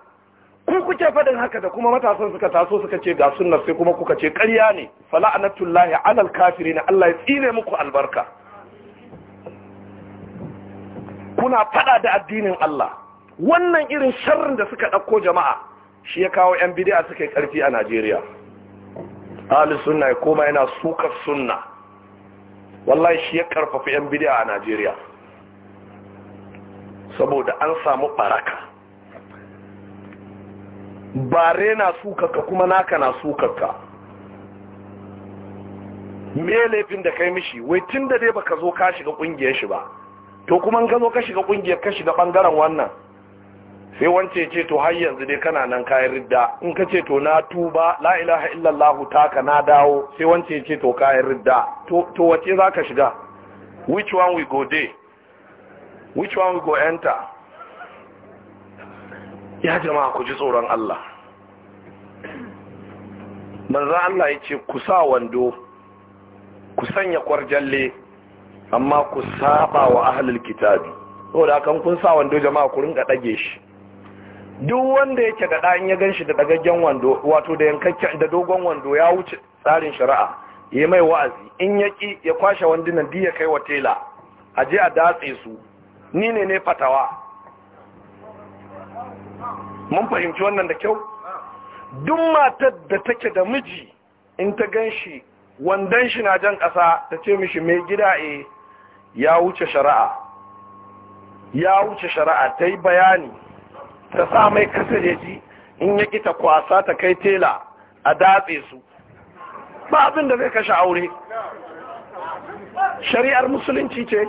ku kuke faɗin haka da kuma matasan suka taso suka ce ga sunna sai kuma kuka ce ƙarya ne fala'anatullahi alal na, Allah ya tsine muku albarka kuna faɗa da addinin Allah wannan irin sharrin da suka ɗauko jama'a shi ya kawo 'yan bidiya suka yi ƙarfi a najeriya ahli sunna ya koma yana sukar sunna wallahi shi ya karfafa 'yan bidiya a najeriya saboda an samu baraka bare na sukarka kuma naka na sukarka me laifin da kai mishi wai tun da dai baka zo ka shiga ƙungiyar shi ba to kuma ka zo ka shiga ƙungiyar ka shiga ɓangaren wannan sai wance ce to har yanzu dai kana nan kayan ridda in ka ce to na tuba la ilaha illallah taka na dawo sai wance ce to kayan ridda to wace za ka shiga which one we go dey which one we go enter ya jama'a ku ji tsoron Allah manzan Allah ya ce ku sa wando ku sanya kwarjalle amma ku saba wa ahalul kitabi saboda kan kun sa wando jama'a ku rinka dage shi duk wanda yake da ɗan ya ganshi da dagaggen wando wato da yankakken da dogon wando ya wuce tsarin shari'a ya mai wa'azi in ya ƙi ya kwashe wandunan di ya kai wa tela a je a datse su ni ne ne fatawa mun fahimci wannan da kyau duk matar da take da miji in ta gan shi, wandon shi na jan ƙasa ta ce mishi mai gida e ya wuce shari'a ya wuce shari'a ta yi bayani ta sa mai kasa ya ji in ya ita ta kwasa ta kai tela a datse su ba abin da zai kashe aure shari'ar musulunci ce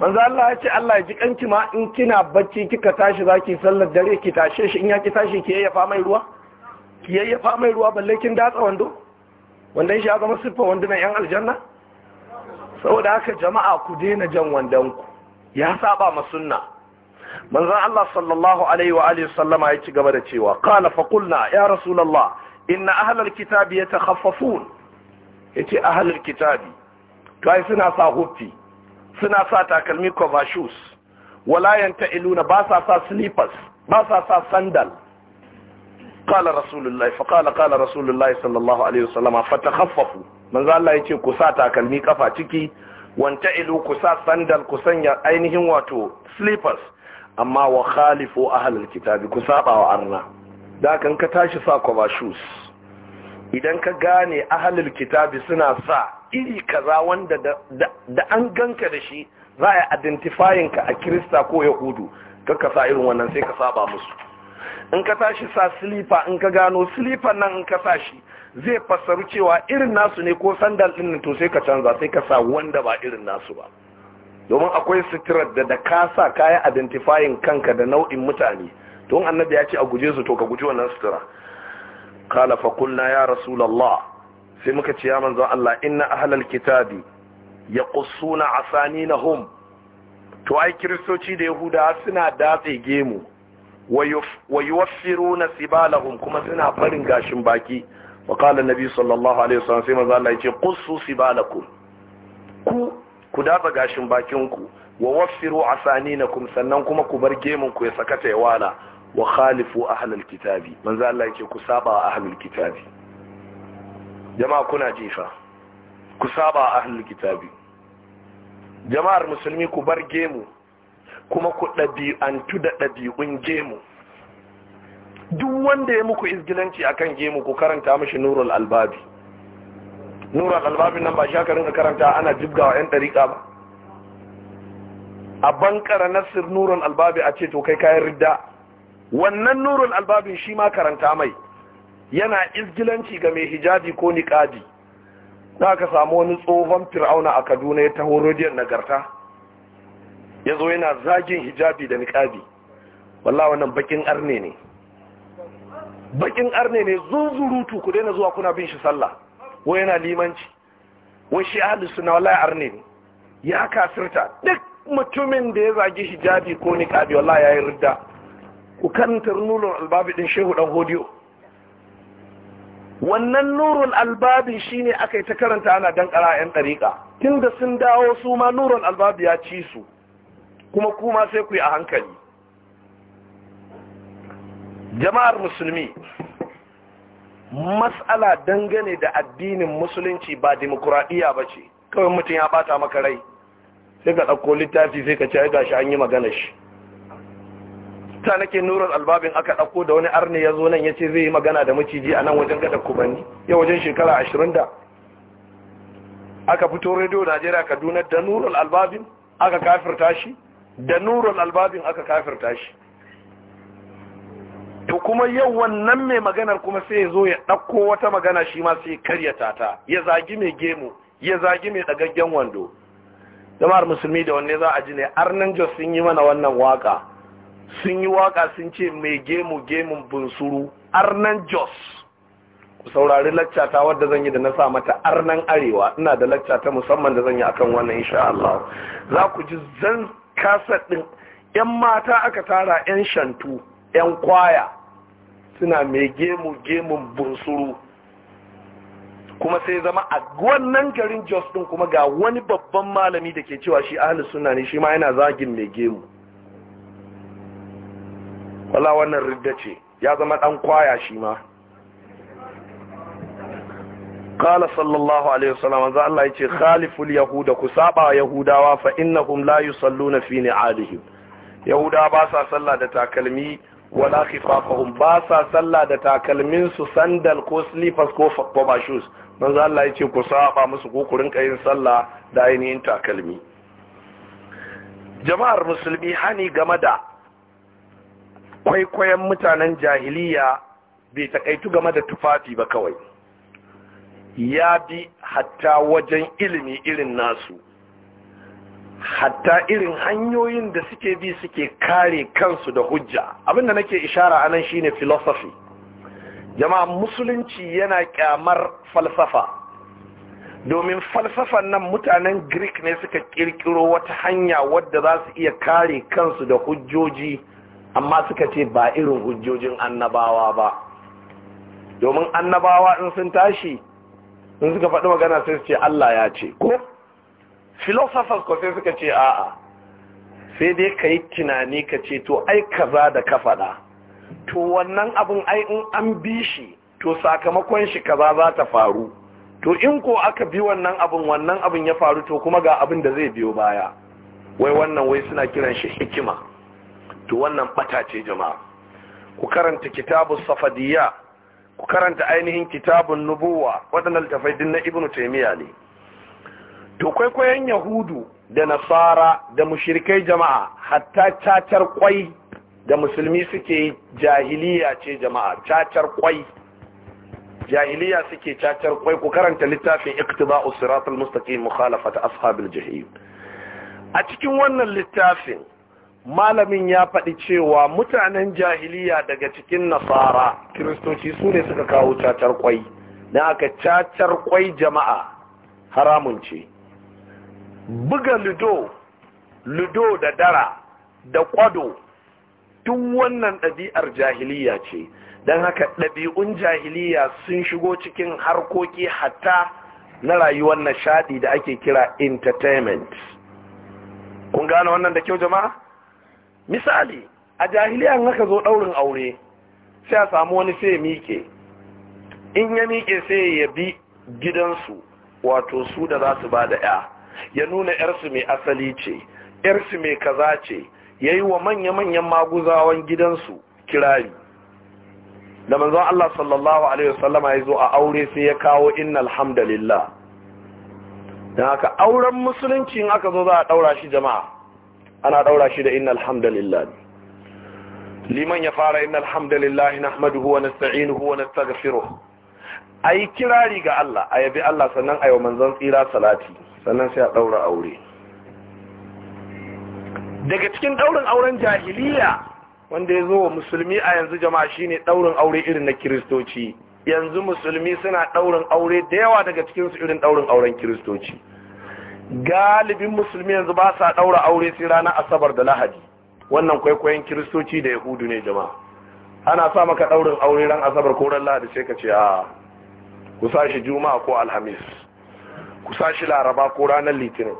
manzo Allah ya ce Allah ya ji kanki ma in kina bacci kika tashi zaki sallar dare ki tashe shi in ya ki tashi ki yayyafa mai ruwa ki yayyafa mai ruwa balle kin datsa wando wanda shi ya zama siffa wandunan yan aljanna saboda haka jama'a ku daina jan wandan ku ya saba ma sunna manzon Allah sallallahu alaihi wa alihi sallama ya ci gaba da cewa kala faƙulna ya rasulallah, inna ahlal kitabi ya ta Ya ce ahlal kitabi to ai suna sa hufi suna sa takalmi cover shoes ta iluna ba sa sa slippers ba sa sa sandal kala رسول الله فقال قال رسول الله صلى الله عليه ta فتخففوا manzo Allah yace ku sa takalmi kafa ciki wanta ilu ku sa sandal ku sanya ainihin wato slippers amma wa khalifu ahlul kitabi ku saba wa arna da kan ka tashi sa ba shoes idan ka gane ahlul kitabi suna sa iri kaza wanda da an ganka da shi za a identifying ka a kirista ko yahudu ka ka sa irin wannan sai ka saba musu in ka tashi sa silifa in ka gano slipper nan in ka sa shi zai fassaru cewa irin nasu ne ko sandal din to sai ka canza sai ka sa wanda ba irin nasu ba domin akwai sitirar da da ka sa kayan identifying kanka da nau'in mutane don annabi ya ce a guje su to ka guji wannan sitira kala fa kunna ya rasulullah sai muka ce ya manzo Allah inna ahlal kitabi yaqussuna asaninahum to ai kiristoci da yahuda suna datse gemu wa yuwaffiruna sibalahum kuma suna farin gashin baki wa kala nabi sallallahu alaihi wasallam sai manzon Allah ya ce qussu sibalakum ku ku dafa gashin bakinku wa waffiru asaninakum sannan kuma ku bar gemun ku ya sakata ya wala wa khalifu ahlul kitabi manzo Allah yake ku saba ahlul kitabi jama'a kuna jifa ku saba ahlul kitabi jama'ar musulmi ku bar gemu kuma ku ɗabi'antu da ɗabi'un gemu duk wanda ya muku izgilanci akan gemu ku karanta mashi nurul albabi nura albabin nan ba shi aka rinka karanta ana jibgawa yan dariƙa ba a bankara nasir nuran albabi a ce to kai kayan ridda wannan nuran albabin shi ma karanta mai yana izgilanci ga mai hijabi ko niqabi za ka samu wani tsohon fir'auna a kaduna ya taho rodiyar nagarta ya zo yana zagin hijabi da niqabi wallah wannan bakin arne ne bakin arne ne zuzurutu ku daina zuwa kuna bin shi sallah wai yana limanci wai shi ahlus suna wallahi arne ne ya kasirta duk mutumin da ya zagi hijabi ko niqabi wallahi yayi ridda ku karanta nurul albab din shehu dan hodiyo wannan nurul albab shine akai ta karanta ana dan kara yan dariƙa tunda sun dawo su ma nurul albabi ya ci su kuma kuma sai ku yi a hankali jama'ar musulmi matsala dangane da addinin musulunci ba demokuraɗiyya ba ce kawai mutum ya bata maka rai sai ka ɗauko littafi sai ka ce ya gashi an yi magana shi ta nake nurar albabin aka ɗauko da wani arni ya zo nan ya ce zai yi magana da maciji a nan wajen gada kubanni ya wajen shekara ashirin da aka fito rediyo najeriya kaduna da nurar albabin aka kafirta shi da nurar albabin aka kafirta shi to kuma yau wannan mai maganar kuma sai ya zo ya ɗauko wata magana shi ma sai karyata ta ya zagi mai gemu ya zagi mai ɗagaggen wando jama'ar musulmi da wanne za a ji ne arnan jos sun yi mana wannan waka sun yi waka sun ce mai gemu gemun bunsuru arnan jos ku saurari lacca ta wadda zan yi da na sa mata arnan arewa ina da lacca ta musamman da zan yi akan wannan insha Allah za ku ji zan kasa ɗin yan mata aka tara yan shantu 'yan kwaya suna mai gemu gemun bunsuru kuma sai zama a wannan garin jos ɗin kuma ga wani babban malami da ke cewa shi ahalus suna ne shi ma yana zagin mai gemu wala wannan ridda ce ya zama ɗan kwaya shi ma Kala sallallahu alaihi wasallam wanzu Allah ce khaliful yahuda ku saba yahudawa fa innahum la yusalluna fi alihim yahuda ba sa sallah da takalmi wala khifafahum ba sa sallah da takalmin su sandal ko slippers ko football shoes manzo Allah yace ku saba musu ko ku rinka yin sallah da ainihin takalmi jama'ar musulmi hani game da kwaikwayon mutanen jahiliya bai takaitu game da tufafi ba kawai ya bi hatta wajen ilimi irin nasu hatta irin hanyoyin da suke bi suke kare kansu da hujja abinda nake ishara anan shine philosophy jama'a musulunci yana kyamar falsafa domin falsafan nan mutanen greek ne suka kirkiro wata hanya wadda za su iya kare kansu da hujjoji amma suka ce ba irin hujjojin annabawa ba domin annabawa in sun tashi in suka faɗi magana sai su ce allah ya ce ko filosofar ko sai suka ce a'a sai dai ka yi tunani ka ce to ai kaza da ka faɗa to wannan abin ai in an bi shi to sakamakon shi kaza za ta faru to in ko aka bi wannan abin wannan abin ya faru to kuma ga abin da zai biyo baya wai wannan wai suna kiran shi hikima to wannan bata ce jama'a ku karanta kitabun safadiyya ku karanta ainihin kitabun nubuwa waɗannan littafai din na ibnu taymiya ne to kwaikwayon yahudu da nasara da mushirikai jama'a hatta cacar kwai da musulmi suke jahiliya ce jama'a cacar kwai jahiliya suke cacar kwai ku karanta littafin iktiba'u siratul mustaqim mukhalafat ashabil jahim a cikin wannan littafin malamin ya faɗi cewa mutanen jahiliya daga cikin nasara kiristoci su ne suka kawo cacar kwai na aka cacar kwai jama'a haramun ce buga ludo ludo da dara da kwado tun wannan ɗabi'ar jahiliya ce don haka ɗabi'un jahiliya sun shigo cikin harkoki hatta na rayuwar nishaɗi da ake kira entertainment kun gane wannan da kyau jama'a misali a jahiliya haka zo ɗaurin aure sai a samu wani sai miƙe in ya miƙe sai ya bi gidansu wato su da za su ba da 'ya ya nuna yarsu mai asali ce yarsu mai kaza ce ya yi wa manya-manyan maguzawan gidansu kirari da manzon Allah sallallahu Alaihi wasallama ya zo a aure sai ya kawo inna alhamdulillah don haka auren musulunci in aka zo za a ɗaura shi jama'a ana ɗaura shi da inna alhamdulillah liman ya fara inna alhamdulillah na Ahmadu na Sa'inu huwa na wa A yi kirari ga Allah a yabi Allah sannan a wa manzon tsira salati sannan sai a ɗaura aure daga cikin ɗaurin auren jahiliya wanda ya zo wa musulmi a yanzu jama'a shine ɗaurin aure irin na kiristoci yanzu musulmi suna ɗaurin aure da yawa daga cikinsu irin ɗaurin auren kiristoci galibin musulmi yanzu ba sa ɗaura aure sai ranar asabar da lahadi wannan kwaikwayon kiristoci da yahudu ne jama'a ana sa maka ɗaurin aure ran asabar ko ran lahadi sai ka ce a ku sa shi juma'a ko alhamis Kusa shi laraba ko ranar litinin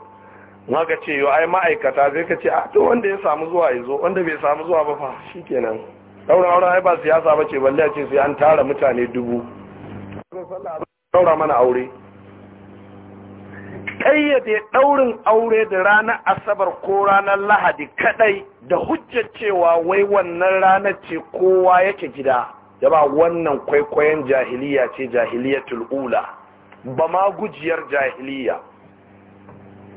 maka ce yau ai ma'aikata zai ka ce a ah, to wanda ya samu zuwa ya zo wanda bai samu zuwa ba fa shi kenan daura aure ai ba siyasa ba ce balle a ce sai an tara mutane dubu daura mana aure Ƙayyade daurin aure da ranar asabar ko ranar lahadi kadai da hujjar cewa wai wannan ranar ce kowa yake gida ba wannan kwaikwayon jahiliya ce jahiliyatul ula ba ma gujiyar jahiliya